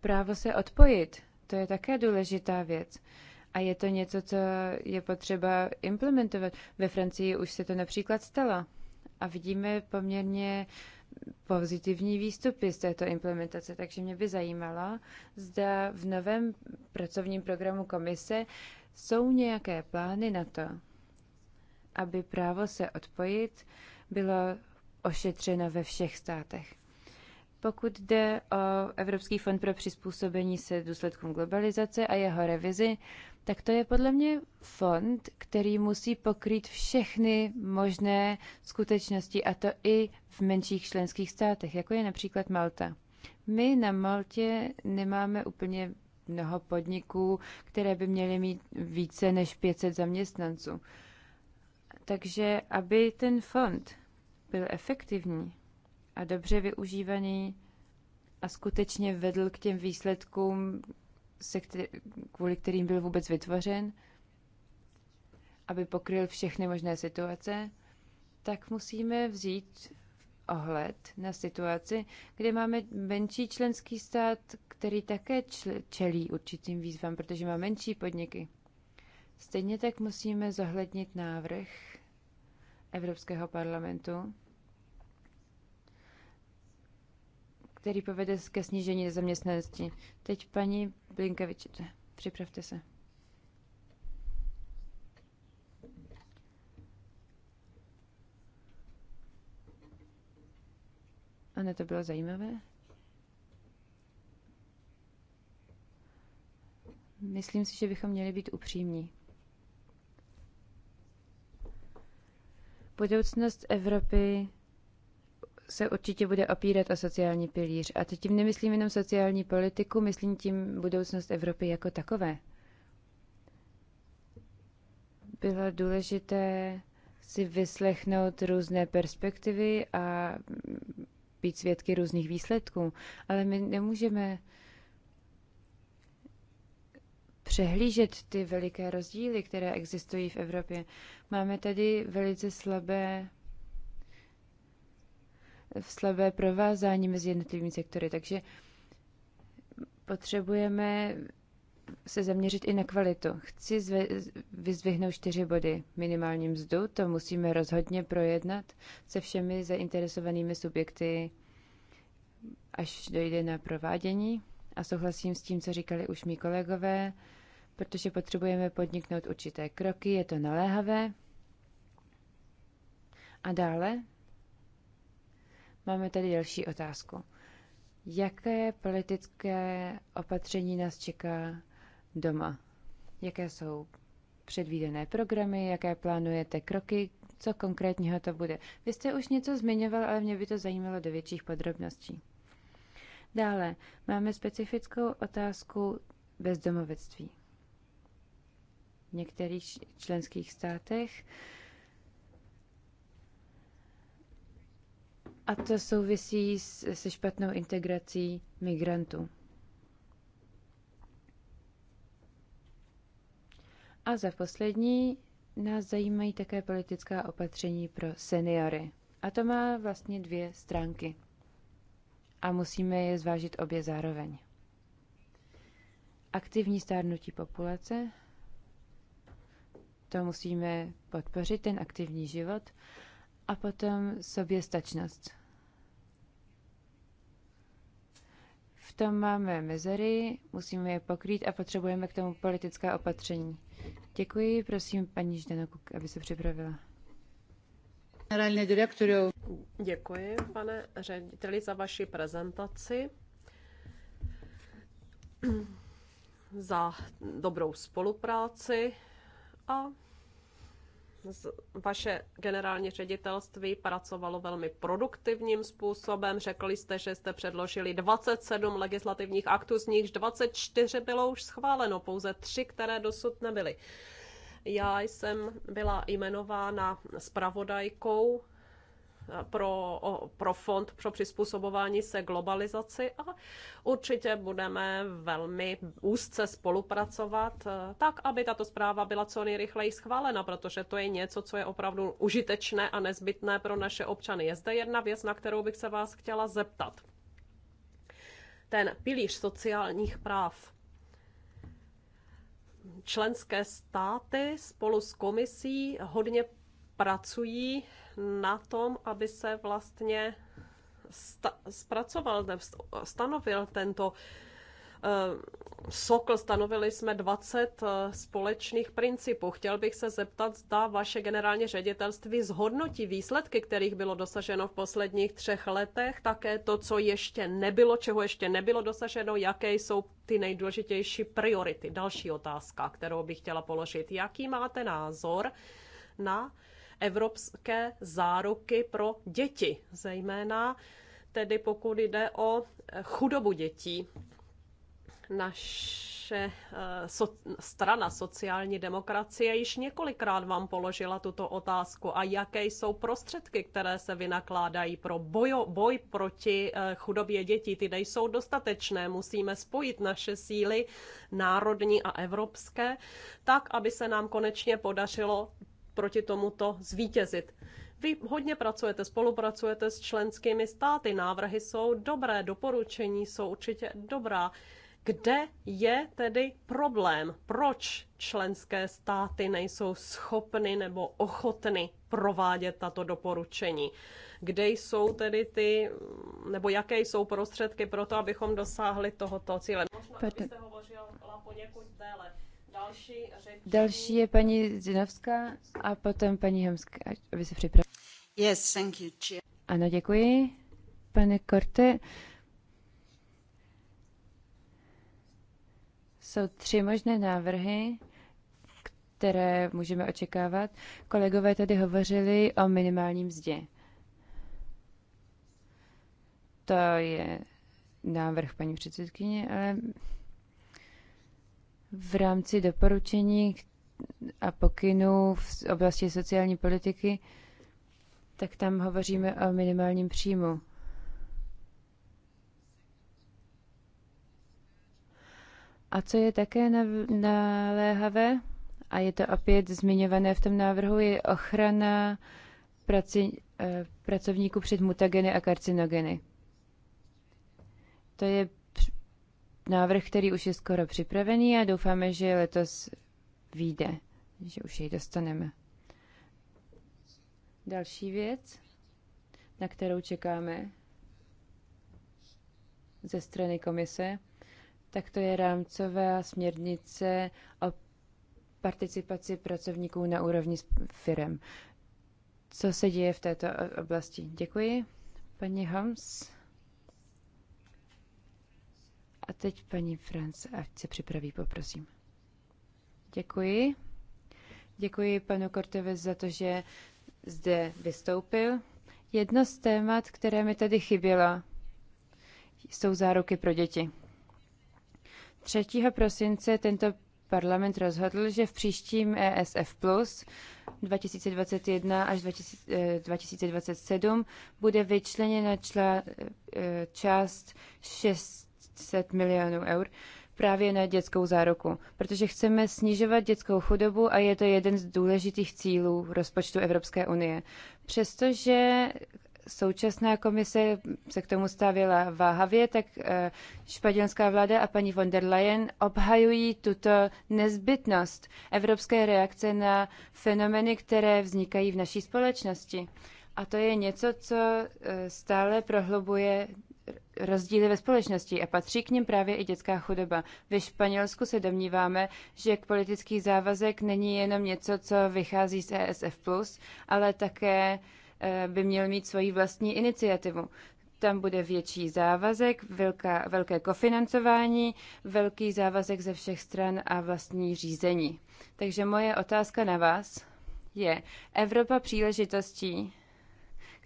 Právo se odpojit, to je také důležitá věc. A je to něco, co je potřeba implementovat. Ve Francii už se to například stalo. A vidíme poměrně pozitivní výstupy z této implementace, takže mě by zajímalo, zda v novém pracovním programu komise jsou nějaké plány na to, aby právo se odpojit bylo ošetřeno ve všech státech. Pokud jde o Evropský fond pro přizpůsobení se důsledkům globalizace a jeho revizi, tak to je podle mě fond, který musí pokrýt všechny možné skutečnosti, a to i v menších členských státech, jako je například Malta. My na Maltě nemáme úplně mnoho podniků, které by měly mít více než 500 zaměstnanců. Takže aby ten fond byl efektivní, a dobře využívaný a skutečně vedl k těm výsledkům, se který, kvůli kterým byl vůbec vytvořen, aby pokryl všechny možné situace, tak musíme vzít ohled na situaci, kde máme menší členský stát, který také čelí určitým výzvám, protože má menší podniky. Stejně tak musíme zohlednit návrh Evropského parlamentu, který povede ke snížení nezaměstnanosti. Teď paní Blinkevičete, připravte se. Ano, to bylo zajímavé. Myslím si, že bychom měli být upřímní. Budoucnost Evropy se určitě bude opírat o sociální pilíř. A teď tím nemyslím jenom sociální politiku, myslím tím budoucnost Evropy jako takové. Bylo důležité si vyslechnout různé perspektivy a být svědky různých výsledků, ale my nemůžeme přehlížet ty veliké rozdíly, které existují v Evropě. Máme tady velice slabé v slabé provázání mezi jednotlivými sektory. Takže potřebujeme se zaměřit i na kvalitu. Chci zve- vyzvihnout čtyři body. Minimální mzdu, to musíme rozhodně projednat se všemi zainteresovanými subjekty, až dojde na provádění. A souhlasím s tím, co říkali už mý kolegové, protože potřebujeme podniknout určité kroky, je to naléhavé. A dále Máme tady další otázku. Jaké politické opatření nás čeká doma? Jaké jsou předvídané programy, jaké plánujete kroky, co konkrétního to bude? Vy jste už něco zmiňoval, ale mě by to zajímalo do větších podrobností. Dále máme specifickou otázku bezdomovectví. V některých členských státech A to souvisí se špatnou integrací migrantů. A za poslední nás zajímají také politická opatření pro seniory. A to má vlastně dvě stránky. A musíme je zvážit obě zároveň. Aktivní stárnutí populace, to musíme podpořit, ten aktivní život a potom soběstačnost. V tom máme mezery, musíme je pokrýt a potřebujeme k tomu politická opatření. Děkuji, prosím paní Ždenoku, aby se připravila. Generální direktoru. Děkuji, pane řediteli, za vaši prezentaci za dobrou spolupráci a vaše generální ředitelství pracovalo velmi produktivním způsobem. Řekli jste, že jste předložili 27 legislativních aktů, z nichž 24 bylo už schváleno, pouze tři, které dosud nebyly. Já jsem byla jmenována spravodajkou pro, pro fond pro přizpůsobování se globalizaci a určitě budeme velmi úzce spolupracovat eh, tak, aby tato zpráva byla co nejrychleji schválena, protože to je něco, co je opravdu užitečné a nezbytné pro naše občany. Je zde jedna věc, na kterou bych se vás chtěla zeptat. Ten pilíř sociálních práv členské státy spolu s komisí hodně pracují na tom, aby se vlastně sta- zpracoval, stanovil tento eh, Sokl, stanovili jsme 20 eh, společných principů. Chtěl bych se zeptat, zda vaše generální ředitelství zhodnotí výsledky, kterých bylo dosaženo v posledních třech letech, také to, co ještě nebylo, čeho ještě nebylo dosaženo, jaké jsou ty nejdůležitější priority. Další otázka, kterou bych chtěla položit. Jaký máte názor na evropské záruky pro děti, zejména tedy pokud jde o eh, chudobu dětí. Naše eh, so, strana sociální demokracie již několikrát vám položila tuto otázku a jaké jsou prostředky, které se vynakládají pro bojo, boj proti eh, chudobě dětí. Ty nejsou dostatečné, musíme spojit naše síly národní a evropské, tak, aby se nám konečně podařilo proti tomuto zvítězit. Vy hodně pracujete, spolupracujete s členskými státy, návrhy jsou dobré, doporučení jsou určitě dobrá. Kde je tedy problém? Proč členské státy nejsou schopny nebo ochotny provádět tato doporučení? Kde jsou tedy ty, nebo jaké jsou prostředky pro to, abychom dosáhli tohoto cíle? Možná, byste hovořila poněkud déle. Další, Další je paní Zinovská a potom paní Hamská, aby se připravila. Yes, thank you. Ano, děkuji. Pane Korte, jsou tři možné návrhy, které můžeme očekávat. Kolegové tady hovořili o minimálním mzdě. To je návrh paní předsedkyně, ale v rámci doporučení a pokynů v oblasti sociální politiky, tak tam hovoříme o minimálním příjmu. A co je také naléhavé, a je to opět zmiňované v tom návrhu, je ochrana praci, eh, pracovníků před mutageny a karcinogeny. To je návrh, který už je skoro připravený a doufáme, že letos vyjde, že už jej dostaneme. Další věc, na kterou čekáme ze strany komise, tak to je rámcová směrnice o participaci pracovníků na úrovni firm. Co se děje v této oblasti? Děkuji. Paní Hams. A teď paní Franc, ať se připraví, poprosím. Děkuji. Děkuji panu Kortevi za to, že zde vystoupil. Jedno z témat, které mi tady chybělo, jsou záruky pro děti. 3. prosince tento parlament rozhodl, že v příštím ESF Plus 2021 až 2027 bude vyčleněna čla, e, část 6 500 milionů eur právě na dětskou záruku, protože chceme snižovat dětskou chudobu a je to jeden z důležitých cílů rozpočtu Evropské unie. Přestože současná komise se k tomu stavěla váhavě, tak eh, španělská vláda a paní von der Leyen obhajují tuto nezbytnost evropské reakce na fenomény, které vznikají v naší společnosti. A to je něco, co eh, stále prohlubuje rozdíly ve společnosti a patří k něm právě i dětská chudoba. Ve Španělsku se domníváme, že k politický závazek není jenom něco, co vychází z ESF+, ale také eh, by měl mít svoji vlastní iniciativu. Tam bude větší závazek, velká, velké kofinancování, velký závazek ze všech stran a vlastní řízení. Takže moje otázka na vás je Evropa příležitostí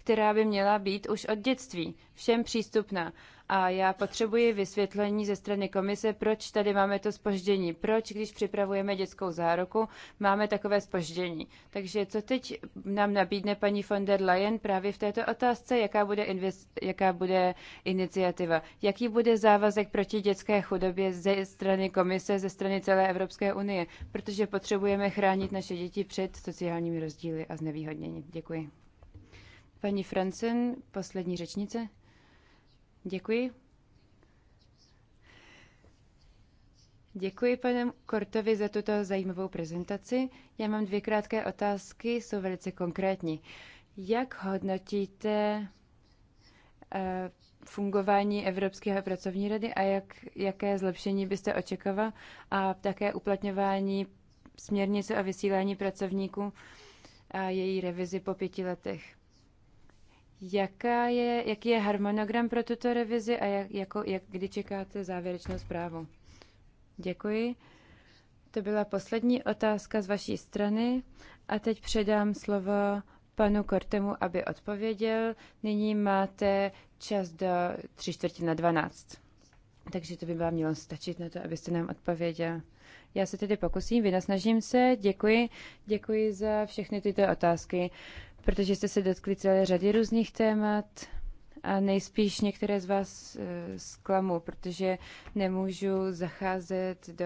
která by měla být už od dětství všem přístupná. A já potřebuji vysvětlení ze strany komise, proč tady máme to spoždění, proč, když připravujeme dětskou záruku, máme takové spoždění. Takže co teď nám nabídne paní von der Leyen právě v této otázce, jaká bude, invest, jaká bude iniciativa, jaký bude závazek proti dětské chudobě ze strany komise, ze strany celé Evropské unie, protože potřebujeme chránit naše děti před sociálními rozdíly a znevýhodněním. Děkuji. Paní Francen, poslední řečnice. Děkuji. Děkuji panem Kortovi za tuto zajímavou prezentaci. Já mám dvě krátké otázky, jsou velice konkrétní. Jak hodnotíte eh, fungování Evropské pracovní rady a jak, jaké zlepšení byste očekával a také uplatňování směrnice o vysílání pracovníků a její revizi po pěti letech? Jaká je, jaký je harmonogram pro tuto revizi a jak, jako, jak, kdy čekáte závěrečnou zprávu? Děkuji. To byla poslední otázka z vaší strany a teď předám slovo panu Kortemu, aby odpověděl. Nyní máte čas do tři čtvrtě na dvanáct. Takže to by vám mělo stačit na to, abyste nám odpověděl. Já se tedy pokusím, vynasnažím se. Děkuji. Děkuji za všechny tyto otázky. Uh, protože jste se dotkli celé řady různých témat a nejspíš některé z vás eh, zklamu, protože nemůžu zacházet do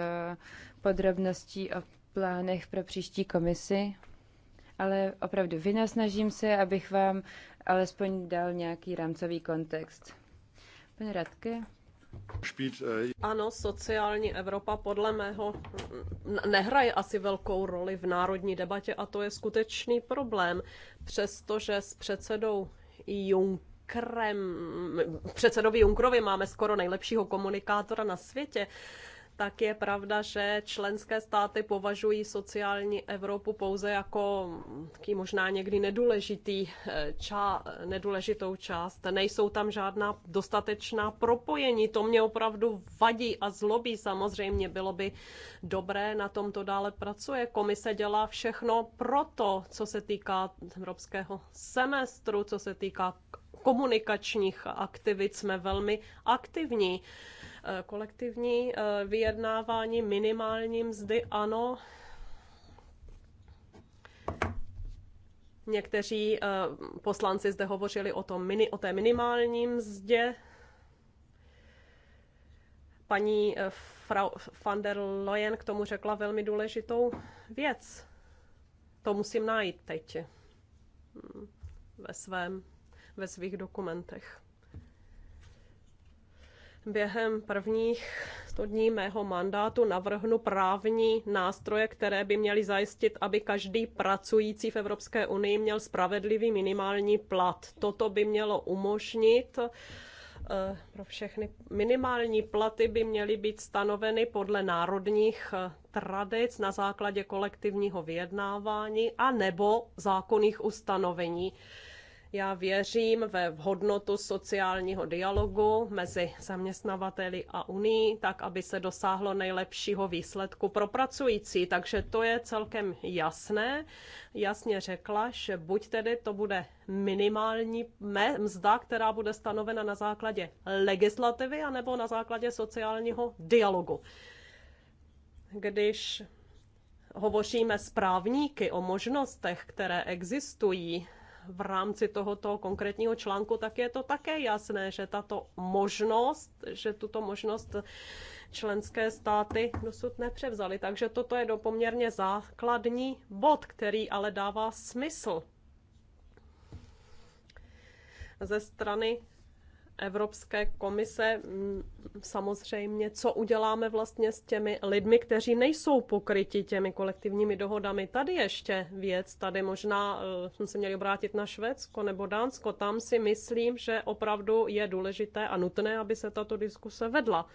podrobností o plánech pro příští komisi, ale opravdu vynasnažím se, abych vám alespoň dal nějaký rámcový kontext. Pane Radke? Eh, ano, sociální Evropa podle mého nehraje asi velkou roli v národní debatě a to je skutečný problém, přestože s předsedou Juncker Junckerem, předsedovi Junkrovi máme skoro nejlepšího komunikátora na světě, tak je pravda, že členské státy považují sociální Evropu pouze jako taky možná někdy nedůležitý, eh, ča, nedůležitou část. Nejsou tam žádná dostatečná propojení. To mě opravdu vadí a zlobí. Samozřejmě bylo by dobré, na tom to dále pracuje. Komise dělá všechno proto, co se týká evropského semestru, co se týká komunikačních aktivit jsme velmi aktivní. Eh, kolektivní eh, vyjednávání minimální mzdy, ano, Někteří eh, poslanci zde hovořili o, tom, o té minimální mzdě. Paní Frau van der Leyen k tomu řekla velmi důležitou věc. To musím najít teď hm, ve, svém, ve svých dokumentech během prvních 100 dní mého mandátu navrhnu právní nástroje, které by měly zajistit, aby každý pracující v Evropské unii měl spravedlivý minimální plat. Toto by mělo umožnit eh, pro všechny minimální platy by měly být stanoveny podle národních eh, tradic na základě kolektivního vyjednávání a nebo zákonných ustanovení. Já věřím ve hodnotu sociálního dialogu mezi zaměstnavateli a Unii, tak aby se dosáhlo nejlepšího výsledku pro pracující. Takže to je celkem jasné. Jasně řekla, že buď tedy to bude minimální mzda, která bude stanovena na základě legislativy, anebo na základě sociálního dialogu. Když hovoříme s právníky o možnostech, které existují v rámci tohoto konkrétního článku, tak je to také jasné, že tato možnost, že tuto možnost členské státy dosud nepřevzaly. Takže toto je dopoměrně základní bod, který ale dává smysl ze strany Evropské komise mm, samozřejmě, co uděláme vlastně s těmi lidmi, kteří nejsou pokryti těmi kolektivními dohodami. Tady ještě věc, tady možná eh, jsme se měli obrátit na Švédsko nebo Dánsko, tam si myslím, že opravdu je důležité a nutné, aby se tato diskuse vedla.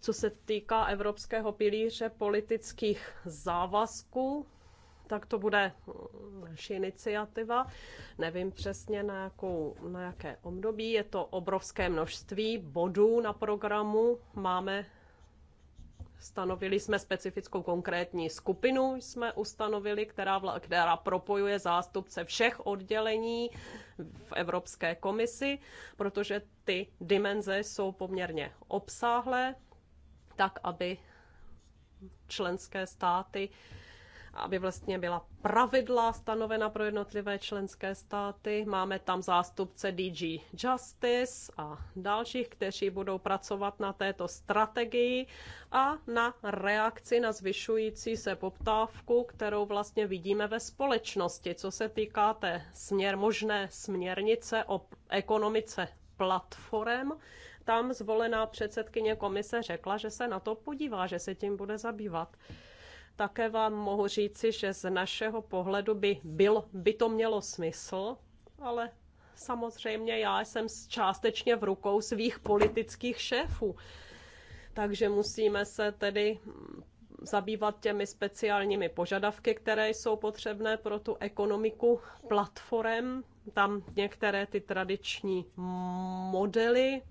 Co se týká evropského pilíře politických závazků, tak to bude naše iniciativa. Nevím přesně na, jakou, na jaké období. Je to obrovské množství bodů na programu. Máme Stanovili jsme specifickou konkrétní skupinu, jsme ustanovili, která, vla, která propojuje zástupce všech oddělení v Evropské komisi, protože ty dimenze jsou poměrně obsáhlé, tak aby členské státy uh, aby vlastně byla pravidla stanovena pro jednotlivé členské státy. Máme tam zástupce DG Justice a dalších, kteří budou pracovat na této strategii a na reakci na zvyšující se poptávku, kterou vlastně vidíme ve společnosti, co se týká té směr, možné směrnice o ekonomice platform. Tam zvolená předsedkyně komise řekla, že se na to podívá, že se tím bude zabývat. Také vám mohu říci, že z našeho pohledu by, byl, by to mělo smysl, ale samozřejmě já jsem částečně v rukou svých politických šéfů. Takže musíme se tedy mm, zabývat těmi speciálními požadavky, které jsou potřebné pro tu ekonomiku platform. Tam některé ty tradiční modely,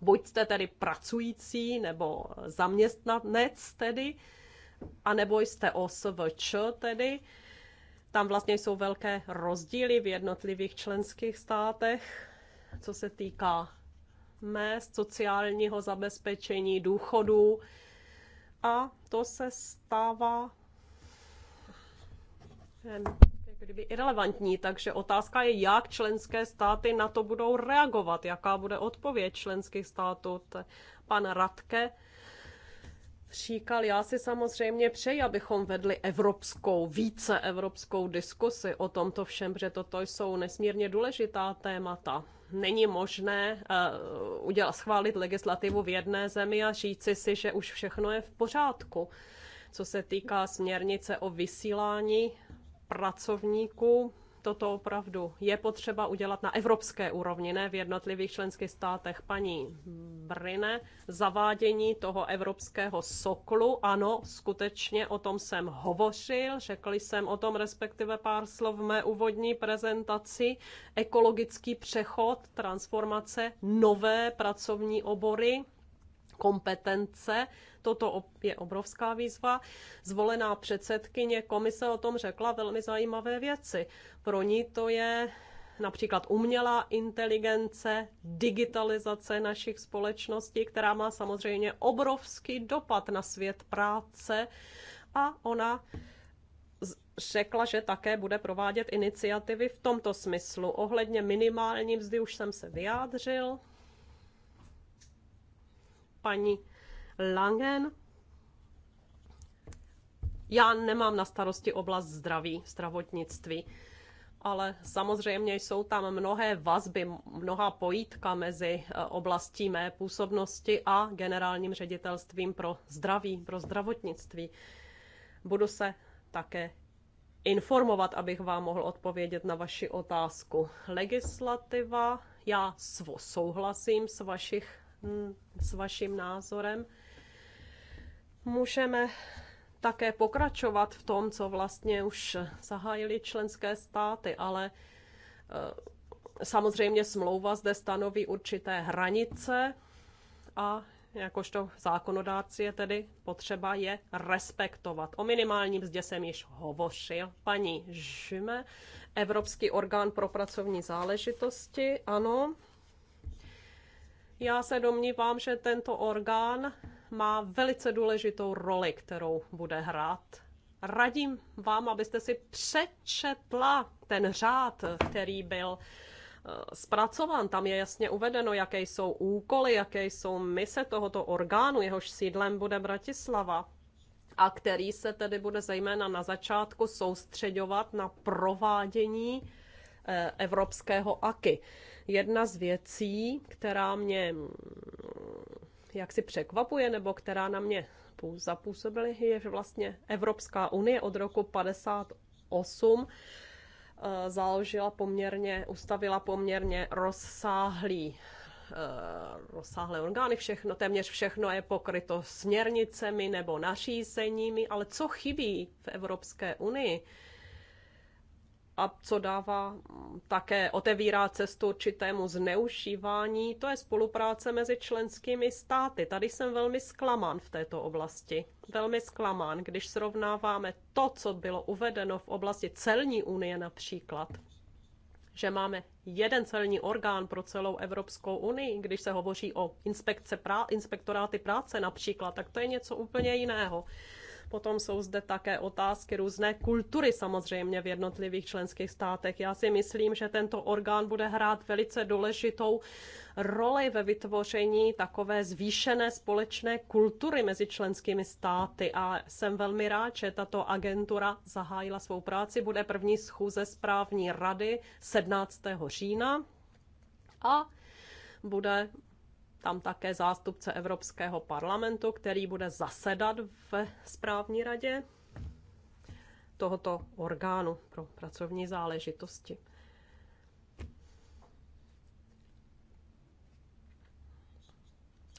buď jste tedy pracující nebo zaměstnanec tedy, anebo jste OSVČ tedy. Tam vlastně jsou velké rozdíly v jednotlivých členských státech, co se týká mest, sociálního zabezpečení, důchodů. A to se stává kdyby irrelevantní, takže otázka je, jak členské státy na to budou reagovat, jaká bude odpověď členských států. Pan Radke říkal, já si samozřejmě přeji, abychom vedli evropskou, více evropskou diskusi o tomto všem, protože toto jsou nesmírně důležitá témata. Není možné uh, udělat, schválit legislativu v jedné zemi a říci si, že už všechno je v pořádku. Co se týká směrnice o vysílání pracovníků, toto opravdu je potřeba udělat na evropské úrovni, ne v jednotlivých členských státech. Paní Brine, zavádění toho evropského soklu, ano, skutečně o tom jsem hovořil, řekl jsem o tom respektive pár slov v mé úvodní prezentaci. Ekologický přechod, transformace, nové pracovní obory, kompetence. Toto je obrovská výzva. Zvolená předsedkyně komise o tom řekla velmi zajímavé věci. Pro ní to je například umělá inteligence, digitalizace našich společností, která má samozřejmě obrovský dopad na svět práce a ona řekla, že také bude provádět iniciativy v tomto smyslu. Ohledně minimální mzdy už jsem se vyjádřil, paní Langen. Já nemám na starosti oblast zdraví, zdravotnictví, ale samozřejmě jsou tam mnohé vazby, mnoha pojítka mezi eh, oblastí mé působnosti a generálním ředitelstvím pro zdraví, pro zdravotnictví. Budu se také informovat, abych vám mohl odpovědět na vaši otázku. Legislativa, já souhlasím s vašich Hmm, s vaším názorem. Můžeme také pokračovat v tom, co vlastně už zahájili členské státy, ale eh, samozřejmě smlouva zde stanoví určité hranice a jakožto zákonodárci je tedy potřeba je respektovat. O minimálním zde jsem již hovořil. Paní Žime, Evropský orgán pro pracovní záležitosti, ano, já se domnívám, že tento orgán má velice důležitou roli, kterou bude hrát. Radím vám, abyste si přečetla ten řád, který byl eh, zpracován. Tam je jasně uvedeno, jaké jsou úkoly, jaké jsou mise tohoto orgánu, jehož sídlem bude Bratislava a který se tedy bude zejména na začátku soustředovat na provádění eh, evropského AKY. Jedna z věcí, která mě mm, jak si překvapuje, nebo která na mě zapůsobily, je, že vlastně Evropská unie od roku 58 eh, založila poměrně, ustavila poměrně rozsáhlý eh, rozsáhlé orgány, všechno, téměř všechno je pokryto směrnicemi nebo nařízeními, ale co chybí v Evropské unii, a co dává mm, také otevírá cestu určitému zneužívání, to je spolupráce mezi členskými státy. Tady jsem velmi zklamán v této oblasti. Velmi zklamán, když srovnáváme to, co bylo uvedeno v oblasti celní unie například, že máme jeden celní orgán pro celou Evropskou unii, když se hovoří o inspekce prá- inspektoráty práce například, tak to je něco úplně jiného. Potom jsou zde také otázky různé kultury samozřejmě v jednotlivých členských státech. Já si myslím, že tento orgán bude hrát velice důležitou roli ve vytvoření takové zvýšené společné kultury mezi členskými státy a jsem velmi rád, že tato agentura zahájila svou práci. Bude první schůze správní rady 17. října a bude tam také zástupce Evropského parlamentu, který bude zasedat v správní radě tohoto orgánu pro pracovní záležitosti.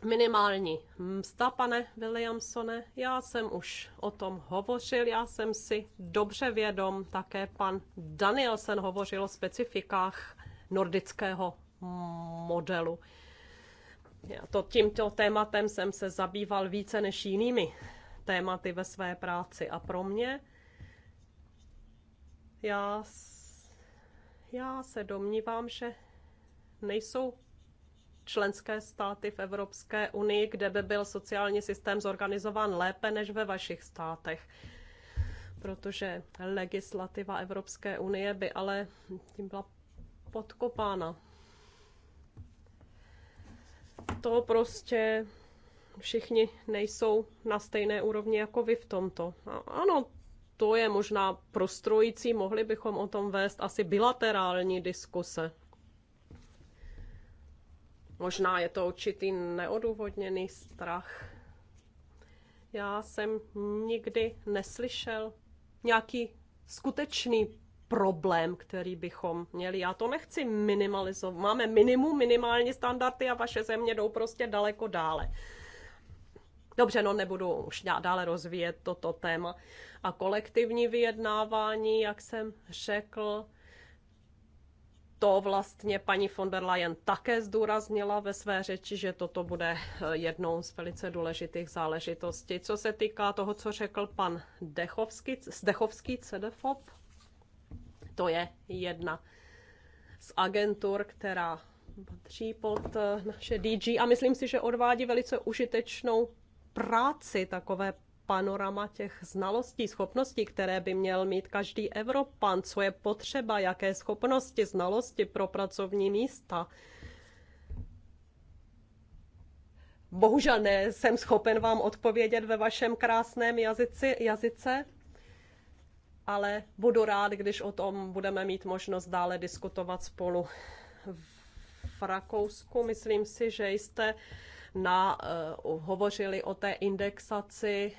Minimální msta, pane Williamsone, já jsem už o tom hovořil, já jsem si dobře vědom, také pan Danielsen hovořil o specifikách nordického modelu. Já to tímto tématem jsem se zabýval více než jinými tématy ve své práci a pro mě já, já se domnívám, že nejsou členské státy v Evropské unii, kde by byl sociální systém zorganizován lépe než ve vašich státech. Protože legislativa Evropské unie by ale tím byla podkopána to prostě všichni nejsou na stejné úrovni jako vy v tomto. A ano, to je možná prostrující, mohli bychom o tom vést asi bilaterální diskuse. Možná je to určitý neodůvodněný strach. Já jsem nikdy neslyšel nějaký skutečný problém, který bychom měli. Já to nechci minimalizovat. Máme minimum, minimální standardy a vaše země jdou prostě daleko dále. Dobře, no nebudu už dále rozvíjet toto téma. A kolektivní vyjednávání, jak jsem řekl, to vlastně paní von der Leyen také zdůraznila ve své řeči, že toto bude eh, jednou z velice důležitých záležitostí. Co se týká toho, co řekl pan Dechovský, Dechovský CDFOP, to je jedna z agentur, která patří pod eh, naše DG a myslím si, že odvádí velice užitečnou práci takové panorama těch znalostí, schopností, které by měl mít každý Evropan, co je potřeba, jaké schopnosti, znalosti pro pracovní místa. Bohužel ne, jsem schopen vám odpovědět ve vašem krásném jazyci, jazyce, ale budu rád, když o tom budeme mít možnost dále diskutovat spolu. V Rakousku myslím si, že jste na, uh, hovořili o té indexaci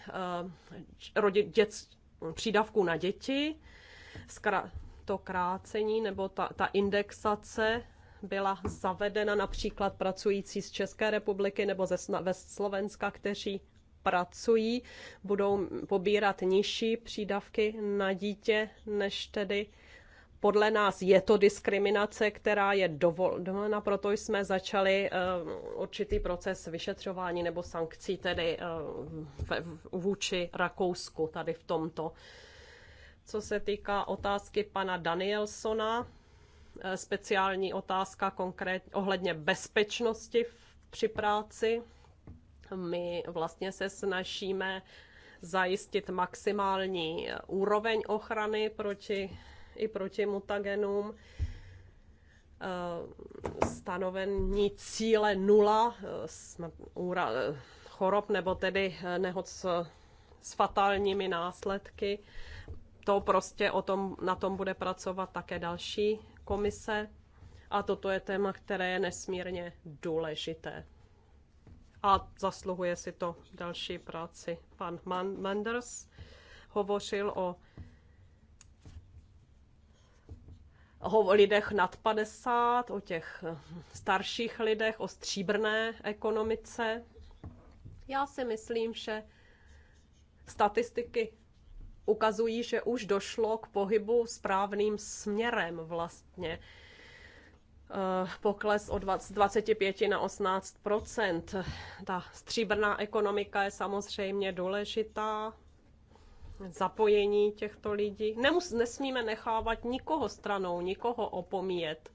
uh, děc, přídavků na děti. Zkra, to krácení nebo ta, ta indexace byla zavedena například pracující z České republiky nebo ze, ve Slovenska, kteří pracují, budou pobírat nižší přídavky na dítě, než tedy podle nás je to diskriminace, která je dovolena, proto jsme začali eh, určitý proces vyšetřování nebo sankcí tedy eh, vůči Rakousku tady v tomto. Co se týká otázky pana Danielsona, eh, speciální otázka konkrétně ohledně bezpečnosti při práci. My vlastně se snažíme zajistit maximální úroveň ochrany proti, i proti mutagenům eh, stanovení cíle nula eh, eh, chorob nebo tedy nehod s, s fatálními následky. To prostě o tom, na tom bude pracovat také další komise a toto je téma, které je nesmírně důležité a zasluhuje si to další práci. Pan Manders hovořil o o lidech nad 50, o těch eh, starších lidech, o stříbrné ekonomice. Já si myslím, že statistiky ukazují, že už došlo k pohybu správným směrem vlastně. Eh, pokles od 25 na 18 Ta stříbrná ekonomika je samozřejmě důležitá, zapojení těchto lidí. Nemus, nesmíme nechávat nikoho stranou, nikoho opomíjet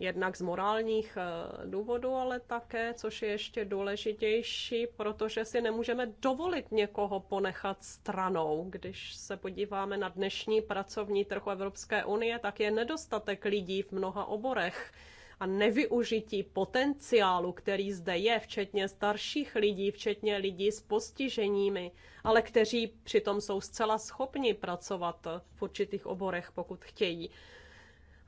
jednak z morálních eh, důvodů, ale také, což je ještě důležitější, protože si nemůžeme dovolit někoho ponechat stranou. Když se podíváme na dnešní pracovní trh Evropské unie, tak je nedostatek lidí v mnoha oborech a nevyužití potenciálu, který zde je, včetně starších lidí, včetně lidí s postiženími, ale kteří přitom jsou zcela schopni pracovat v určitých oborech, pokud chtějí.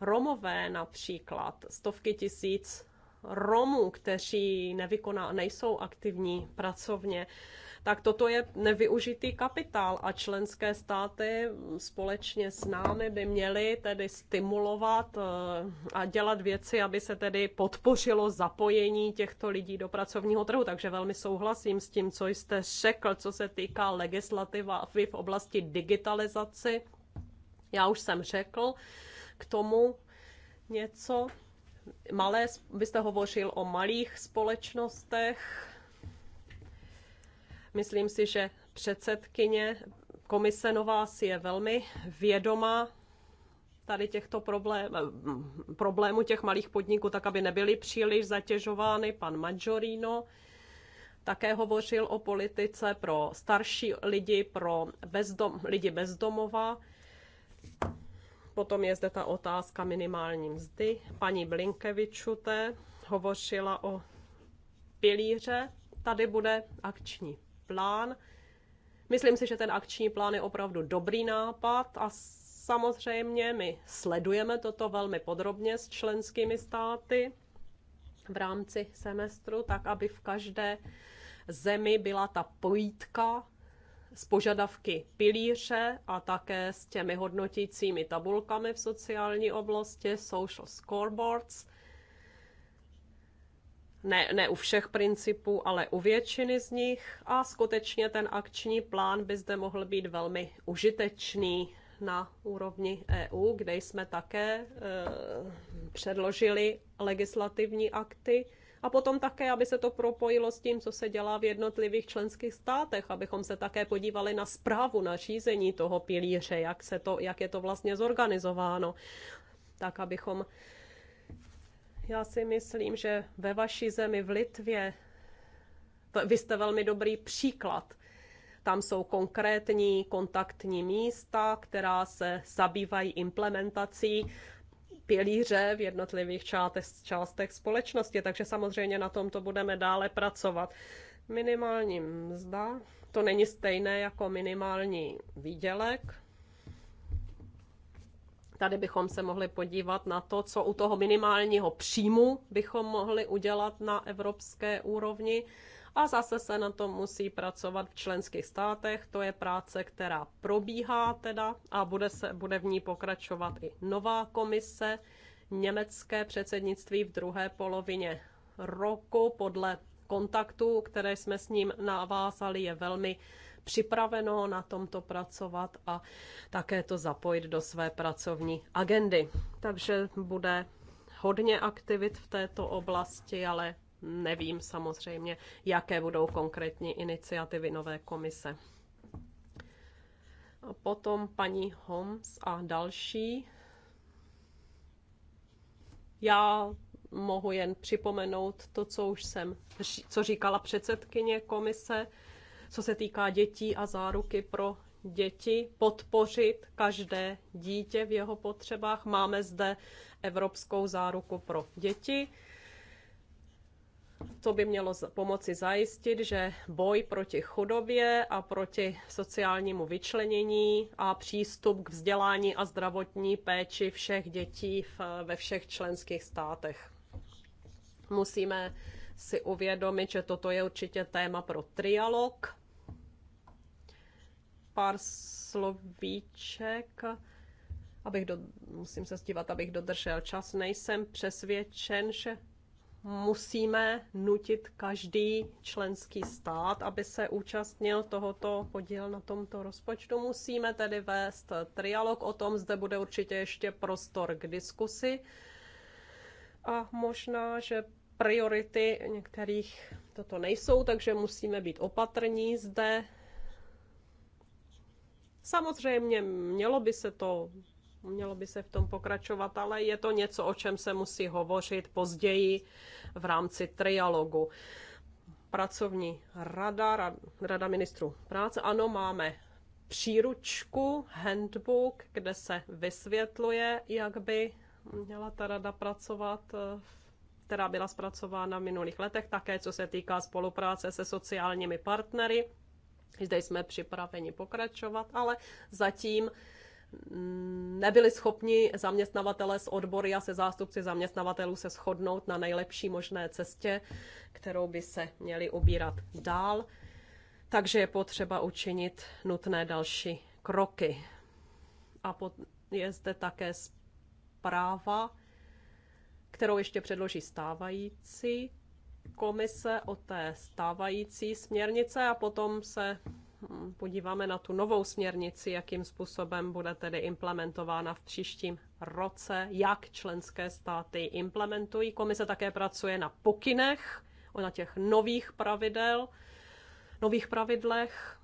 Romové například, stovky tisíc Romů, kteří nevykoná, nejsou aktivní pracovně, tak toto je nevyužitý kapitál a členské státy společně s námi by měly tedy stimulovat eh, a dělat věci, aby se tedy podpořilo zapojení těchto lidí do pracovního trhu. Takže velmi souhlasím s tím, co jste řekl, co se týká legislativy v oblasti digitalizaci. Já už jsem řekl, k tomu něco? Malé, vy jste hovořil o malých společnostech. Myslím si, že předsedkyně komise nová si je velmi vědoma tady těchto problém, problémů těch malých podniků, tak aby nebyly příliš zatěžovány. Pan Maggiorino také hovořil o politice pro starší lidi, pro bezdom, lidi bezdomova. Potom je zde ta otázka minimální mzdy. Paní Blinkevičuté hovořila o pilíře. Tady bude akční plán. Myslím si, že ten akční plán je opravdu dobrý nápad a samozřejmě my sledujeme toto velmi podrobně s členskými státy v rámci semestru, tak aby v každé zemi byla ta pojítka s požadavky pilíře a také s těmi hodnotícími tabulkami v sociální oblasti, social scoreboards. Ne, ne u všech principů, ale u většiny z nich. A skutečně ten akční plán by zde mohl být velmi užitečný na úrovni EU, kde jsme také e, předložili legislativní akty a potom také, aby se to propojilo s tím, co se dělá v jednotlivých členských státech, abychom se také podívali na zprávu, na řízení toho pilíře, jak, se to, jak je to vlastně zorganizováno, tak abychom já si myslím, že ve vaší zemi v Litvě vy jste velmi dobrý příklad. Tam jsou konkrétní kontaktní místa, která se zabývají implementací pilíře v jednotlivých částech společnosti, takže samozřejmě na tom to budeme dále pracovat. Minimální mzda, to není stejné jako minimální výdělek. Tady bychom se mohli podívat na to, co u toho minimálního příjmu bychom mohli udělat na evropské úrovni a zase se na tom musí pracovat v členských státech. To je práce, která probíhá teda a bude, se, bude v ní pokračovat i nová komise. Německé předsednictví v druhé polovině roku podle kontaktů, které jsme s ním navázali, je velmi připraveno na tomto pracovat a také to zapojit do své pracovní agendy. Takže bude hodně aktivit v této oblasti, ale Nevím samozřejmě, jaké budou konkrétní iniciativy nové komise. A potom paní Holmes a další. Já mohu jen připomenout to, co už jsem, co říkala předsedkyně komise, co se týká dětí a záruky pro děti, podpořit každé dítě v jeho potřebách. Máme zde Evropskou záruku pro děti to by mělo pomoci zajistit, že boj proti chudobě a proti sociálnímu vyčlenění a přístup k vzdělání a zdravotní péči všech dětí ve všech členských státech. Musíme si uvědomit, že toto je určitě téma pro trialog. Pár slovíček abych do, musím se stívat, abych dodržel čas. Nejsem přesvědčen, že musíme nutit každý členský stát, aby se účastnil tohoto podíl na tomto rozpočtu. Musíme tedy vést trialog o tom, zde bude určitě ještě prostor k diskusi. A možná, že priority některých toto nejsou, takže musíme být opatrní zde. Samozřejmě mělo by se to Mělo by se v tom pokračovat, ale je to něco, o čem se musí hovořit později v rámci trialogu. Pracovní rada, rada ministrů práce, ano, máme příručku, handbook, kde se vysvětluje, jak by měla ta rada pracovat která byla zpracována v minulých letech, také co se týká spolupráce se sociálními partnery. Zde jsme připraveni pokračovat, ale zatím nebyli schopni zaměstnavatele s odbory a se zástupci zaměstnavatelů se shodnout na nejlepší možné cestě, kterou by se měli ubírat dál. Takže je potřeba učinit nutné další kroky. A je zde také zpráva, kterou ještě předloží stávající komise o té stávající směrnice a potom se podíváme na tu novou směrnici, jakým způsobem bude tedy implementována v příštím roce, jak členské státy implementují. Komise také pracuje na pokynech, o na těch nových pravidel, nových pravidlech.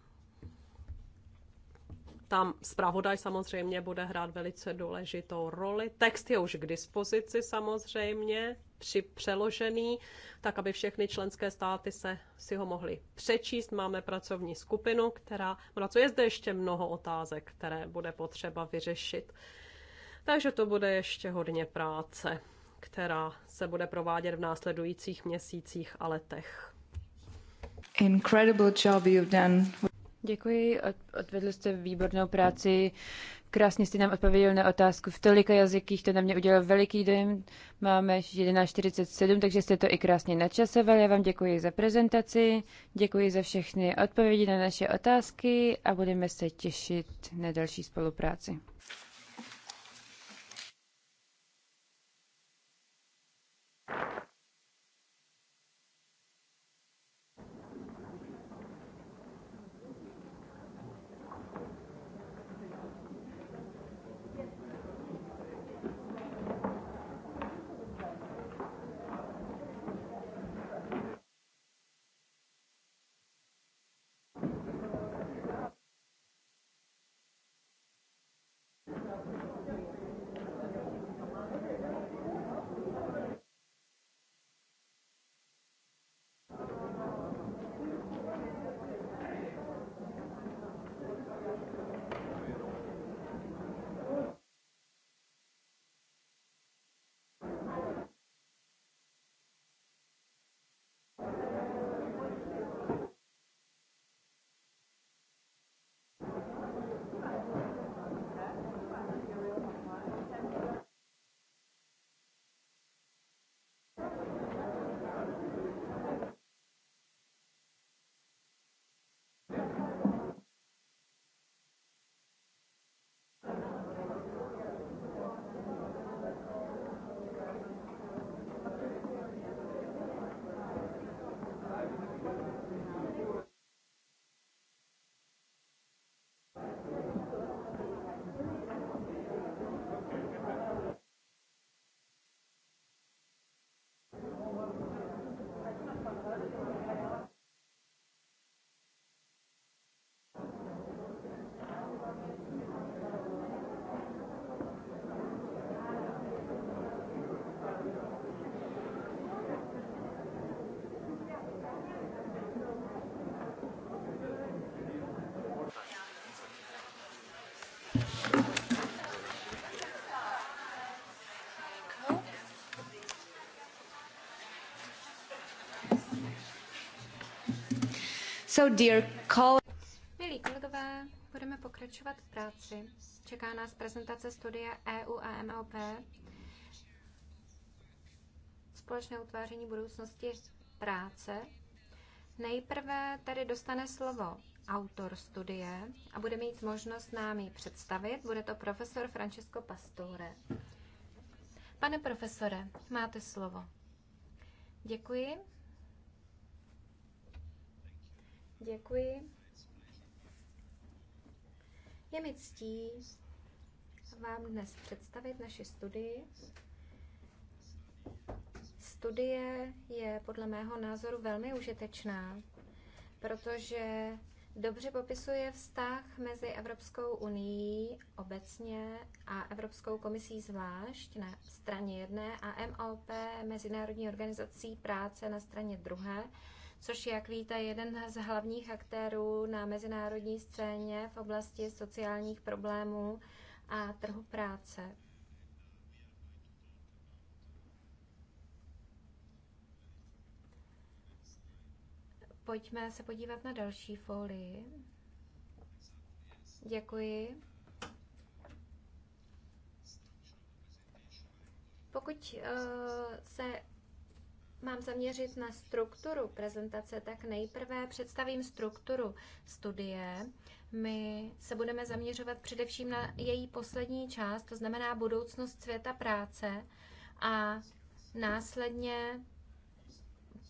Tam zpravodaj samozřejmě bude hrát velice důležitou roli. Text je už k dispozici samozřejmě při přeložený, tak aby všechny členské státy se si ho mohly přečíst. Máme pracovní skupinu, která pracuje no zde ještě mnoho otázek, které bude potřeba vyřešit. Takže to bude ještě hodně práce, která se bude provádět v následujících měsících a letech. Incredible job you've done. Děkuji, odvedli jste výbornou práci Krásně jste nám odpověděl na otázku v tolika jazykých, to na mě udělal veliký dojem. Máme 11.47, takže jste to i krásně načasoval. Já vám děkuji za prezentaci, děkuji za všechny odpovědi na naše otázky a budeme se těšit na další spolupráci. So dear call. Milí kolegové, budeme pokračovat v práci. Čeká nás prezentace studie EU a MLP. Společné utváření budoucnosti práce. Nejprve tady dostane slovo autor studie a bude mít možnost nám ji představit. Bude to profesor Francesco Pastore. Pane profesore, máte slovo. Děkuji. Děkuji. Je mi ctí vám dnes představit naši studii. Studie je podle mého názoru velmi užitečná, protože dobře popisuje vztah mezi Evropskou unii obecně a Evropskou komisí zvlášť na straně jedné a MOP, Mezinárodní organizací práce na straně druhé což, jak víte, je jeden z hlavních aktérů na mezinárodní scéně v oblasti sociálních problémů a trhu práce. Pojďme se podívat na další folii. Děkuji. Pokud uh, se mám zaměřit na strukturu prezentace, tak nejprve představím strukturu studie. My se budeme zaměřovat především na její poslední část, to znamená budoucnost světa práce a následně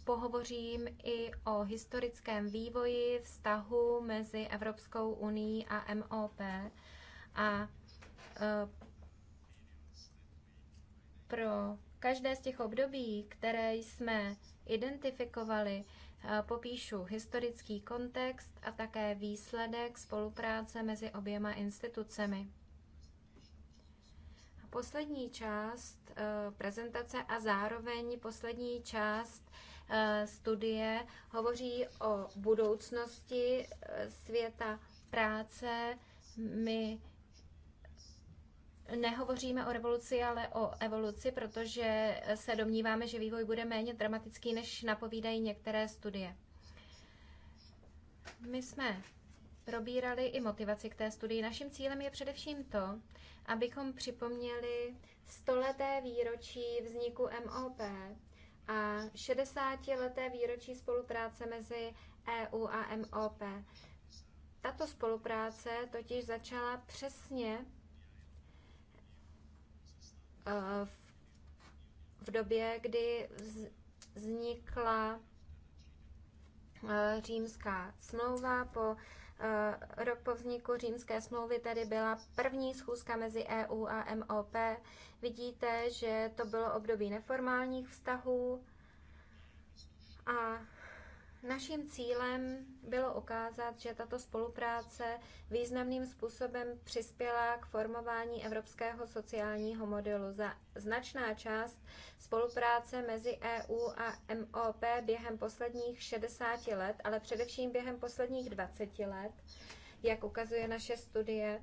pohovořím i o historickém vývoji vztahu mezi Evropskou unii a MOP a e, pro Každé z těch období, které jsme identifikovali, eh, popíšu historický kontext a také výsledek spolupráce mezi oběma institucemi. Poslední část eh, prezentace a zároveň poslední část eh, studie hovoří o budoucnosti světa práce. My nehovoříme o revoluci, ale o evoluci, protože se domníváme, že vývoj bude méně dramatický, než napovídají některé studie. My jsme probírali i motivaci k té studii. Naším cílem je především to, abychom připomněli stoleté výročí vzniku MOP a 60-leté výročí spolupráce mezi EU a MOP. Tato spolupráce totiž začala přesně v době, kdy vznikla eh, římská smlouva po eh, rok po vzniku římské smlouvy tedy byla první schůzka mezi EU a MOP. Vidíte, že to bylo období neformálních vztahů a Naším cílem bylo ukázat, že tato spolupráce významným způsobem přispěla k formování evropského sociálního modelu. Za značná část spolupráce mezi EU a MOP během posledních 60 let, ale především během posledních 20 let, jak ukazuje naše studie,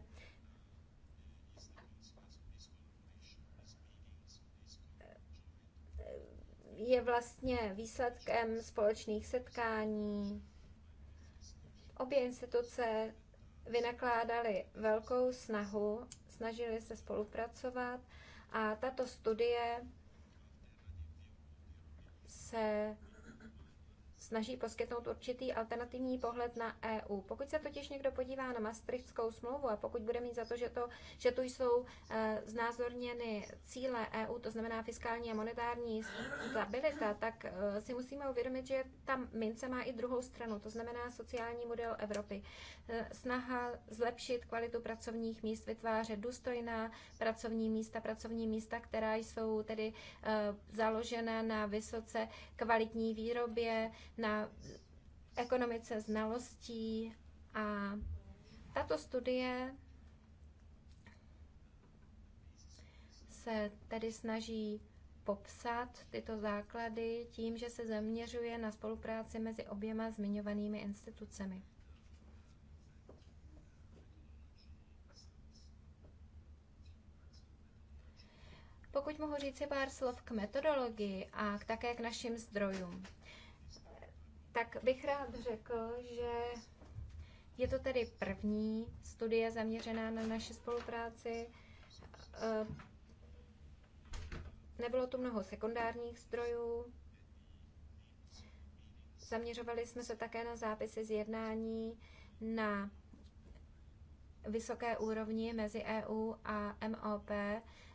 je vlastně výsledkem společných setkání. Obě instituce vynakládaly velkou snahu, snažili se spolupracovat a tato studie se snaží poskytnout určitý alternativní pohled na EU. Pokud se totiž někdo podívá na Maastrichtskou smlouvu a pokud bude mít za to, že, to, že tu jsou eh, znázorněny cíle EU, to znamená fiskální a monetární stabilita, tak eh, si musíme uvědomit, že tam mince má i druhou stranu, to znamená sociální model Evropy. Eh, snaha zlepšit kvalitu pracovních míst, vytvářet důstojná pracovní místa, pracovní místa, která jsou tedy založena na vysoce kvalitní výrobě, na ekonomice znalostí a tato studie se tedy snaží popsat tyto základy tím, že se zaměřuje na spolupráci mezi oběma zmiňovanými institucemi. Pokud mohu říci pár slov k metodologii a také k našim zdrojům tak bych rád řekl, že je to tedy první studie zaměřená na naši spolupráci. Eh, nebylo tu mnoho sekundárních zdrojů. Zaměřovali jsme se také na zápisy z jednání na vysoké úrovni mezi EU a MOP,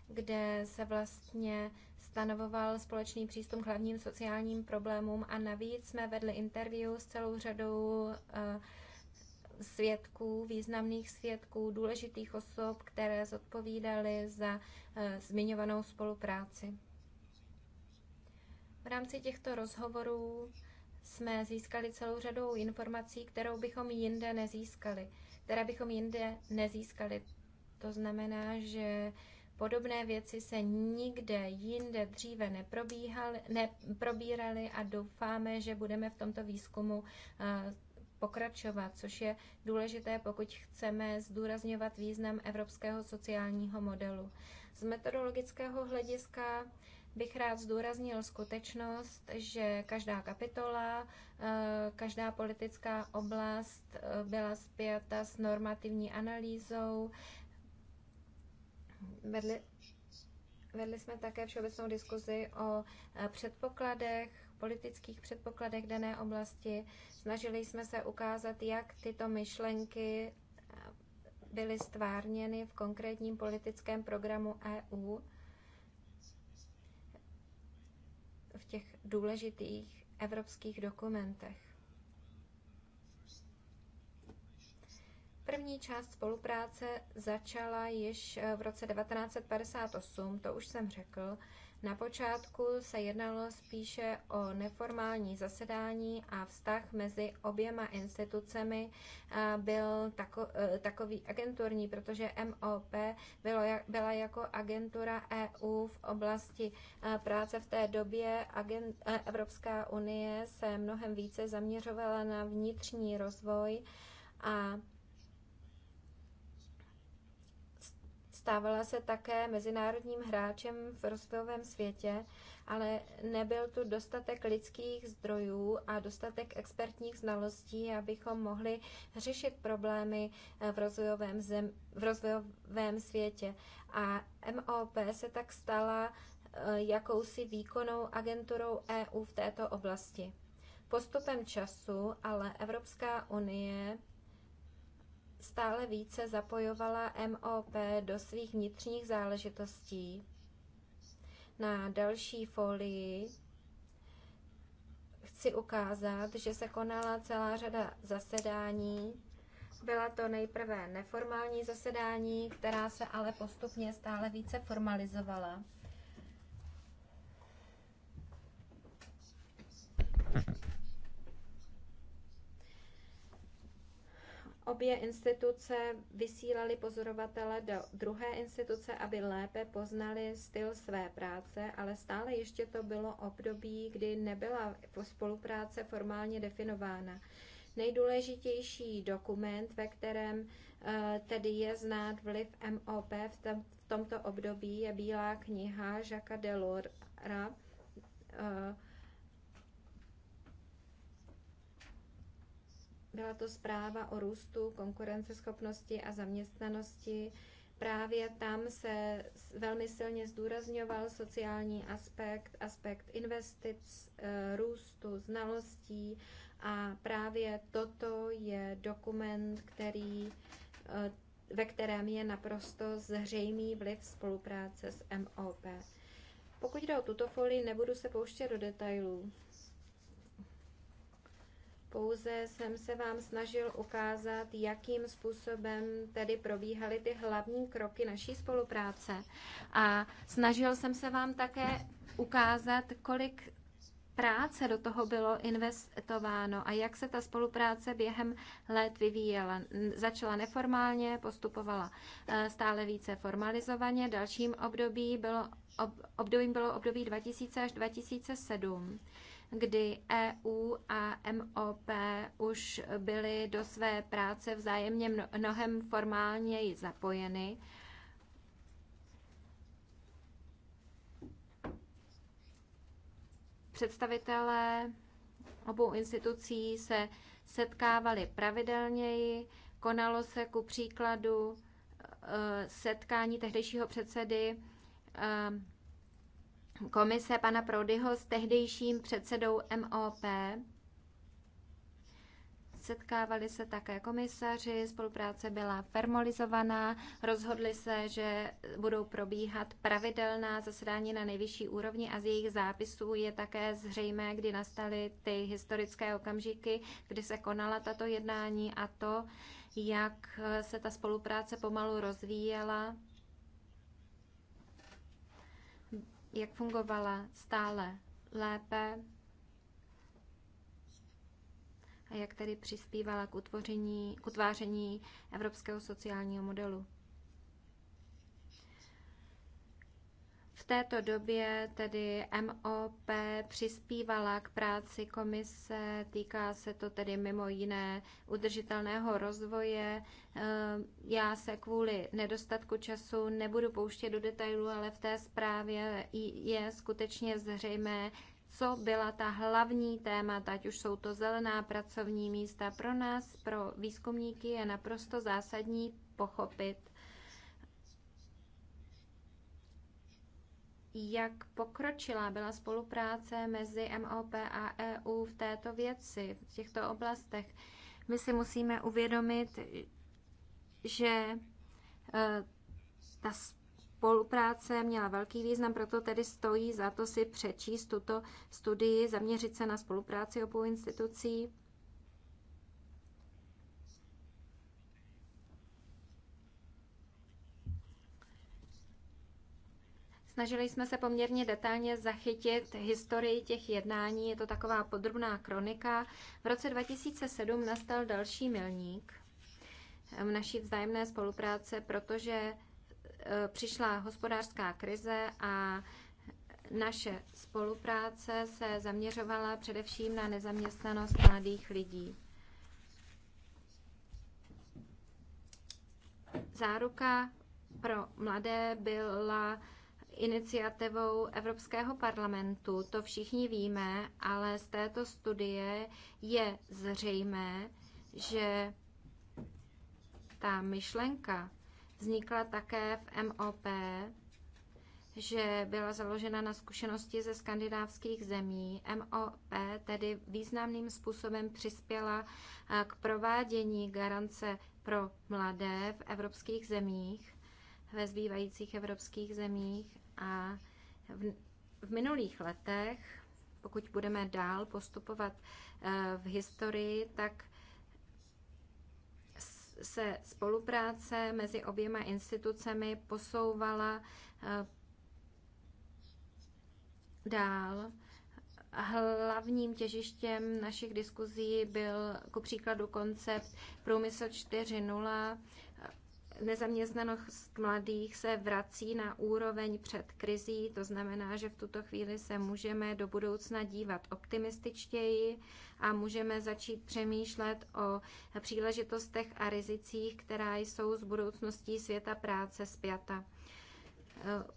kde se vlastně stanovoval společný přístup k hlavním sociálním problémům a navíc jsme vedli interview s celou řadou eh, svědků, významných svědků, důležitých osob, které zodpovídaly za eh, zmiňovanou spolupráci. V rámci těchto rozhovorů jsme získali celou řadu informací, kterou bychom jinde nezískali, které bychom jinde nezískali. To znamená, že uh, Podobné věci se nikde jinde dříve neprobíraly a doufáme, že budeme v tomto výzkumu eh, pokračovat, což je důležité, pokud chceme zdůrazňovat význam evropského sociálního modelu. Z metodologického hlediska bych rád zdůraznil skutečnost, že každá kapitola, eh, každá politická oblast eh, byla spjata s normativní analýzou, Vedli, vedli jsme také všeobecnou diskuzi o e, předpokladech, politických předpokladech dané oblasti. Snažili jsme se ukázat, jak tyto myšlenky e, byly stvárněny v konkrétním politickém programu EU v těch důležitých evropských dokumentech. První část spolupráce začala již eh, v roce 1958, to už jsem řekl. Na počátku se jednalo spíše o neformální zasedání a vztah mezi oběma institucemi eh, byl eh, takový agenturní, protože MOP bylo, byla jako agentura EU v oblasti práce. V té době agent, Evropská unie se mnohem více zaměřovala na vnitřní rozvoj a stávala se také mezinárodním hráčem v rozvojovém světě, ale nebyl tu dostatek lidských zdrojů a dostatek expertních znalostí, abychom mohli řešit problémy eh, v rozvojovém, zem, v rozvojovém světě. A MOP se tak stala eh, jakousi výkonnou agenturou EU v této oblasti. Postupem času ale Evropská unie stále více zapojovala MOP do svých vnitřních záležitostí. Na další folii chci ukázat, že se konala celá řada zasedání. Byla to nejprve neformální zasedání, která se ale postupně stále více formalizovala. Obě instituce vysílaly pozorovatele do druhé instituce, aby lépe poznali styl své práce, ale stále ještě to bylo období, kdy nebyla spolupráce formálně definována. Nejdůležitější dokument, ve kterém eh, tedy je znát vliv MOP v tomto období, je Bílá kniha Jacques Delora, eh, Byla to zpráva o růstu, konkurenceschopnosti a zaměstnanosti. Právě tam se velmi silně zdůrazňoval sociální aspekt, aspekt investic, eh, růstu, znalostí a právě toto je dokument, který, eh, ve kterém je naprosto zřejmý vliv spolupráce s MOP. Pokud jde o tuto folii, nebudu se pouštět do detailů. Pouze jsem se vám snažil ukázat, jakým způsobem tedy probíhaly ty hlavní kroky naší spolupráce. A snažil jsem se vám také ukázat, kolik práce do toho bylo investováno a jak se ta spolupráce během let vyvíjela. Začala neformálně, postupovala eh, stále více formalizovaně. Dalším období bylo, obdobím bylo období 2000 až 2007 kdy EU a MOP už byly do své práce vzájemně mnohem formálněji zapojeny. Představitelé obou institucí se setkávali pravidelněji, konalo se ku příkladu eh, setkání tehdejšího předsedy eh, komise pana Prodyho s tehdejším předsedou MOP. Setkávali se také komisaři, spolupráce byla formalizovaná, rozhodli se, že budou probíhat pravidelná zasedání na nejvyšší úrovni a z jejich zápisů je také zřejmé, kdy nastaly ty historické okamžiky, kdy se konala tato jednání a to, jak se ta spolupráce pomalu rozvíjela jak fungovala stále lépe a jak tedy přispívala k, utvoření, k utváření evropského sociálního modelu. této době tedy MOP přispívala k práci komise, týká se to tedy mimo jiné udržitelného rozvoje. Eh, já se kvůli nedostatku času nebudu pouštět do detailu, ale v té zprávě je skutečně zřejmé, co byla ta hlavní téma ať už jsou to zelená pracovní místa pro nás, pro výzkumníky je naprosto zásadní pochopit, jak pokročila byla spolupráce mezi MOP a EU v této věci, v těchto oblastech. My si musíme uvědomit, že e, ta spolupráce měla velký význam, proto tedy stojí za to si přečíst tuto studii, zaměřit se na spolupráci obou institucí. Snažili jsme se poměrně detailně zachytit historii těch jednání, je to taková podrobná kronika. V roce 2007 nastal další milník v eh, naší vzájemné spolupráce, protože eh, přišla hospodářská krize a naše spolupráce se zaměřovala především na nezaměstnanost mladých lidí. Záruka pro mladé byla iniciativou Evropského parlamentu, to všichni víme, ale z této studie je zřejmé, že ta myšlenka vznikla také v MOP, že byla založena na zkušenosti ze skandinávských zemí. MOP tedy významným způsobem přispěla eh, k provádění garance pro mladé v evropských zemích, ve zbývajících evropských zemích. A v, v minulých letech, pokud budeme dál postupovat eh, v historii, tak se spolupráce mezi oběma institucemi posouvala eh, dál. Hlavním těžištěm našich diskuzí byl ku příkladu koncept Průmysl 4.0, nezaměstnanost mladých se vrací na úroveň před krizí, to znamená, že v tuto chvíli se můžeme do budoucna dívat optimističtěji a můžeme začít přemýšlet o příležitostech a rizicích, která jsou s budoucností světa práce spjata.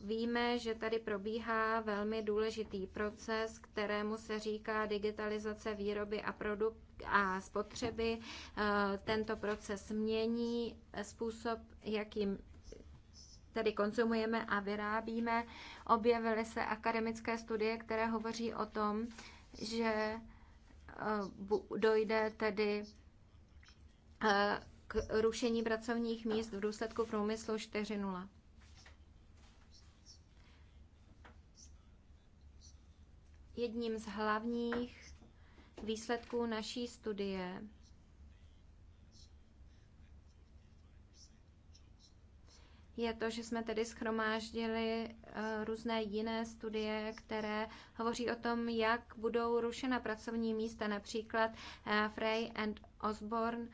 Víme, že tady probíhá velmi důležitý proces, kterému se říká digitalizace výroby a produkt a spotřeby. Eh, tento proces mění způsob, jakým tedy konzumujeme a vyrábíme. Objevily se akademické studie, které hovoří o tom, že eh, dojde tedy eh, k rušení pracovních míst v důsledku průmyslu 4.0. jedním z hlavních výsledků naší studie je to, že jsme tedy schromáždili eh, různé jiné studie, které hovoří o tom, jak budou rušena pracovní místa. Například eh, Frey and Osborne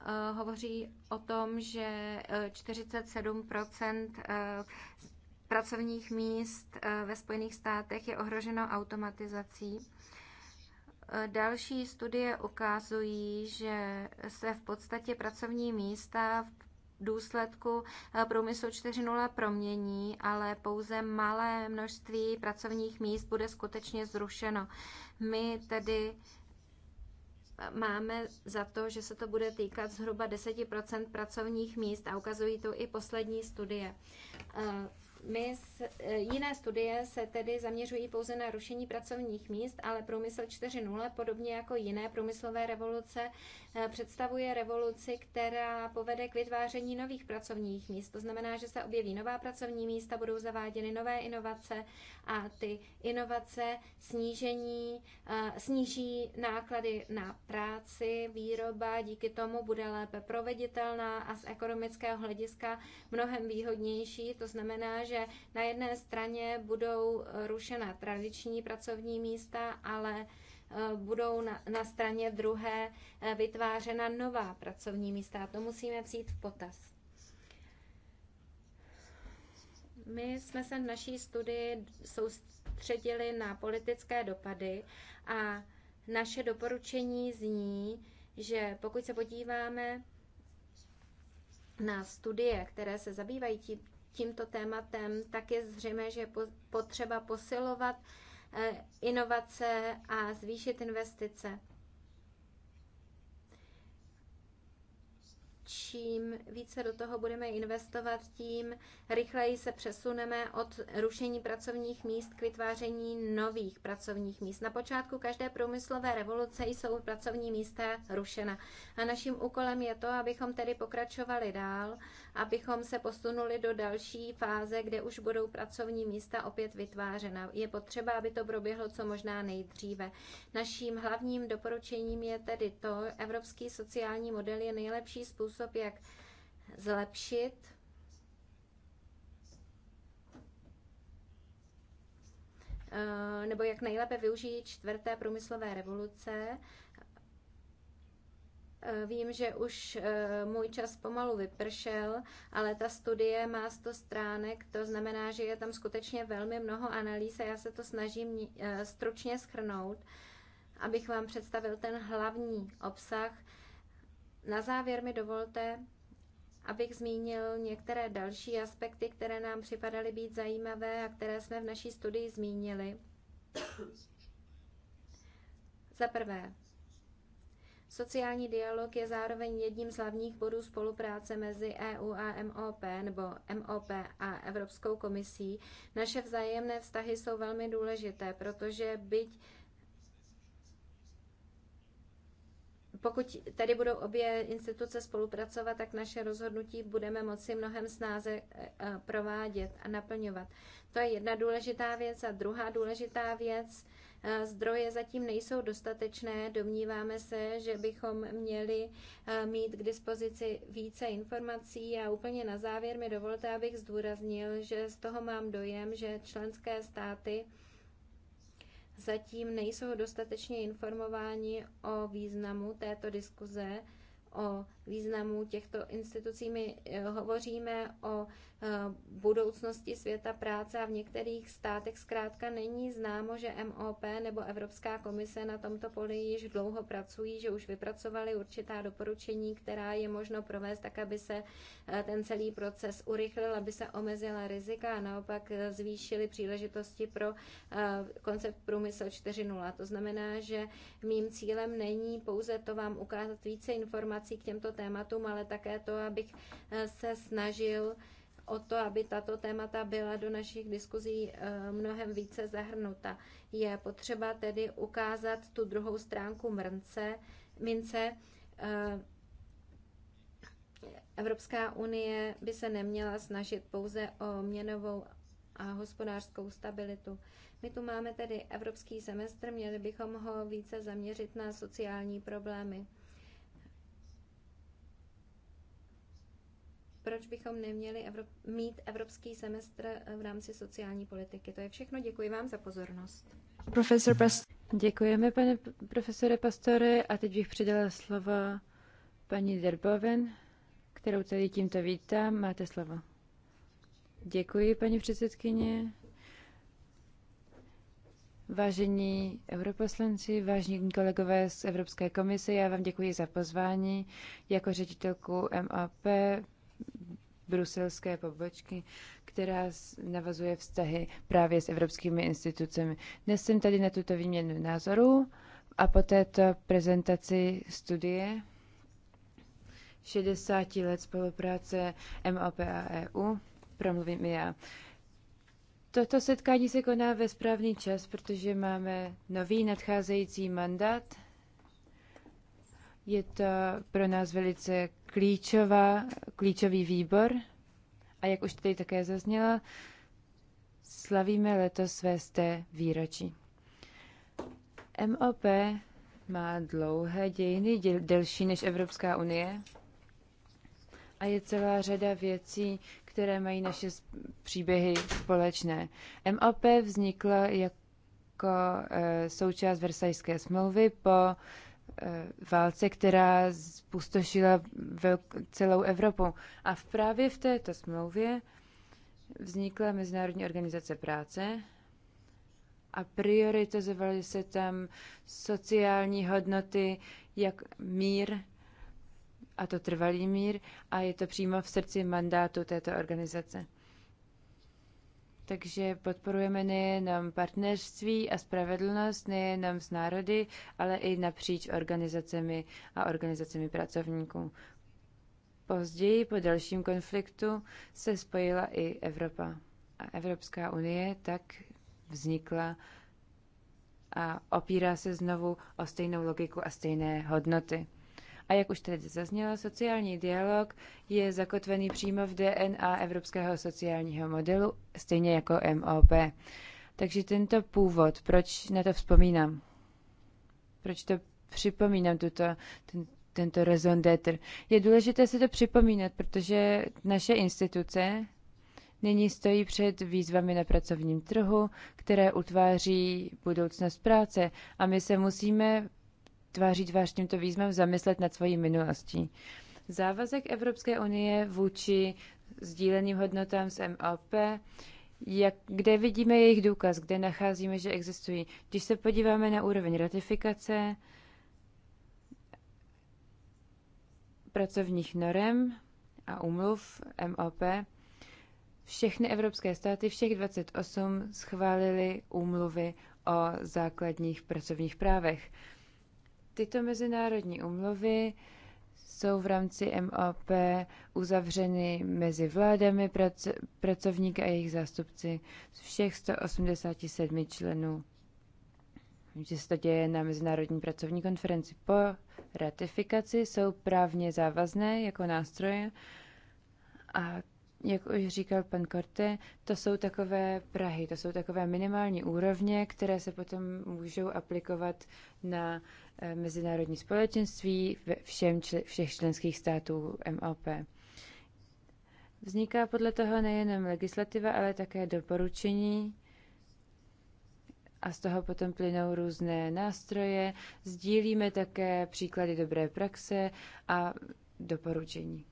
eh, hovoří o tom, že 47 pracovních míst eh, ve Spojených státech je ohroženo automatizací. Eh, další studie ukazují, že se v podstatě pracovní místa v důsledku eh, průmyslu 4.0 promění, ale pouze malé množství pracovních míst bude skutečně zrušeno. My tedy máme za to, že se to bude týkat zhruba 10 pracovních míst a ukazují to i poslední studie. My s, e, jiné studie se tedy zaměřují pouze na rušení pracovních míst, ale průmysl 4.0, podobně jako jiné průmyslové revoluce, Eh, představuje revoluci, která povede k vytváření nových pracovních míst. To znamená, že se objeví nová pracovní místa, budou zaváděny nové inovace a ty inovace snížení, eh, sníží náklady na práci, výroba díky tomu bude lépe proveditelná a z ekonomického hlediska mnohem výhodnější. To znamená, že na jedné straně budou rušena tradiční pracovní místa, ale Eh, budou na, na straně druhé eh, vytvářena nová pracovní místa. A to musíme vzít v potaz. My jsme se v naší studii soustředili na politické dopady a naše doporučení zní, že pokud se podíváme na studie, které se zabývají tímto tématem, tak je zřejmé, že je potřeba posilovat Eh, inovace a zvýšit investice. čím více do toho budeme investovat, tím rychleji se přesuneme od rušení pracovních míst k vytváření nových pracovních míst. Na počátku každé průmyslové revoluce jsou pracovní místa rušena. A naším úkolem je to, abychom tedy pokračovali dál abychom se posunuli do další fáze, kde už budou pracovní místa opět vytvářena. Je potřeba, aby to proběhlo co možná nejdříve. Naším hlavním doporučením je tedy to, evropský sociální model je nejlepší způsob, jak zlepšit eh, nebo jak nejlépe využít čtvrté průmyslové revoluce Eh, vím, že už eh, můj čas pomalu vypršel, ale ta studie má 100 stránek, to znamená, že je tam skutečně velmi mnoho analýz a já se to snažím eh, stručně schrnout, abych vám představil ten hlavní obsah. Na závěr mi dovolte, abych zmínil některé další aspekty, které nám připadaly být zajímavé a které jsme v naší studii zmínili. Za prvé, Sociální dialog je zároveň jedním z hlavních bodů spolupráce mezi EU a MOP nebo MOP a Evropskou komisí. Naše vzájemné vztahy jsou velmi důležité, protože byť pokud tady budou obě instituce spolupracovat, tak naše rozhodnutí budeme moci mnohem snáze e, e, provádět a naplňovat. To je jedna důležitá věc. A druhá důležitá věc Eh, zdroje zatím nejsou dostatečné. Domníváme se, že bychom měli eh, mít k dispozici více informací a úplně na závěr mi dovolte, abych zdůraznil, že z toho mám dojem, že členské státy zatím nejsou dostatečně informováni o významu této diskuze, o významu těchto institucí. My eh, hovoříme o eh, budoucnosti světa práce a v některých státech zkrátka není známo, že MOP nebo Evropská komise na tomto poli již dlouho pracují, že už vypracovali určitá doporučení, která je možno provést tak, aby se eh, ten celý proces urychlil, aby se omezila rizika a naopak zvýšily příležitosti pro koncept průmysl 4.0. To znamená, že mým cílem není pouze to vám ukázat více informací k těmto tématům, ale také to, abych eh, se snažil o to, aby tato témata byla do našich diskuzí eh, mnohem více zahrnuta. Je potřeba tedy ukázat tu druhou stránku mrnce, mince. Eh, Evropská unie by se neměla snažit pouze o měnovou a hospodářskou stabilitu. My tu máme tedy evropský semestr, měli bychom ho více zaměřit na sociální problémy. proč bychom neměli Evrop- mít evropský semestr eh, v rámci sociální politiky. To je všechno. Děkuji vám za pozornost. Profesor Děkujeme, pane profesore Pastore. A teď bych předala slovo paní Derboven, kterou tady tímto vítám. Máte slovo. Děkuji, paní předsedkyně. Vážení europoslanci, vážení kolegové z Evropské komise, já vám děkuji za pozvání. Jako ředitelku MAP bruselské pobočky, která navazuje vztahy právě s evropskými institucemi. Dnes jsem tady na tuto výměnu názorů a po této prezentaci studie 60 let spolupráce MOP a EU promluvím já. Toto setkání se koná ve správný čas, protože máme nový nadcházející mandát je to pro nás velice klíčová, klíčový výbor a jak už tady také zazněla, slavíme letos své sté výročí. MOP má dlouhé dějiny, děl, delší než Evropská unie. A je celá řada věcí, které mají naše příběhy společné. MOP vznikla jako e, součást Versajské smlouvy po Eh, válce, která zpustošila celou Evropu. A v právě v této smlouvě vznikla Mezinárodní organizace práce a prioritizovaly se tam sociální hodnoty, jak mír, a to trvalý mír, a je to přímo v srdci mandátu této organizace. Takže podporujeme nejenom partnerství a spravedlnost, nejenom s národy, ale i napříč organizacemi a organizacemi pracovníků. Později po dalším konfliktu se spojila i Evropa. A Evropská unie tak vznikla a opírá se znovu o stejnou logiku a stejné hodnoty. A jak už tady zaznělo, sociální dialog je zakotvený přímo v DNA evropského sociálního modelu, stejně jako MOP. Takže tento původ, proč na to vzpomínám? Proč to připomínám, tuto, ten, tento raison d'être? Je důležité si to připomínat, protože naše instituce nyní stojí před výzvami na pracovním trhu, které utváří budoucnost práce a my se musíme tváří tvář tímto výzvám zamyslet nad svojí minulostí. Závazek Evropské unie vůči sdíleným hodnotám s MOP, jak, kde vidíme jejich důkaz, kde nacházíme, že existují. Když se podíváme na úroveň ratifikace, pracovních norem a umluv MOP, všechny evropské státy, všech 28, schválili úmluvy o základních pracovních právech. Tyto mezinárodní umluvy jsou v rámci MOP uzavřeny mezi vládami, prac, pracovníky a jejich zástupci z všech 187 členů. Že se to děje na Mezinárodní pracovní konferenci. Po ratifikaci jsou právně závazné jako nástroje a jak už říkal pan Korte, to jsou takové Prahy, to jsou takové minimální úrovně, které se potom můžou aplikovat na eh, mezinárodní společenství ve všem, všech členských států MOP. Vzniká podle toho nejenom legislativa, ale také doporučení a z toho potom plynou různé nástroje. Sdílíme také příklady dobré praxe a doporučení.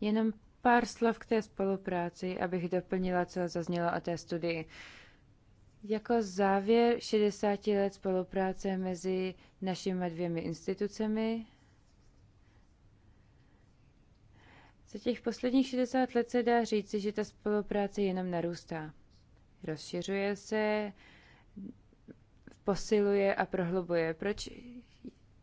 Jenom Pár slov k té spolupráci, abych doplnila, co zaznělo o té studii. Jako závěr 60 let spolupráce mezi našimi dvěmi institucemi, za těch posledních 60 let se dá říci, že ta spolupráce jenom narůstá. Rozšiřuje se, posiluje a prohlubuje. Proč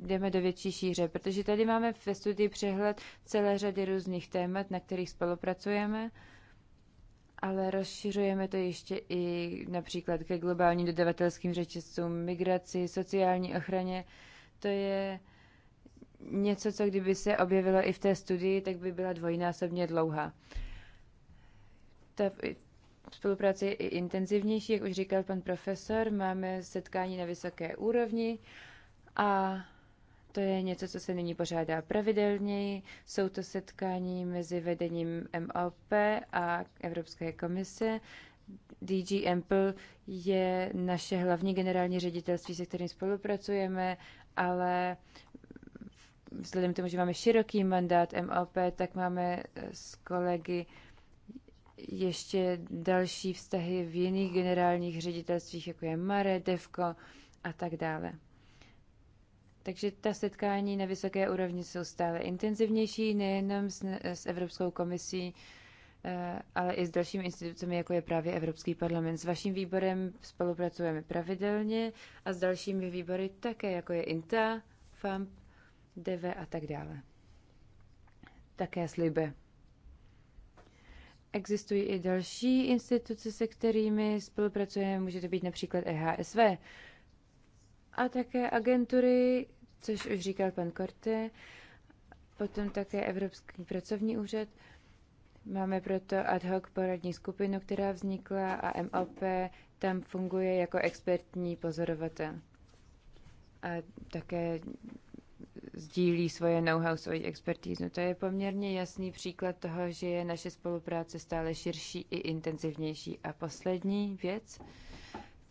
jdeme do větší šíře, protože tady máme ve studii přehled celé řady různých témat, na kterých spolupracujeme, ale rozšiřujeme to ještě i například ke globálním dodavatelským řetězcům, migraci, sociální ochraně. To je něco, co kdyby se objevilo i v té studii, tak by byla dvojnásobně dlouhá. Ta spolupráce je i intenzivnější, jak už říkal pan profesor, máme setkání na vysoké úrovni a to je něco, co se nyní pořádá pravidelněji. Jsou to setkání mezi vedením MOP a Evropské komise. DG Ample je naše hlavní generální ředitelství, se kterým spolupracujeme, ale vzhledem k tomu, že máme široký mandát MOP, tak máme eh, s kolegy ještě další vztahy v jiných generálních ředitelstvích, jako je Mare, Devko a tak dále. Takže ta setkání na vysoké úrovni jsou stále intenzivnější, nejenom s, s Evropskou komisí, eh, ale i s dalšími institucemi, jako je právě Evropský parlament. S vaším výborem spolupracujeme pravidelně a s dalšími výbory také, jako je INTA, FAMP, DV a tak dále. Také slibe. Existují i další instituce, se kterými spolupracujeme, může to být například EHSV, a také agentury, což už říkal pan Korte, potom také Evropský pracovní úřad. Máme proto ad hoc poradní skupinu, která vznikla a MOP tam funguje jako expertní pozorovatel. A také sdílí svoje know-how, svoji expertízu. To je poměrně jasný příklad toho, že je naše spolupráce stále širší i intenzivnější. A poslední věc,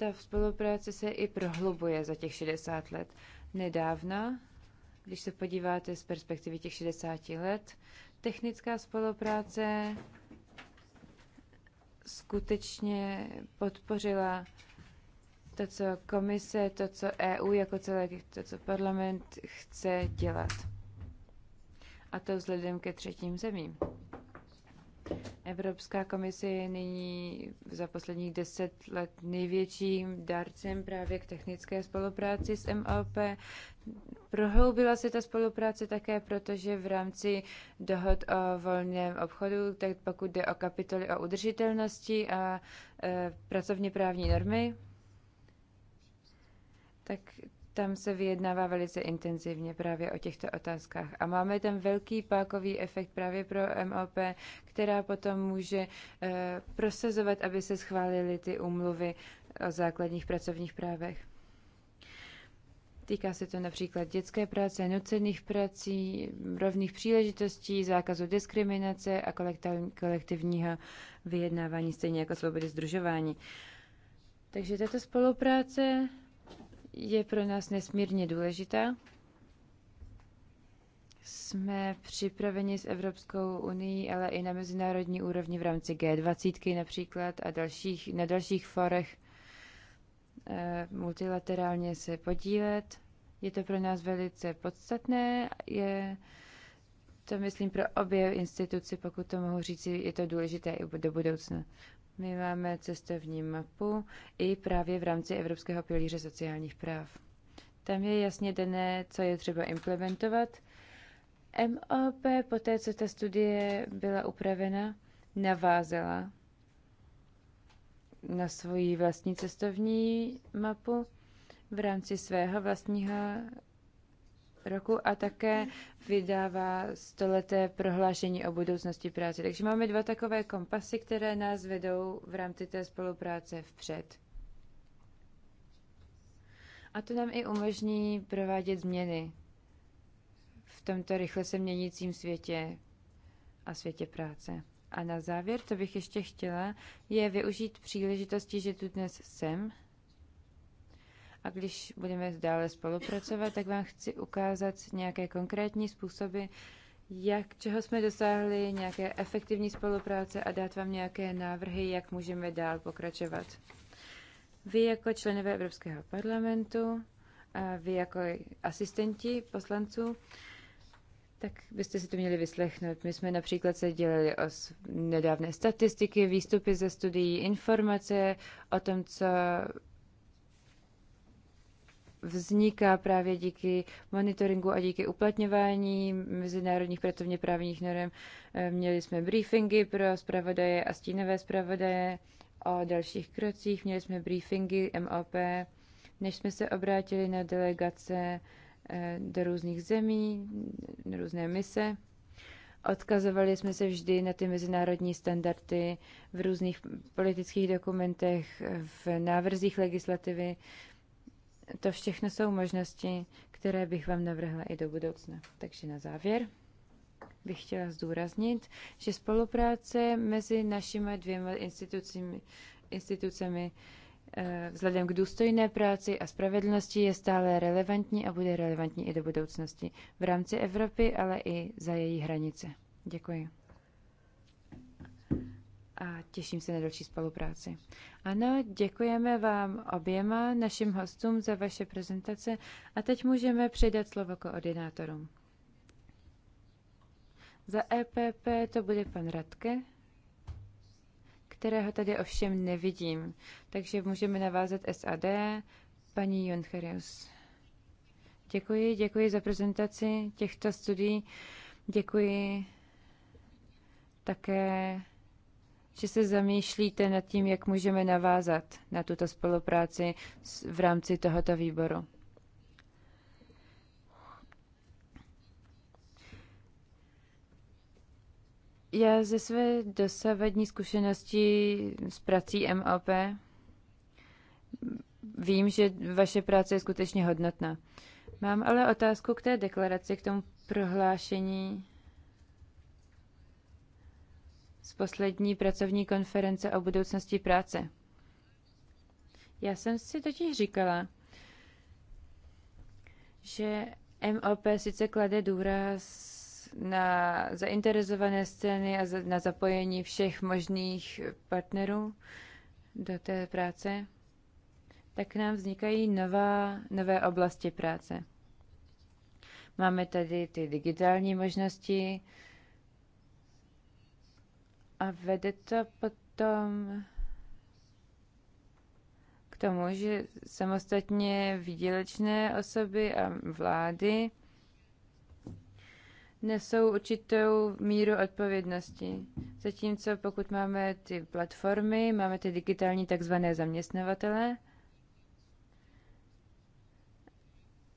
ta spolupráce se i prohlubuje za těch 60 let. Nedávna, když se podíváte z perspektivy těch 60 let, technická spolupráce skutečně podpořila to, co komise, to, co EU jako celek, to, co parlament chce dělat. A to vzhledem ke třetím zemím. Evropská komise je nyní za posledních deset let největším darcem právě k technické spolupráci s MOP. Prohloubila se ta spolupráce také, protože v rámci dohod o volném obchodu, tak pokud jde o kapitoly o udržitelnosti a e, pracovně právní normy, tak tam se vyjednává velice intenzivně právě o těchto otázkách. A máme tam velký pákový efekt právě pro MOP, která potom může eh, prosazovat, aby se schválily ty úmluvy o základních pracovních právech. Týká se to například dětské práce, nucených prací, rovných příležitostí, zákazu diskriminace a kolektivního vyjednávání, stejně jako svobody združování. Takže tato spolupráce je pro nás nesmírně důležitá. Jsme připraveni s Evropskou unii, ale i na mezinárodní úrovni v rámci G20 například a dalších, na dalších forech eh, multilaterálně se podílet. Je to pro nás velice podstatné, je to, myslím, pro obě instituce, pokud to mohu říct, je to důležité i do budoucna. My máme cestovní mapu i právě v rámci Evropského pilíře sociálních práv. Tam je jasně dané, co je třeba implementovat. MOP, poté co ta studie byla upravena, navázela na svoji vlastní cestovní mapu v rámci svého vlastního roku a také vydává stoleté prohlášení o budoucnosti práce. Takže máme dva takové kompasy, které nás vedou v rámci té spolupráce vpřed. A to nám i umožní provádět změny v tomto rychle se měnícím světě a světě práce. A na závěr, to bych ještě chtěla, je využít příležitosti, že tu dnes jsem a když budeme dále spolupracovat, tak vám chci ukázat nějaké konkrétní způsoby, jak, čeho jsme dosáhli, nějaké efektivní spolupráce a dát vám nějaké návrhy, jak můžeme dál pokračovat. Vy jako členové Evropského parlamentu, a vy jako asistenti poslanců, tak byste si to měli vyslechnout. My jsme například se dělali o nedávné statistiky, výstupy ze studií, informace o tom, co vzniká právě díky monitoringu a díky uplatňování mezinárodních pracovně právních norm. Eh, měli jsme briefingy pro zpravodaje a stínové zpravodaje o dalších krocích, měli jsme briefingy MOP, než jsme se obrátili na delegace eh, do různých zemí, na různé mise. Odkazovali jsme se vždy na ty mezinárodní standardy v různých politických dokumentech, v návrzích legislativy to všechno jsou možnosti, které bych vám navrhla i do budoucna. Takže na závěr bych chtěla zdůraznit, že spolupráce mezi našimi dvěma institucemi, institucemi eh, vzhledem k důstojné práci a spravedlnosti je stále relevantní a bude relevantní i do budoucnosti v rámci Evropy, ale i za její hranice. Děkuji a těším se na další spolupráci. Ano, děkujeme vám oběma našim hostům za vaše prezentace a teď můžeme předat slovo koordinátorům. Za EPP to bude pan Radke, kterého tady ovšem nevidím, takže můžeme navázat SAD, paní Joncherius. Děkuji, děkuji za prezentaci těchto studií, děkuji také že se zamýšlíte nad tím, jak můžeme navázat na tuto spolupráci v rámci tohoto výboru. Já ze své dosavadní zkušenosti s prací MOP vím, že vaše práce je skutečně hodnotná. Mám ale otázku k té deklaraci, k tomu prohlášení z poslední pracovní konference o budoucnosti práce. Já jsem si totiž říkala, že MOP sice klade důraz na zainteresované scény a na zapojení všech možných partnerů do té práce, tak nám vznikají nová, nové oblasti práce. Máme tady ty digitální možnosti, a vede to potom k tomu, že samostatně výdělečné osoby a vlády nesou určitou míru odpovědnosti. Zatímco pokud máme ty platformy, máme ty digitální takzvané zaměstnavatele,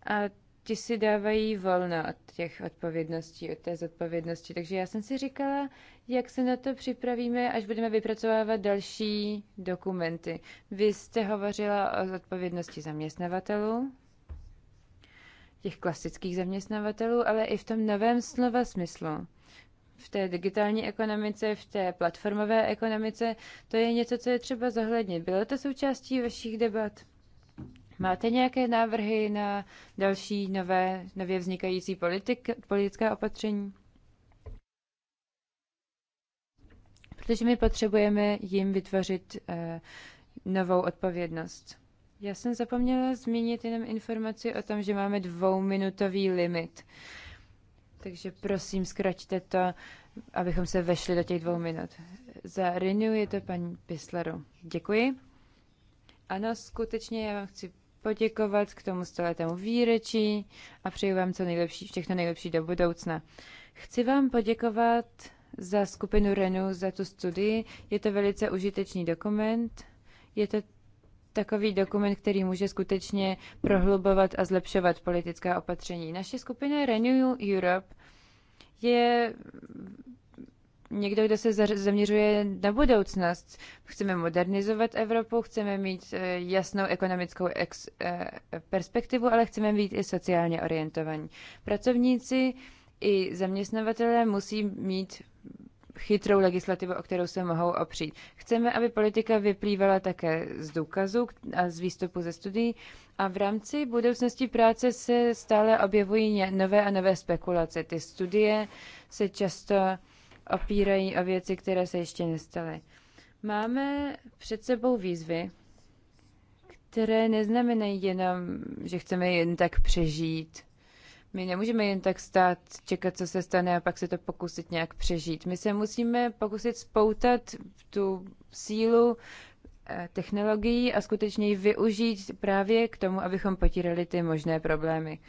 a ti si dávají volno od těch odpovědností, od té zodpovědnosti. Takže já jsem si říkala, jak se na to připravíme, až budeme vypracovávat další dokumenty. Vy jste hovořila o zodpovědnosti zaměstnavatelů, těch klasických zaměstnavatelů, ale i v tom novém slova smyslu. V té digitální ekonomice, v té platformové ekonomice, to je něco, co je třeba zohlednit. Bylo to součástí vašich debat? Máte nějaké návrhy na další nové, nově vznikající politik, politické opatření? Protože my potřebujeme jim vytvořit uh, novou odpovědnost. Já jsem zapomněla zmínit jenom informaci o tom, že máme dvouminutový limit. Takže prosím, zkraťte to, abychom se vešli do těch dvou minut. Za Renew je to paní Pislaru. Děkuji. Ano, skutečně já vám chci poděkovat k tomu stoletému výročí a přeju vám co nejlepší, všechno nejlepší do budoucna. Chci vám poděkovat za skupinu Renu, za tu studii. Je to velice užitečný dokument. Je to takový dokument, který může skutečně prohlubovat a zlepšovat politická opatření. Naše skupina Renew Europe je někdo, kdo se zaměřuje na budoucnost. Chceme modernizovat Evropu, chceme mít eh, jasnou ekonomickou ex, eh, perspektivu, ale chceme být i sociálně orientovaní. Pracovníci i zaměstnavatelé musí mít chytrou legislativu, o kterou se mohou opřít. Chceme, aby politika vyplývala také z důkazů a z výstupu ze studií a v rámci budoucnosti práce se stále objevují nové a nové spekulace. Ty studie se často opírají o věci, které se ještě nestaly. Máme před sebou výzvy, které neznamenají jenom, že chceme jen tak přežít. My nemůžeme jen tak stát, čekat, co se stane a pak se to pokusit nějak přežít. My se musíme pokusit spoutat tu sílu eh, technologií a skutečně ji využít právě k tomu, abychom potírali ty možné problémy.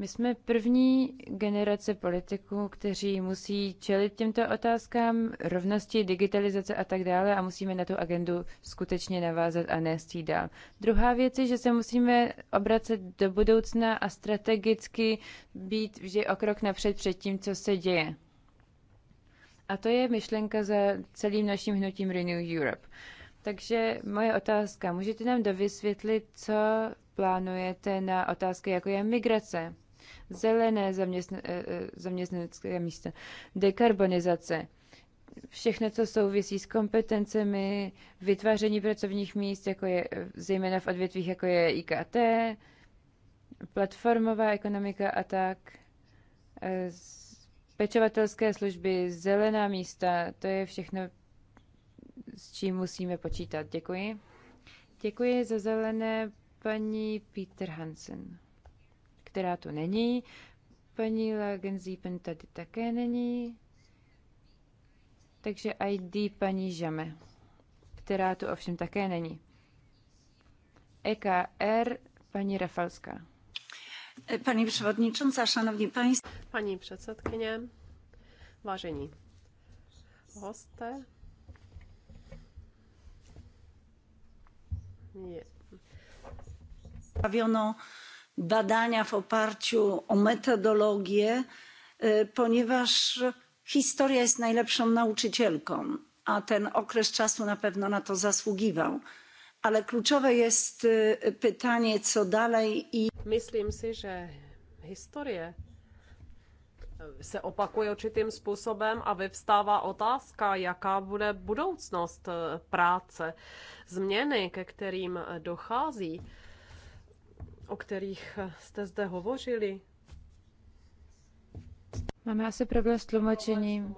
My jsme první generace politiků, kteří musí čelit těmto otázkám rovnosti, digitalizace a tak dále a musíme na tu agendu skutečně navázat a nést jí dál. Druhá věc je, že se musíme obracet do budoucna a strategicky být vždy o krok napřed před tím, co se děje. A to je myšlenka za celým naším hnutím Renew Europe. Takže moje otázka, můžete nám dovysvětlit, co plánujete na otázky, jako je migrace, zelené zaměstn- eh, eh, zaměstnanecké místa, dekarbonizace, všechno, co souvisí s kompetencemi, vytváření pracovních míst, jako je, eh, zejména v odvětvích, jako je IKT, platformová ekonomika a tak, pečovatelské služby, zelená místa, to je všechno, s čím musíme počítat. Děkuji. Děkuji za zelené paní Peter Hansen která tu není. Paní Lagenzípen tady také není. Takže ID paní Žame, která tu ovšem také není. EKR paní Rafalská. Paní předsedkyně, šanovní paní. Paní předsedkyně, vážení hosté, je badania w oparciu o metodologię ponieważ historia jest najlepszą nauczycielką a ten okres czasu na pewno na to zasługiwał. Ale kluczowe jest pytanie, co dalej i... Myslím si, že historie e, se opakuje určitým způsobem a vyvstává otázka, jaká bude budoucnost e, práce, změny, ke kterým e, dochází o kterých jste zde hovořili? Máme asi problém s tlumočením.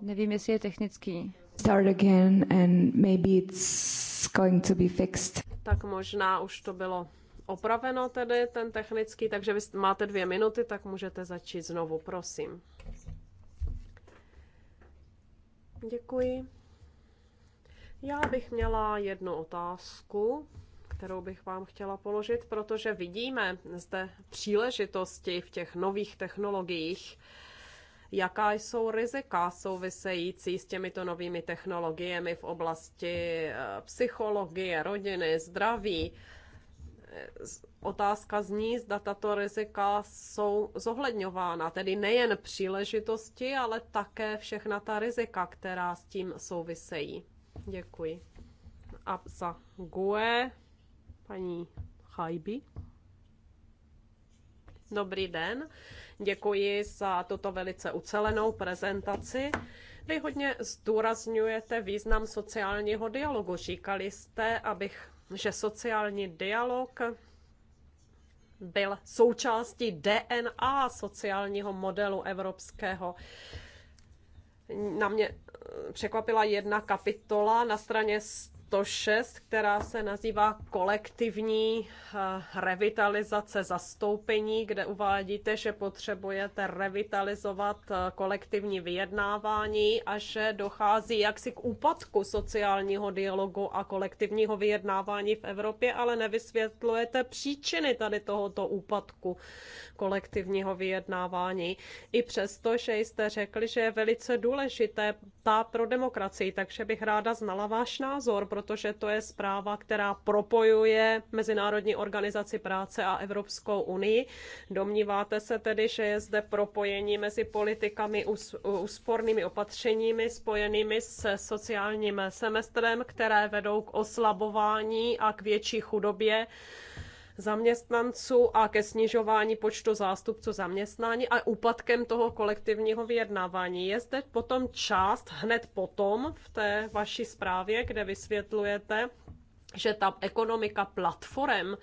Nevím, jestli je technický. Start again and maybe it's going to be fixed. Tak možná už to bylo opraveno tedy ten technický, takže vy máte dvě minuty, tak můžete začít znovu, prosím. Děkuji. Já bych měla jednu otázku kterou bych vám chtěla položit, protože vidíme zde příležitosti v těch nových technologiích, jaká jsou rizika související s těmito novými technologiemi v oblasti eh, psychologie, rodiny, zdraví. Eh, otázka zní, zda tato rizika jsou zohledňována, tedy nejen příležitosti, ale také všechna ta rizika, která s tím souvisejí. Děkuji. A za GUE paní Hajby. Dobrý den, děkuji za tuto velice ucelenou prezentaci. Vy hodně zdůrazňujete význam sociálního dialogu. Říkali jste, abych, že sociální dialog byl součástí DNA sociálního modelu evropského. Na mě překvapila jedna kapitola na straně 106, která se nazývá kolektivní eh, revitalizace zastoupení, kde uvádíte, že potřebujete revitalizovat eh, kolektivní vyjednávání a že dochází jaksi k úpadku sociálního dialogu a kolektivního vyjednávání v Evropě, ale nevysvětlujete příčiny tady tohoto úpadku kolektivního vyjednávání. I přesto, že jste řekli, že je velice důležité ta pro demokracii, takže bych ráda znala váš názor, protože to je zpráva, která propojuje Mezinárodní organizaci práce a Evropskou unii. Domníváte se tedy, že je zde propojení mezi politikami úspornými opatřeními spojenými s sociálním semestrem, které vedou k oslabování a k větší chudobě zaměstnanců a ke snižování počtu zástupců zaměstnání a úpadkem toho kolektivního vyjednávání. Je zde potom část hned potom v té vaší zprávě, kde vysvětlujete, že ta ekonomika platform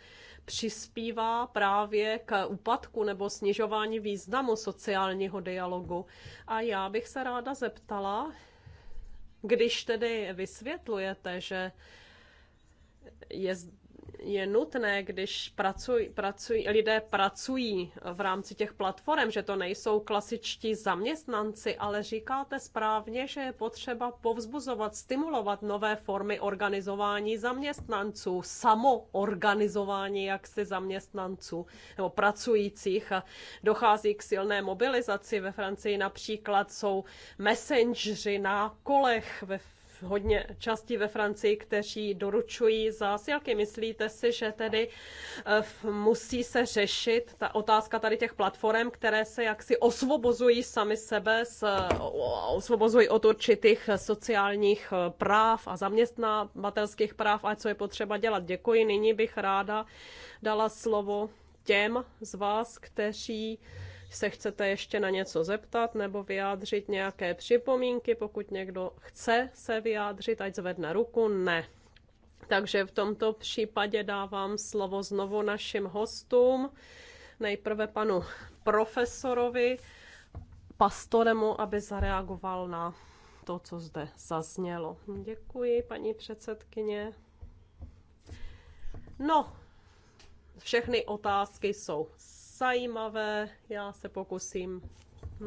přispívá právě k úpadku nebo snižování významu sociálního dialogu. A já bych se ráda zeptala, když tedy vysvětlujete, že je je nutné, když pracuj, pracuj, lidé pracují v rámci těch platform, že to nejsou klasičtí zaměstnanci, ale říkáte správně, že je potřeba povzbuzovat, stimulovat nové formy organizování zaměstnanců, samoorganizování jaksi zaměstnanců nebo pracujících. Dochází k silné mobilizaci. Ve Francii například jsou messengeri na kolech ve hodně častí ve Francii, kteří doručují zásilky. Myslíte si, že tedy eh, musí se řešit ta otázka tady těch platform, které se jaksi osvobozují sami sebe, osvobozují od určitých sociálních eh, práv a zaměstnavatelských práv a co je potřeba dělat. Děkuji. Nyní bych ráda dala slovo těm z vás, kteří se chcete ještě na něco zeptat nebo vyjádřit nějaké připomínky. Pokud někdo chce se vyjádřit, ať zvedne ruku. Ne. Takže v tomto případě dávám slovo znovu našim hostům. Nejprve panu profesorovi Pastoremu, aby zareagoval na to, co zde zaznělo. Děkuji, paní předsedkyně. No, všechny otázky jsou zajímavé. Já se pokusím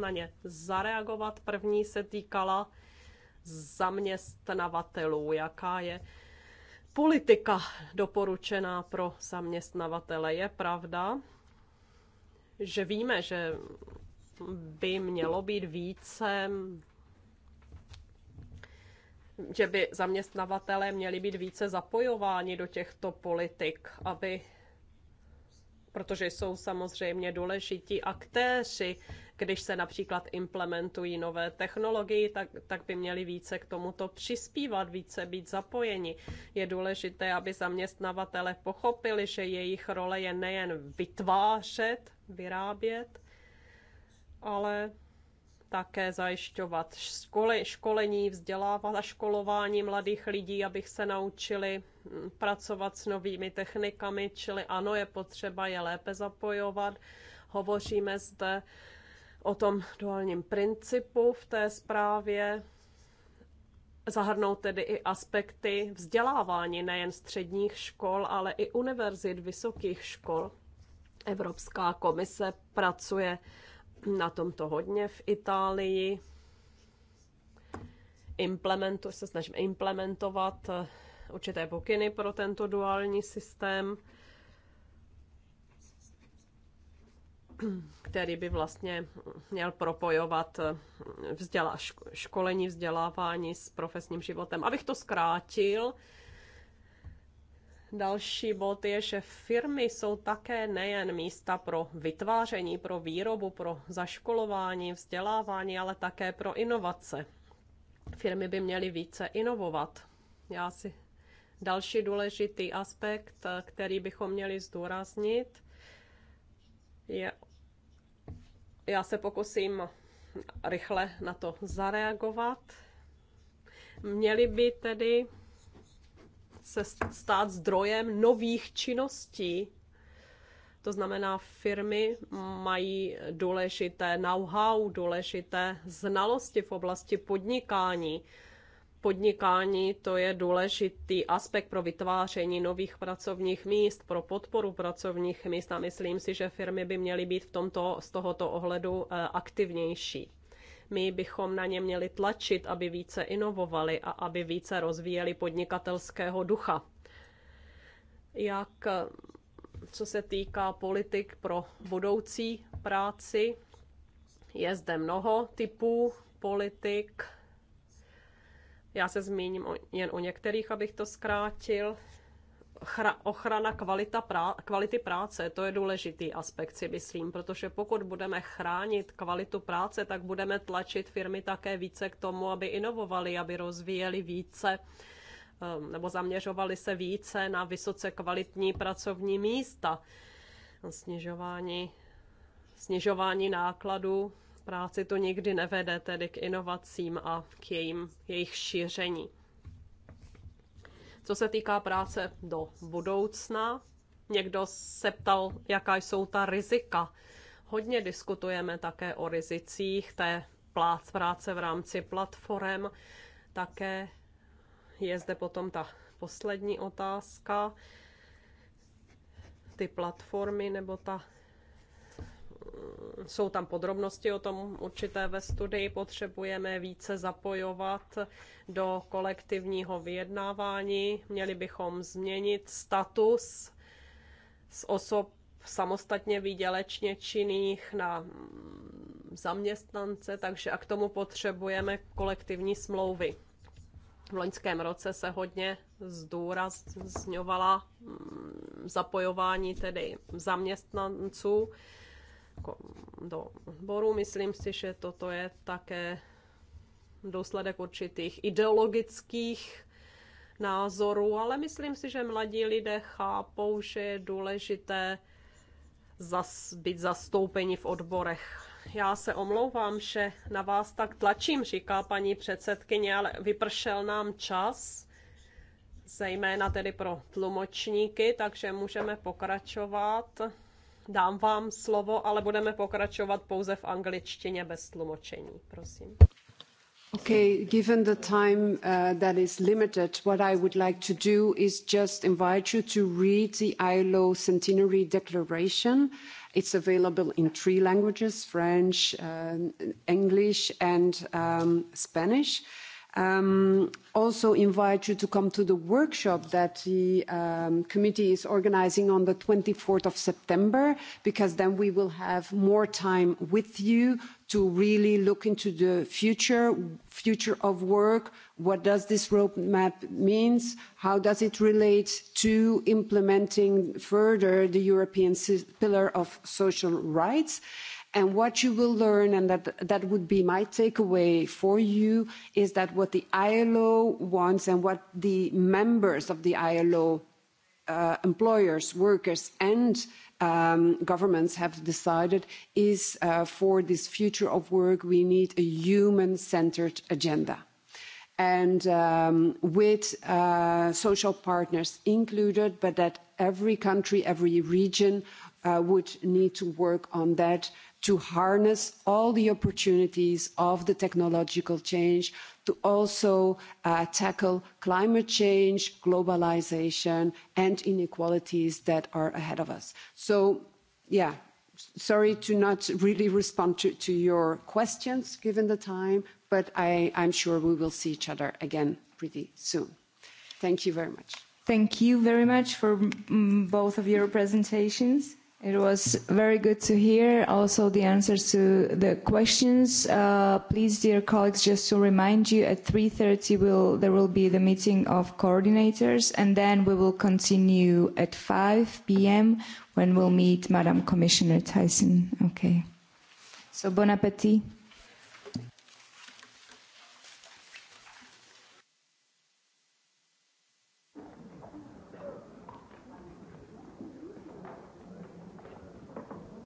na ně zareagovat. První se týkala zaměstnavatelů, jaká je politika doporučená pro zaměstnavatele. Je pravda, že víme, že by mělo být více že by zaměstnavatelé měli být více zapojováni do těchto politik, aby protože jsou samozřejmě důležití aktéři, když se například implementují nové technologie, tak, tak by měli více k tomuto přispívat, více být zapojeni. Je důležité, aby zaměstnavatele pochopili, že jejich role je nejen vytvářet, vyrábět, ale také zajišťovat školy, školení, vzdělávat a školování mladých lidí, abych se naučili mm, pracovat s novými technikami, čili ano, je potřeba je lépe zapojovat. Hovoříme zde o tom duálním principu v té zprávě, zahrnout tedy i aspekty vzdělávání nejen středních škol, ale i univerzit, vysokých škol. Evropská komise pracuje na tomto hodně v Itálii. Implementu, se snažím implementovat eh, určité pokyny pro tento duální systém, který by vlastně měl propojovat eh, vzděla, školení, vzdělávání s profesním životem. Abych to zkrátil, Další bod je, že firmy jsou také nejen místa pro vytváření, pro výrobu, pro zaškolování, vzdělávání, ale také pro inovace. Firmy by měly více inovovat. Já si další důležitý aspekt, který bychom měli zdůraznit, je, já se pokusím rychle na to zareagovat. Měly by tedy se stát zdrojem nových činností. To znamená, firmy mají důležité know-how, důležité znalosti v oblasti podnikání. Podnikání to je důležitý aspekt pro vytváření nových pracovních míst, pro podporu pracovních míst a myslím si, že firmy by měly být v tomto, z tohoto ohledu eh, aktivnější. My bychom na ně měli tlačit, aby více inovovali a aby více rozvíjeli podnikatelského ducha. Jak co se týká politik pro budoucí práci, je zde mnoho typů politik. Já se zmíním jen o některých, abych to zkrátil ochrana kvalita prá- kvality práce, to je důležitý aspekt, si myslím, protože pokud budeme chránit kvalitu práce, tak budeme tlačit firmy také více k tomu, aby inovovali, aby rozvíjeli více um, nebo zaměřovali se více na vysoce kvalitní pracovní místa, snižování, snižování nákladů práci to nikdy nevede tedy k inovacím a k jejím, jejich šíření. Co se týká práce do budoucna, někdo se ptal, jaká jsou ta rizika. Hodně diskutujeme také o rizicích té práce v rámci platform. Také je zde potom ta poslední otázka. Ty platformy nebo ta jsou tam podrobnosti o tom určité ve studii, potřebujeme více zapojovat do kolektivního vyjednávání, měli bychom změnit status z osob samostatně výdělečně činných na zaměstnance, takže a k tomu potřebujeme kolektivní smlouvy. V loňském roce se hodně zdůrazňovala mm, zapojování tedy zaměstnanců do boru. Myslím si, že toto je také důsledek určitých ideologických názorů, ale myslím si, že mladí lidé chápou, že je důležité zas, být zastoupeni v odborech. Já se omlouvám, že na vás tak tlačím, říká paní předsedkyně, ale vypršel nám čas, zejména tedy pro tlumočníky, takže můžeme pokračovat. Dám vám slovo, ale budeme pokračovat pouze v angličtině bez tlumočení. Prosím. Okay, given the time uh, that is limited, what I would like to do is just invite you to read the ILO Centenary Declaration. It's available in three languages French, uh, English, and um, Spanish. Um, also invite you to come to the workshop that the um, committee is organizing on the 24th of September, because then we will have more time with you to really look into the future, future of work, what does this roadmap means, how does it relate to implementing further the European pillar of social rights, and what you will learn and that that would be my takeaway for you is that what the ilo wants and what the members of the ilo uh, employers workers and um, governments have decided is uh, for this future of work we need a human centred agenda and um, with uh, social partners included but that every country every region uh, would need to work on that to harness all the opportunities of the technological change to also uh, tackle climate change globalisation and inequalities that are ahead of us. so yeah sorry to not really respond to, to your questions given the time but I, i'm sure we will see each other again pretty soon. thank you very much. thank you very much for mm, both of your presentations. It was very good to hear also the answers to the questions. Uh, please, dear colleagues, just to remind you, at 3.30 will, there will be the meeting of coordinators, and then we will continue at 5 p.m. when we'll meet Madam Commissioner Tyson. Okay. So bon appétit.